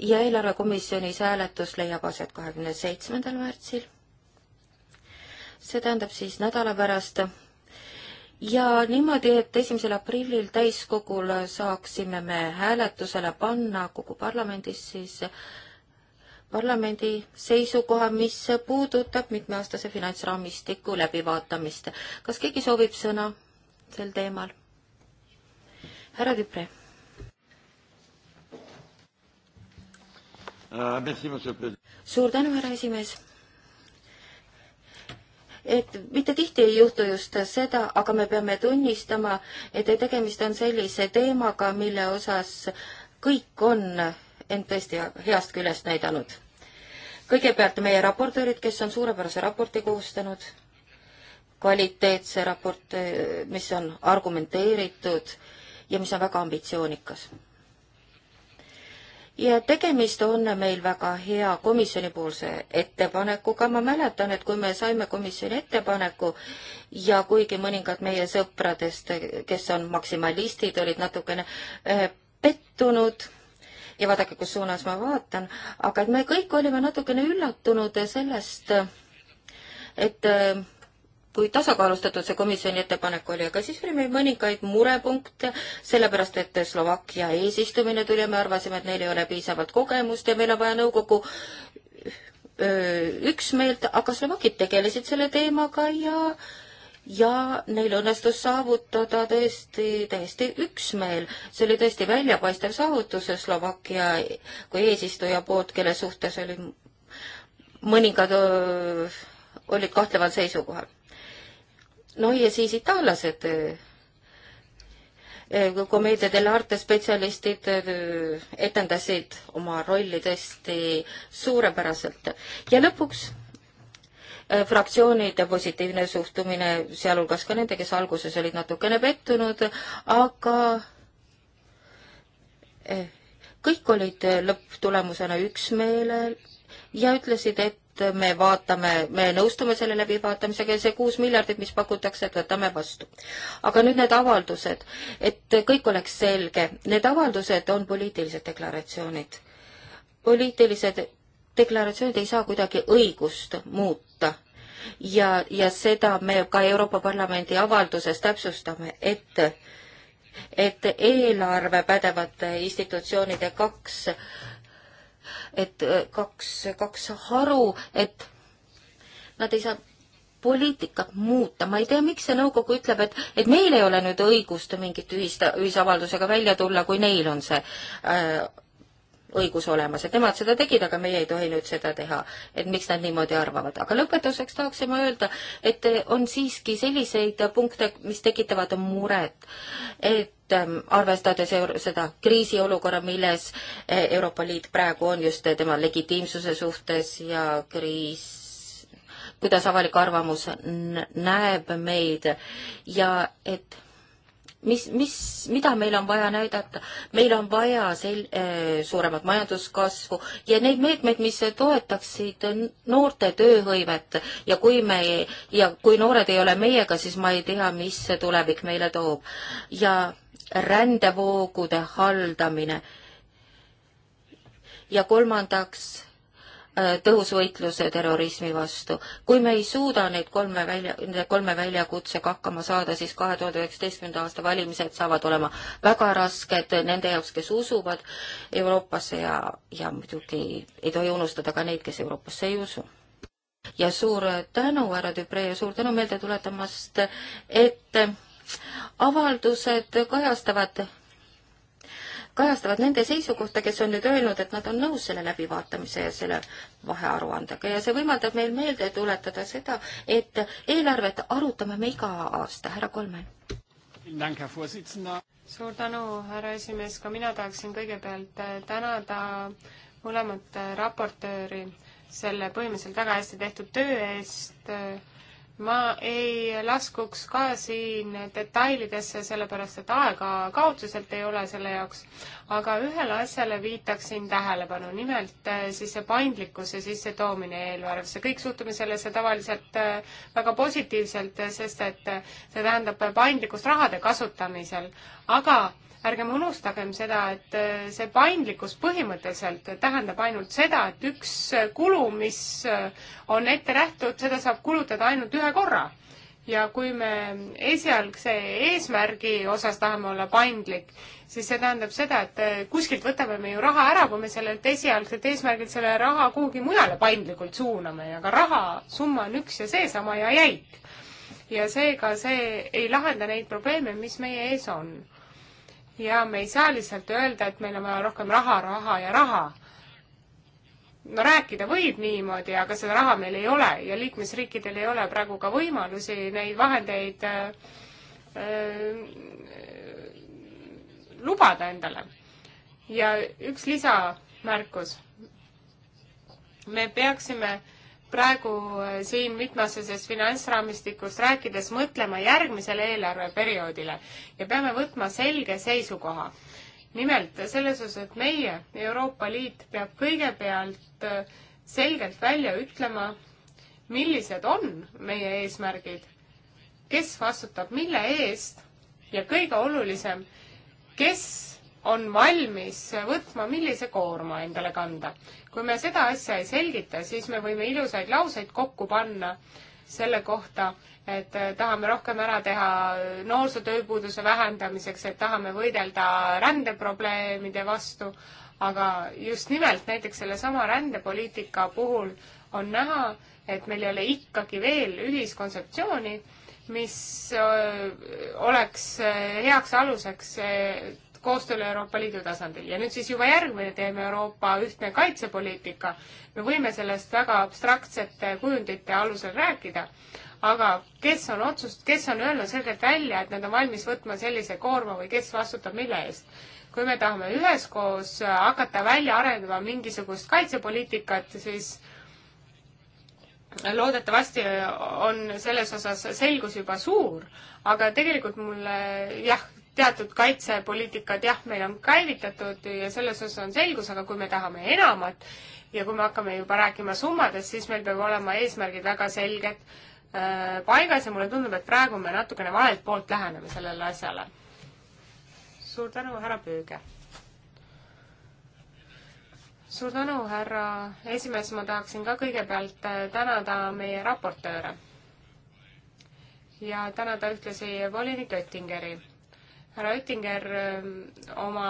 ja eelarvekomisjonis hääletus leiab aset kahekümne seitsmendal märtsil. see tähendab siis nädala pärast ja niimoodi, et esimesel aprillil täiskogul saaksime me hääletusele panna kogu parlamendis siis parlamendi seisukoha, mis puudutab mitmeaastase finantsraamistiku läbivaatamist. kas keegi soovib sõna sel teemal? härra Tüpre. Ah, suur tänu, härra esimees et mitte tihti ei juhtu just seda, aga me peame tunnistama, et tegemist on sellise teemaga, mille osas kõik on end tõesti heast küljest näidanud kõigepealt meie raportöörid, kes on suurepärase raporti koostanud, kvaliteetse raport, mis on argumenteeritud ja mis on väga ambitsioonikas. ja tegemist on meil väga hea komisjonipoolse ettepanekuga, ma mäletan, et kui me saime komisjoni ettepaneku ja kuigi mõningad meie sõpradest, kes on maksimalistid, olid natukene eh, pettunud, ja vaadake, kus suunas ma vaatan, aga et me kõik olime natukene üllatunud sellest, et äh, kui tasakaalustatud see komisjoni ettepanek oli, aga siis oli meil mõningaid murepunkte, sellepärast et Slovakkia eesistumine tuli ja me arvasime, et neil ei ole piisavalt kogemust ja meil on vaja nõukogu äh, üksmeelt, aga slovakid tegelesid selle teemaga ja äh, ja neil õnnestus saavutada tõesti täiesti üksmeel. see oli tõesti väljapaistev saavutus Slovakkia kui eesistuja poolt, kelle suhtes oli mõningad öö, olid kahtleval seisukohal. no ja siis itaallased, Commedia dell'arte spetsialistid etendasid oma rolli tõesti suurepäraselt ja lõpuks fraktsioonide positiivne suhtumine, sealhulgas ka nende, kes alguses olid natukene pettunud, aga eh, kõik olid lõpptulemusena üksmeelel ja ütlesid, et me vaatame, me nõustume selle läbivaatamisega ja see kuus miljardit, mis pakutakse, et võtame vastu. aga nüüd need avaldused, et kõik oleks selge, need avaldused on poliitilised deklaratsioonid. poliitilised deklaratsioonid ei saa kuidagi õigust muuta ja, ja seda me ka Euroopa Parlamendi avalduses täpsustame, et et eelarve pädevate institutsioonide kaks, et kaks, kaks haru, et nad ei saa poliitikat muuta, ma ei tea, miks see nõukogu ütleb, et, et meil ei ole nüüd õigust mingit ühist, ühisavaldusega välja tulla, kui neil on see äh, õigus olemas, et nemad seda tegid, aga meie ei tohi nüüd seda teha. et miks nad niimoodi arvavad, aga lõpetuseks tahaksin ma öelda, et on siiski selliseid punkte, mis tekitavad muret, et ähm, arvestades seda kriisiolukorra, milles äh, Euroopa Liit praegu on just tema legitiimsuse suhtes ja kriis kuidas avalik arvamus näeb meid ja et mis, mis, mida meil on vaja näidata? meil on vaja sel-, äh, suuremat majanduskasvu ja neid meetmeid, mis toetaksid noorte tööhõivet ja kui me, ja kui noored ei ole meiega, siis ma ei tea, mis tulevik meile toob. ja rändevoogude haldamine. ja kolmandaks Äh, tõhus võitlus terrorismi vastu. kui me ei suuda neid kolme välja, nende kolme väljakutsega hakkama saada, siis kahe tuhande üheksateistkümnenda aasta valimised saavad olema väga rasked nende jaoks, kes usuvad Euroopasse ja, ja muidugi ei tohi unustada ka neid, kes Euroopasse ei usu ja suur tänu, härra Dupree, ja suur tänu meelde tuletamast, et avaldused kajastavad kajastavad nende seisukohta, kes on nüüd öelnud, et nad on nõus selle läbivaatamise ja selle vahearuandega ja see võimaldab meil meelde tuletada seda, et eelarvet arutame me iga aasta, härra Kolmen. suur tänu, härra esimees, ka mina tahaksin kõigepealt tänada mõlemat raportööri selle põhimõtteliselt väga hästi tehtud töö eest ma ei laskuks ka siin detailidesse, sellepärast et aega kaotsuselt ei ole selle jaoks, aga ühele asjale viitaksin tähelepanu, nimelt äh, siis see paindlikkuse sissetoomine eelarvesse. kõik suhtume sellesse tavaliselt äh, väga positiivselt, sest et äh, see tähendab paindlikkust rahade kasutamisel, aga ärgem unustagem seda, et äh, see paindlikkus põhimõtteliselt tähendab ainult seda, et üks äh, kulu, mis äh, on ette nähtud, seda saab kulutada ainult ühe korra. ja kui me esialgse eesmärgi osas tahame olla paindlik, siis see tähendab seda, et kuskilt võtame me ju raha ära, kui me sellelt esialgselt eesmärgilt selle raha kuhugi mujale paindlikult suuname ja ka rahasumma on üks ja seesama ja jäik ja seega see ei lahenda neid probleeme, mis meie ees on ja me ei saa lihtsalt öelda, et meil on vaja rohkem raha, raha ja raha. no rääkida võib niimoodi, aga seda raha meil ei ole ja liikmesriikidel ei ole praegu ka võimalusi neid vahendeid äh, äh, lubada endale. ja üks lisamärkus. me peaksime äh, praegu eh, siin mitmeaastases finantsraamistikus rääkides mõtlema järgmisele eelarveperioodile ja peame võtma selge seisukoha. nimelt selles osas, et meie, Euroopa Liit, peab kõigepealt eh, selgelt välja ütlema, millised on meie eesmärgid, kes vastutab mille eest ja kõige olulisem, kes on valmis võtma, millise koorma endale kanda. kui me seda asja ei selgita, siis me võime ilusaid lauseid kokku panna selle kohta, et eh, tahame rohkem ära teha noorsootööpuuduse vähendamiseks, et tahame võidelda rändeprobleemide vastu, aga just nimelt näiteks sellesama rändepoliitika puhul on näha, et meil ei ole ikkagi veel ühiskontseptsiooni, mis eh, oleks eh, heaks aluseks koostööle Euroopa Liidu tasandil. ja nüüd siis juba järgmine teeme Euroopa ühtne kaitsepoliitika. me võime sellest väga abstraktsete kujundite alusel rääkida, aga kes on otsust-, kes on öelnud selgelt välja, et nad on valmis võtma sellise koorma või kes vastutab mille eest? kui me tahame üheskoos hakata välja arendama mingisugust kaitsepoliitikat, siis loodetavasti on selles osas selgus juba suur, aga tegelikult mulle jah, teatud kaitsepoliitikad, jah, meil on käivitatud ja selles osas on selgus, aga kui me tahame enamat ja kui me hakkame juba rääkima summadest, siis meil peab olema eesmärgid väga selged äh, paigas ja mulle tundub, et praegu me natukene valelt poolt läheneme sellele asjale. suur tänu, härra Püüge! suur tänu, härra esimees, ma tahaksin ka kõigepealt äh, tänada meie raportööre ja tänada ühtlasi volinik Oettingeri härra Oettinger ähm, oma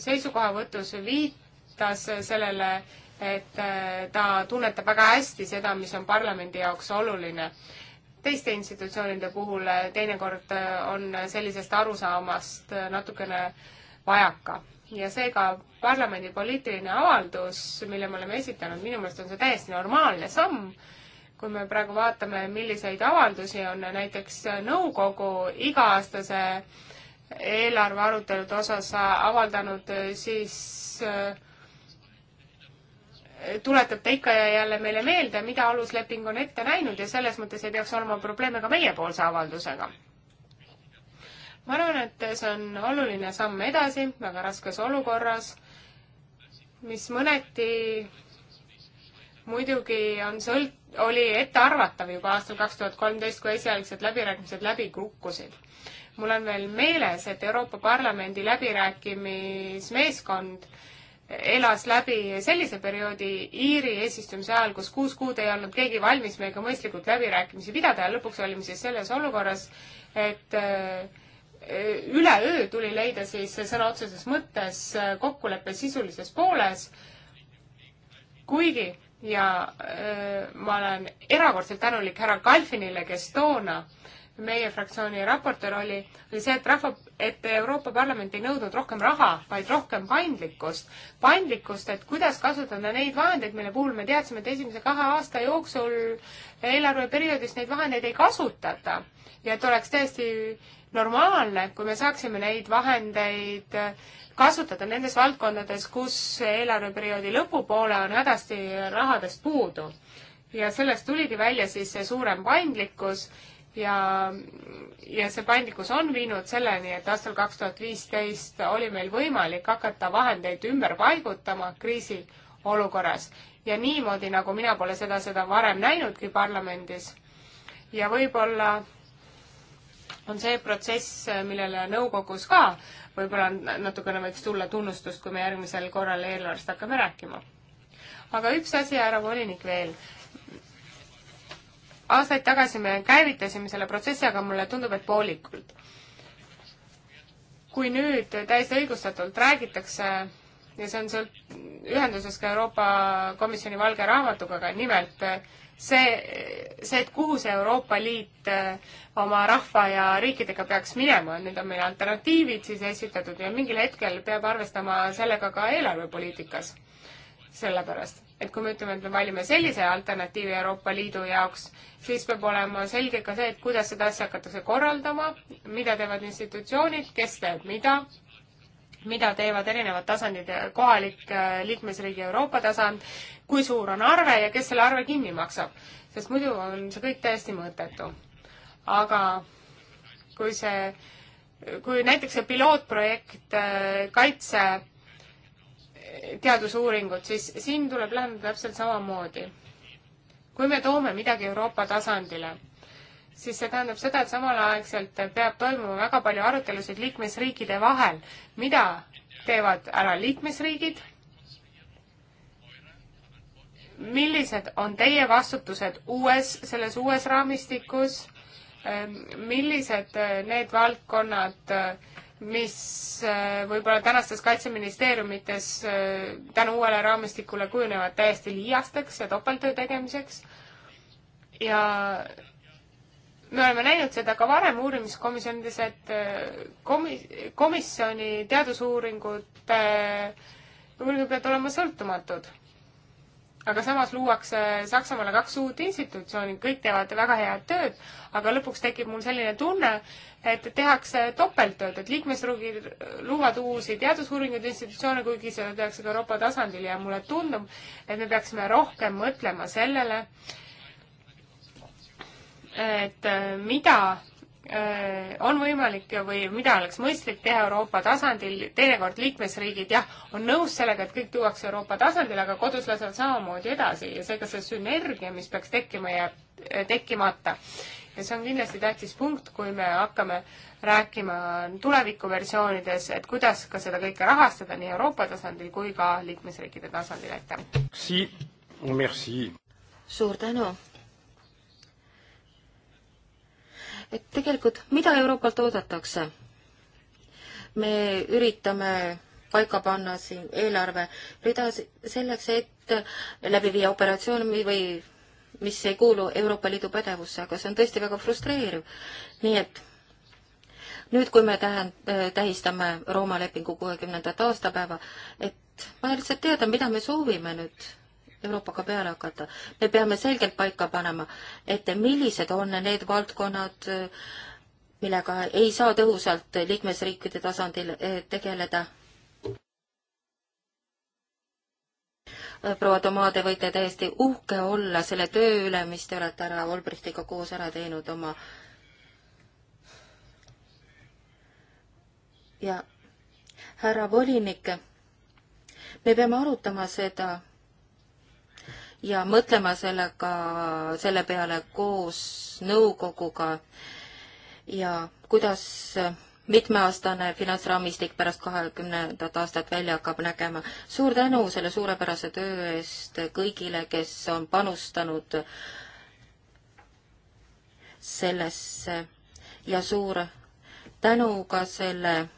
seisukohavõtus viitas sellele, et äh, ta tunnetab väga hästi seda, mis on parlamendi jaoks oluline. teiste institutsioonide puhul äh, teinekord äh, on sellisest arusaamast natukene vajaka ja seega parlamendi poliitiline avaldus, mille me oleme esitanud, minu meelest on see täiesti normaalne samm kui me praegu vaatame, milliseid avaldusi on näiteks nõukogu iga-aastase eelarve arutelude osas avaldanud, siis äh, tuletab ta ikka ja jälle meile meelde, mida alusleping on ette näinud ja selles mõttes ei peaks olema probleeme ka meiepoolse avaldusega. ma arvan, et see on oluline samm edasi väga raskes olukorras, mis mõneti muidugi on sõlt-, oli ettearvatav juba aastal kaks tuhat kolmteist, kui esialgsed läbirääkimised läbi kukkusid. mul on veel meeles, et Euroopa Parlamendi läbirääkimismeeskond elas läbi sellise perioodi Iiri eesistumise ajal, kus kuus kuud ei olnud keegi valmis meiega mõistlikult läbirääkimisi pidada ja lõpuks olime siis selles olukorras, et äh, üleöö tuli leida siis sõna otseses mõttes kokkulepe sisulises pooles, kuigi ja öö, äh, ma olen erakordselt tänulik härra Kalfinile, kes toona meie fraktsiooni raportöör oli, oli see, et rahva, et Euroopa Parlament ei nõudnud rohkem raha, vaid rohkem paindlikkust. paindlikkust, et kuidas kasutada neid vahendeid, mille puhul me teadsime, et esimese kahe aasta jooksul eelarveperioodis neid vahendeid ei kasutata. ja et oleks tõesti normaalne, kui me saaksime neid vahendeid äh, kasutada nendes valdkondades, kus eelarveperioodi lõpupoole on hädasti rahadest puudu. ja sellest tuligi välja siis see suurem paindlikkus ja, ja see paindlikkus on viinud selleni, et aastal kaks tuhat viisteist oli meil võimalik hakata vahendeid ümber paigutama kriisiolukorras ja niimoodi, nagu mina pole seda, seda varem näinudki parlamendis. ja võib-olla on see protsess, millele nõukogus ka võib-olla natukene võiks tulla tunnustust, kui me järgmisel korral eelarvest hakkame rääkima. aga üks asi, härra volinik, veel. aastaid tagasi me käivitasime selle protsessi, aga mulle tundub, et poolikult. kui nüüd täiesti õigustatult räägitakse ja see on seal ühenduses ka Euroopa Komisjoni valge raamatuga, aga nimelt see, see, et kuhu see Euroopa Liit äh, oma rahva ja riikidega peaks minema, et need on meil alternatiivid siis esitatud ja mingil hetkel peab arvestama sellega ka eelarvepoliitikas. sellepärast, et kui me ütleme, et me valime sellise alternatiivi Euroopa Liidu jaoks, siis peab olema selge ka see, et kuidas seda asja hakatakse korraldama, mida teevad institutsioonid, kes teeb mida mida teevad erinevad tasandid, kohalik, äh, liikmesriigi, Euroopa tasand, kui suur on arve ja kes selle arve kinni maksab. sest muidu on see kõik täiesti mõttetu. aga kui see, kui näiteks see pilootprojekt äh, kaitse äh, teadusuuringud, siis siin tuleb läheneda täpselt samamoodi. kui me toome midagi Euroopa tasandile siis see tähendab seda, et samalaegselt peab toimuma väga palju arutelusid liikmesriikide vahel, mida teevad ära liikmesriigid, millised on teie vastutused uues, selles uues raamistikus, ähm, millised äh, need valdkonnad, äh, mis äh, võib-olla tänastes kaitseministeeriumites tänu uuele raamistikule kujunevad täiesti liiasteks ja topelttöö tegemiseks ja me oleme näinud seda ka varem uurimiskomisjonides, et äh, komi-, komisjoni teadusuuringud äh,, uuringud peavad olema sõltumatud. aga samas luuakse Saksamaale kaks uut institutsiooni, kõik teevad väga head tööd, aga lõpuks tekib mul selline tunne, et tehakse topelttööd, et liikmesriigid luuvad uusi teadusuuringuid, institutsioone, kuigi seda tehakse ka Euroopa tasandil ja mulle tundub, et me peaksime rohkem mõtlema sellele, äh, et äh, mida äh, on võimalik või mida oleks mõistlik teha Euroopa tasandil, teinekord liikmesriigid jah, on nõus sellega, et kõik tuuakse Euroopa tasandile, aga kodus lasevad samamoodi edasi ja seega see sünergia, mis peaks tekkima, jääb äh, tekkimata. ja see on kindlasti tähtis punkt, kui me hakkame rääkima tulevikuversioonides, et kuidas ka seda kõike rahastada nii Euroopa tasandil kui ka liikmesriikide tasandil, aitäh! suur tänu! et tegelikult, mida Euroopalt oodatakse? me üritame paika panna siin eelarverida selleks, et läbi viia operatsioone või mis ei kuulu Euroopa Liidu pädevusse, aga see on tõesti väga frustreeriv. nii et nüüd, kui me tähen-, äh, tähistame Rooma lepingu kuuekümnendat aastapäeva, et vaja lihtsalt teada, mida me soovime nüüd Euroopaga peale hakata. me peame selgelt paika panema, et millised on need valdkonnad, millega ei saa tõhusalt liikmesriikide tasandil eh, tegeleda. proua Toma, te võite täiesti uhke olla selle töö üle, mis te olete härra Olbrichtiga koos ära teinud oma ja härra volinik, me peame arutama seda ja mõtlema sellega, selle peale koos nõukoguga ja kuidas mitmeaastane finantsraamistik pärast kahekümnendat aastat välja hakkab nägema. suur tänu selle suurepärase töö eest kõigile, kes on panustanud sellesse ja suur tänu ka selle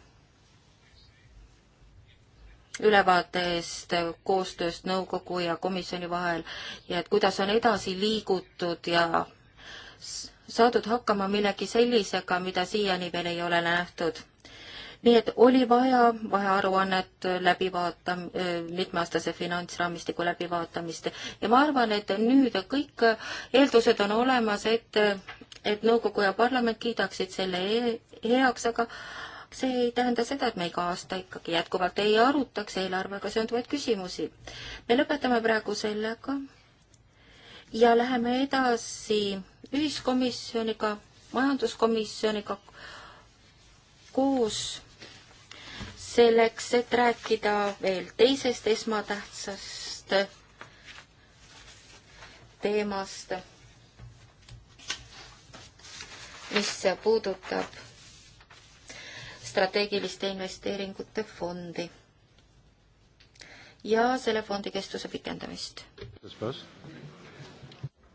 ülevaate eest koostööst nõukogu ja komisjoni vahel ja et kuidas on edasi liigutud ja saadud hakkama millegi sellisega, mida siiani veel ei ole nähtud. nii et oli vaja vahearuannet läbi vaata, mitmeaastase finantsraamistiku läbivaatamist ja ma arvan, et nüüd kõik eeldused on olemas, et, et nõukogu ja parlament kiidaksid selle e-, heaks, aga see ei tähenda seda, et me iga aasta ikkagi jätkuvalt ei arutaks eelarvega seonduvaid küsimusi. me lõpetame praegu sellega ja läheme edasi ühiskomisjoniga, majanduskomisjoniga koos selleks, et rääkida veel teisest esmatähtsast teemast, mis puudutab strateegiliste investeeringute fondi ja selle fondi kestuse pikendamist.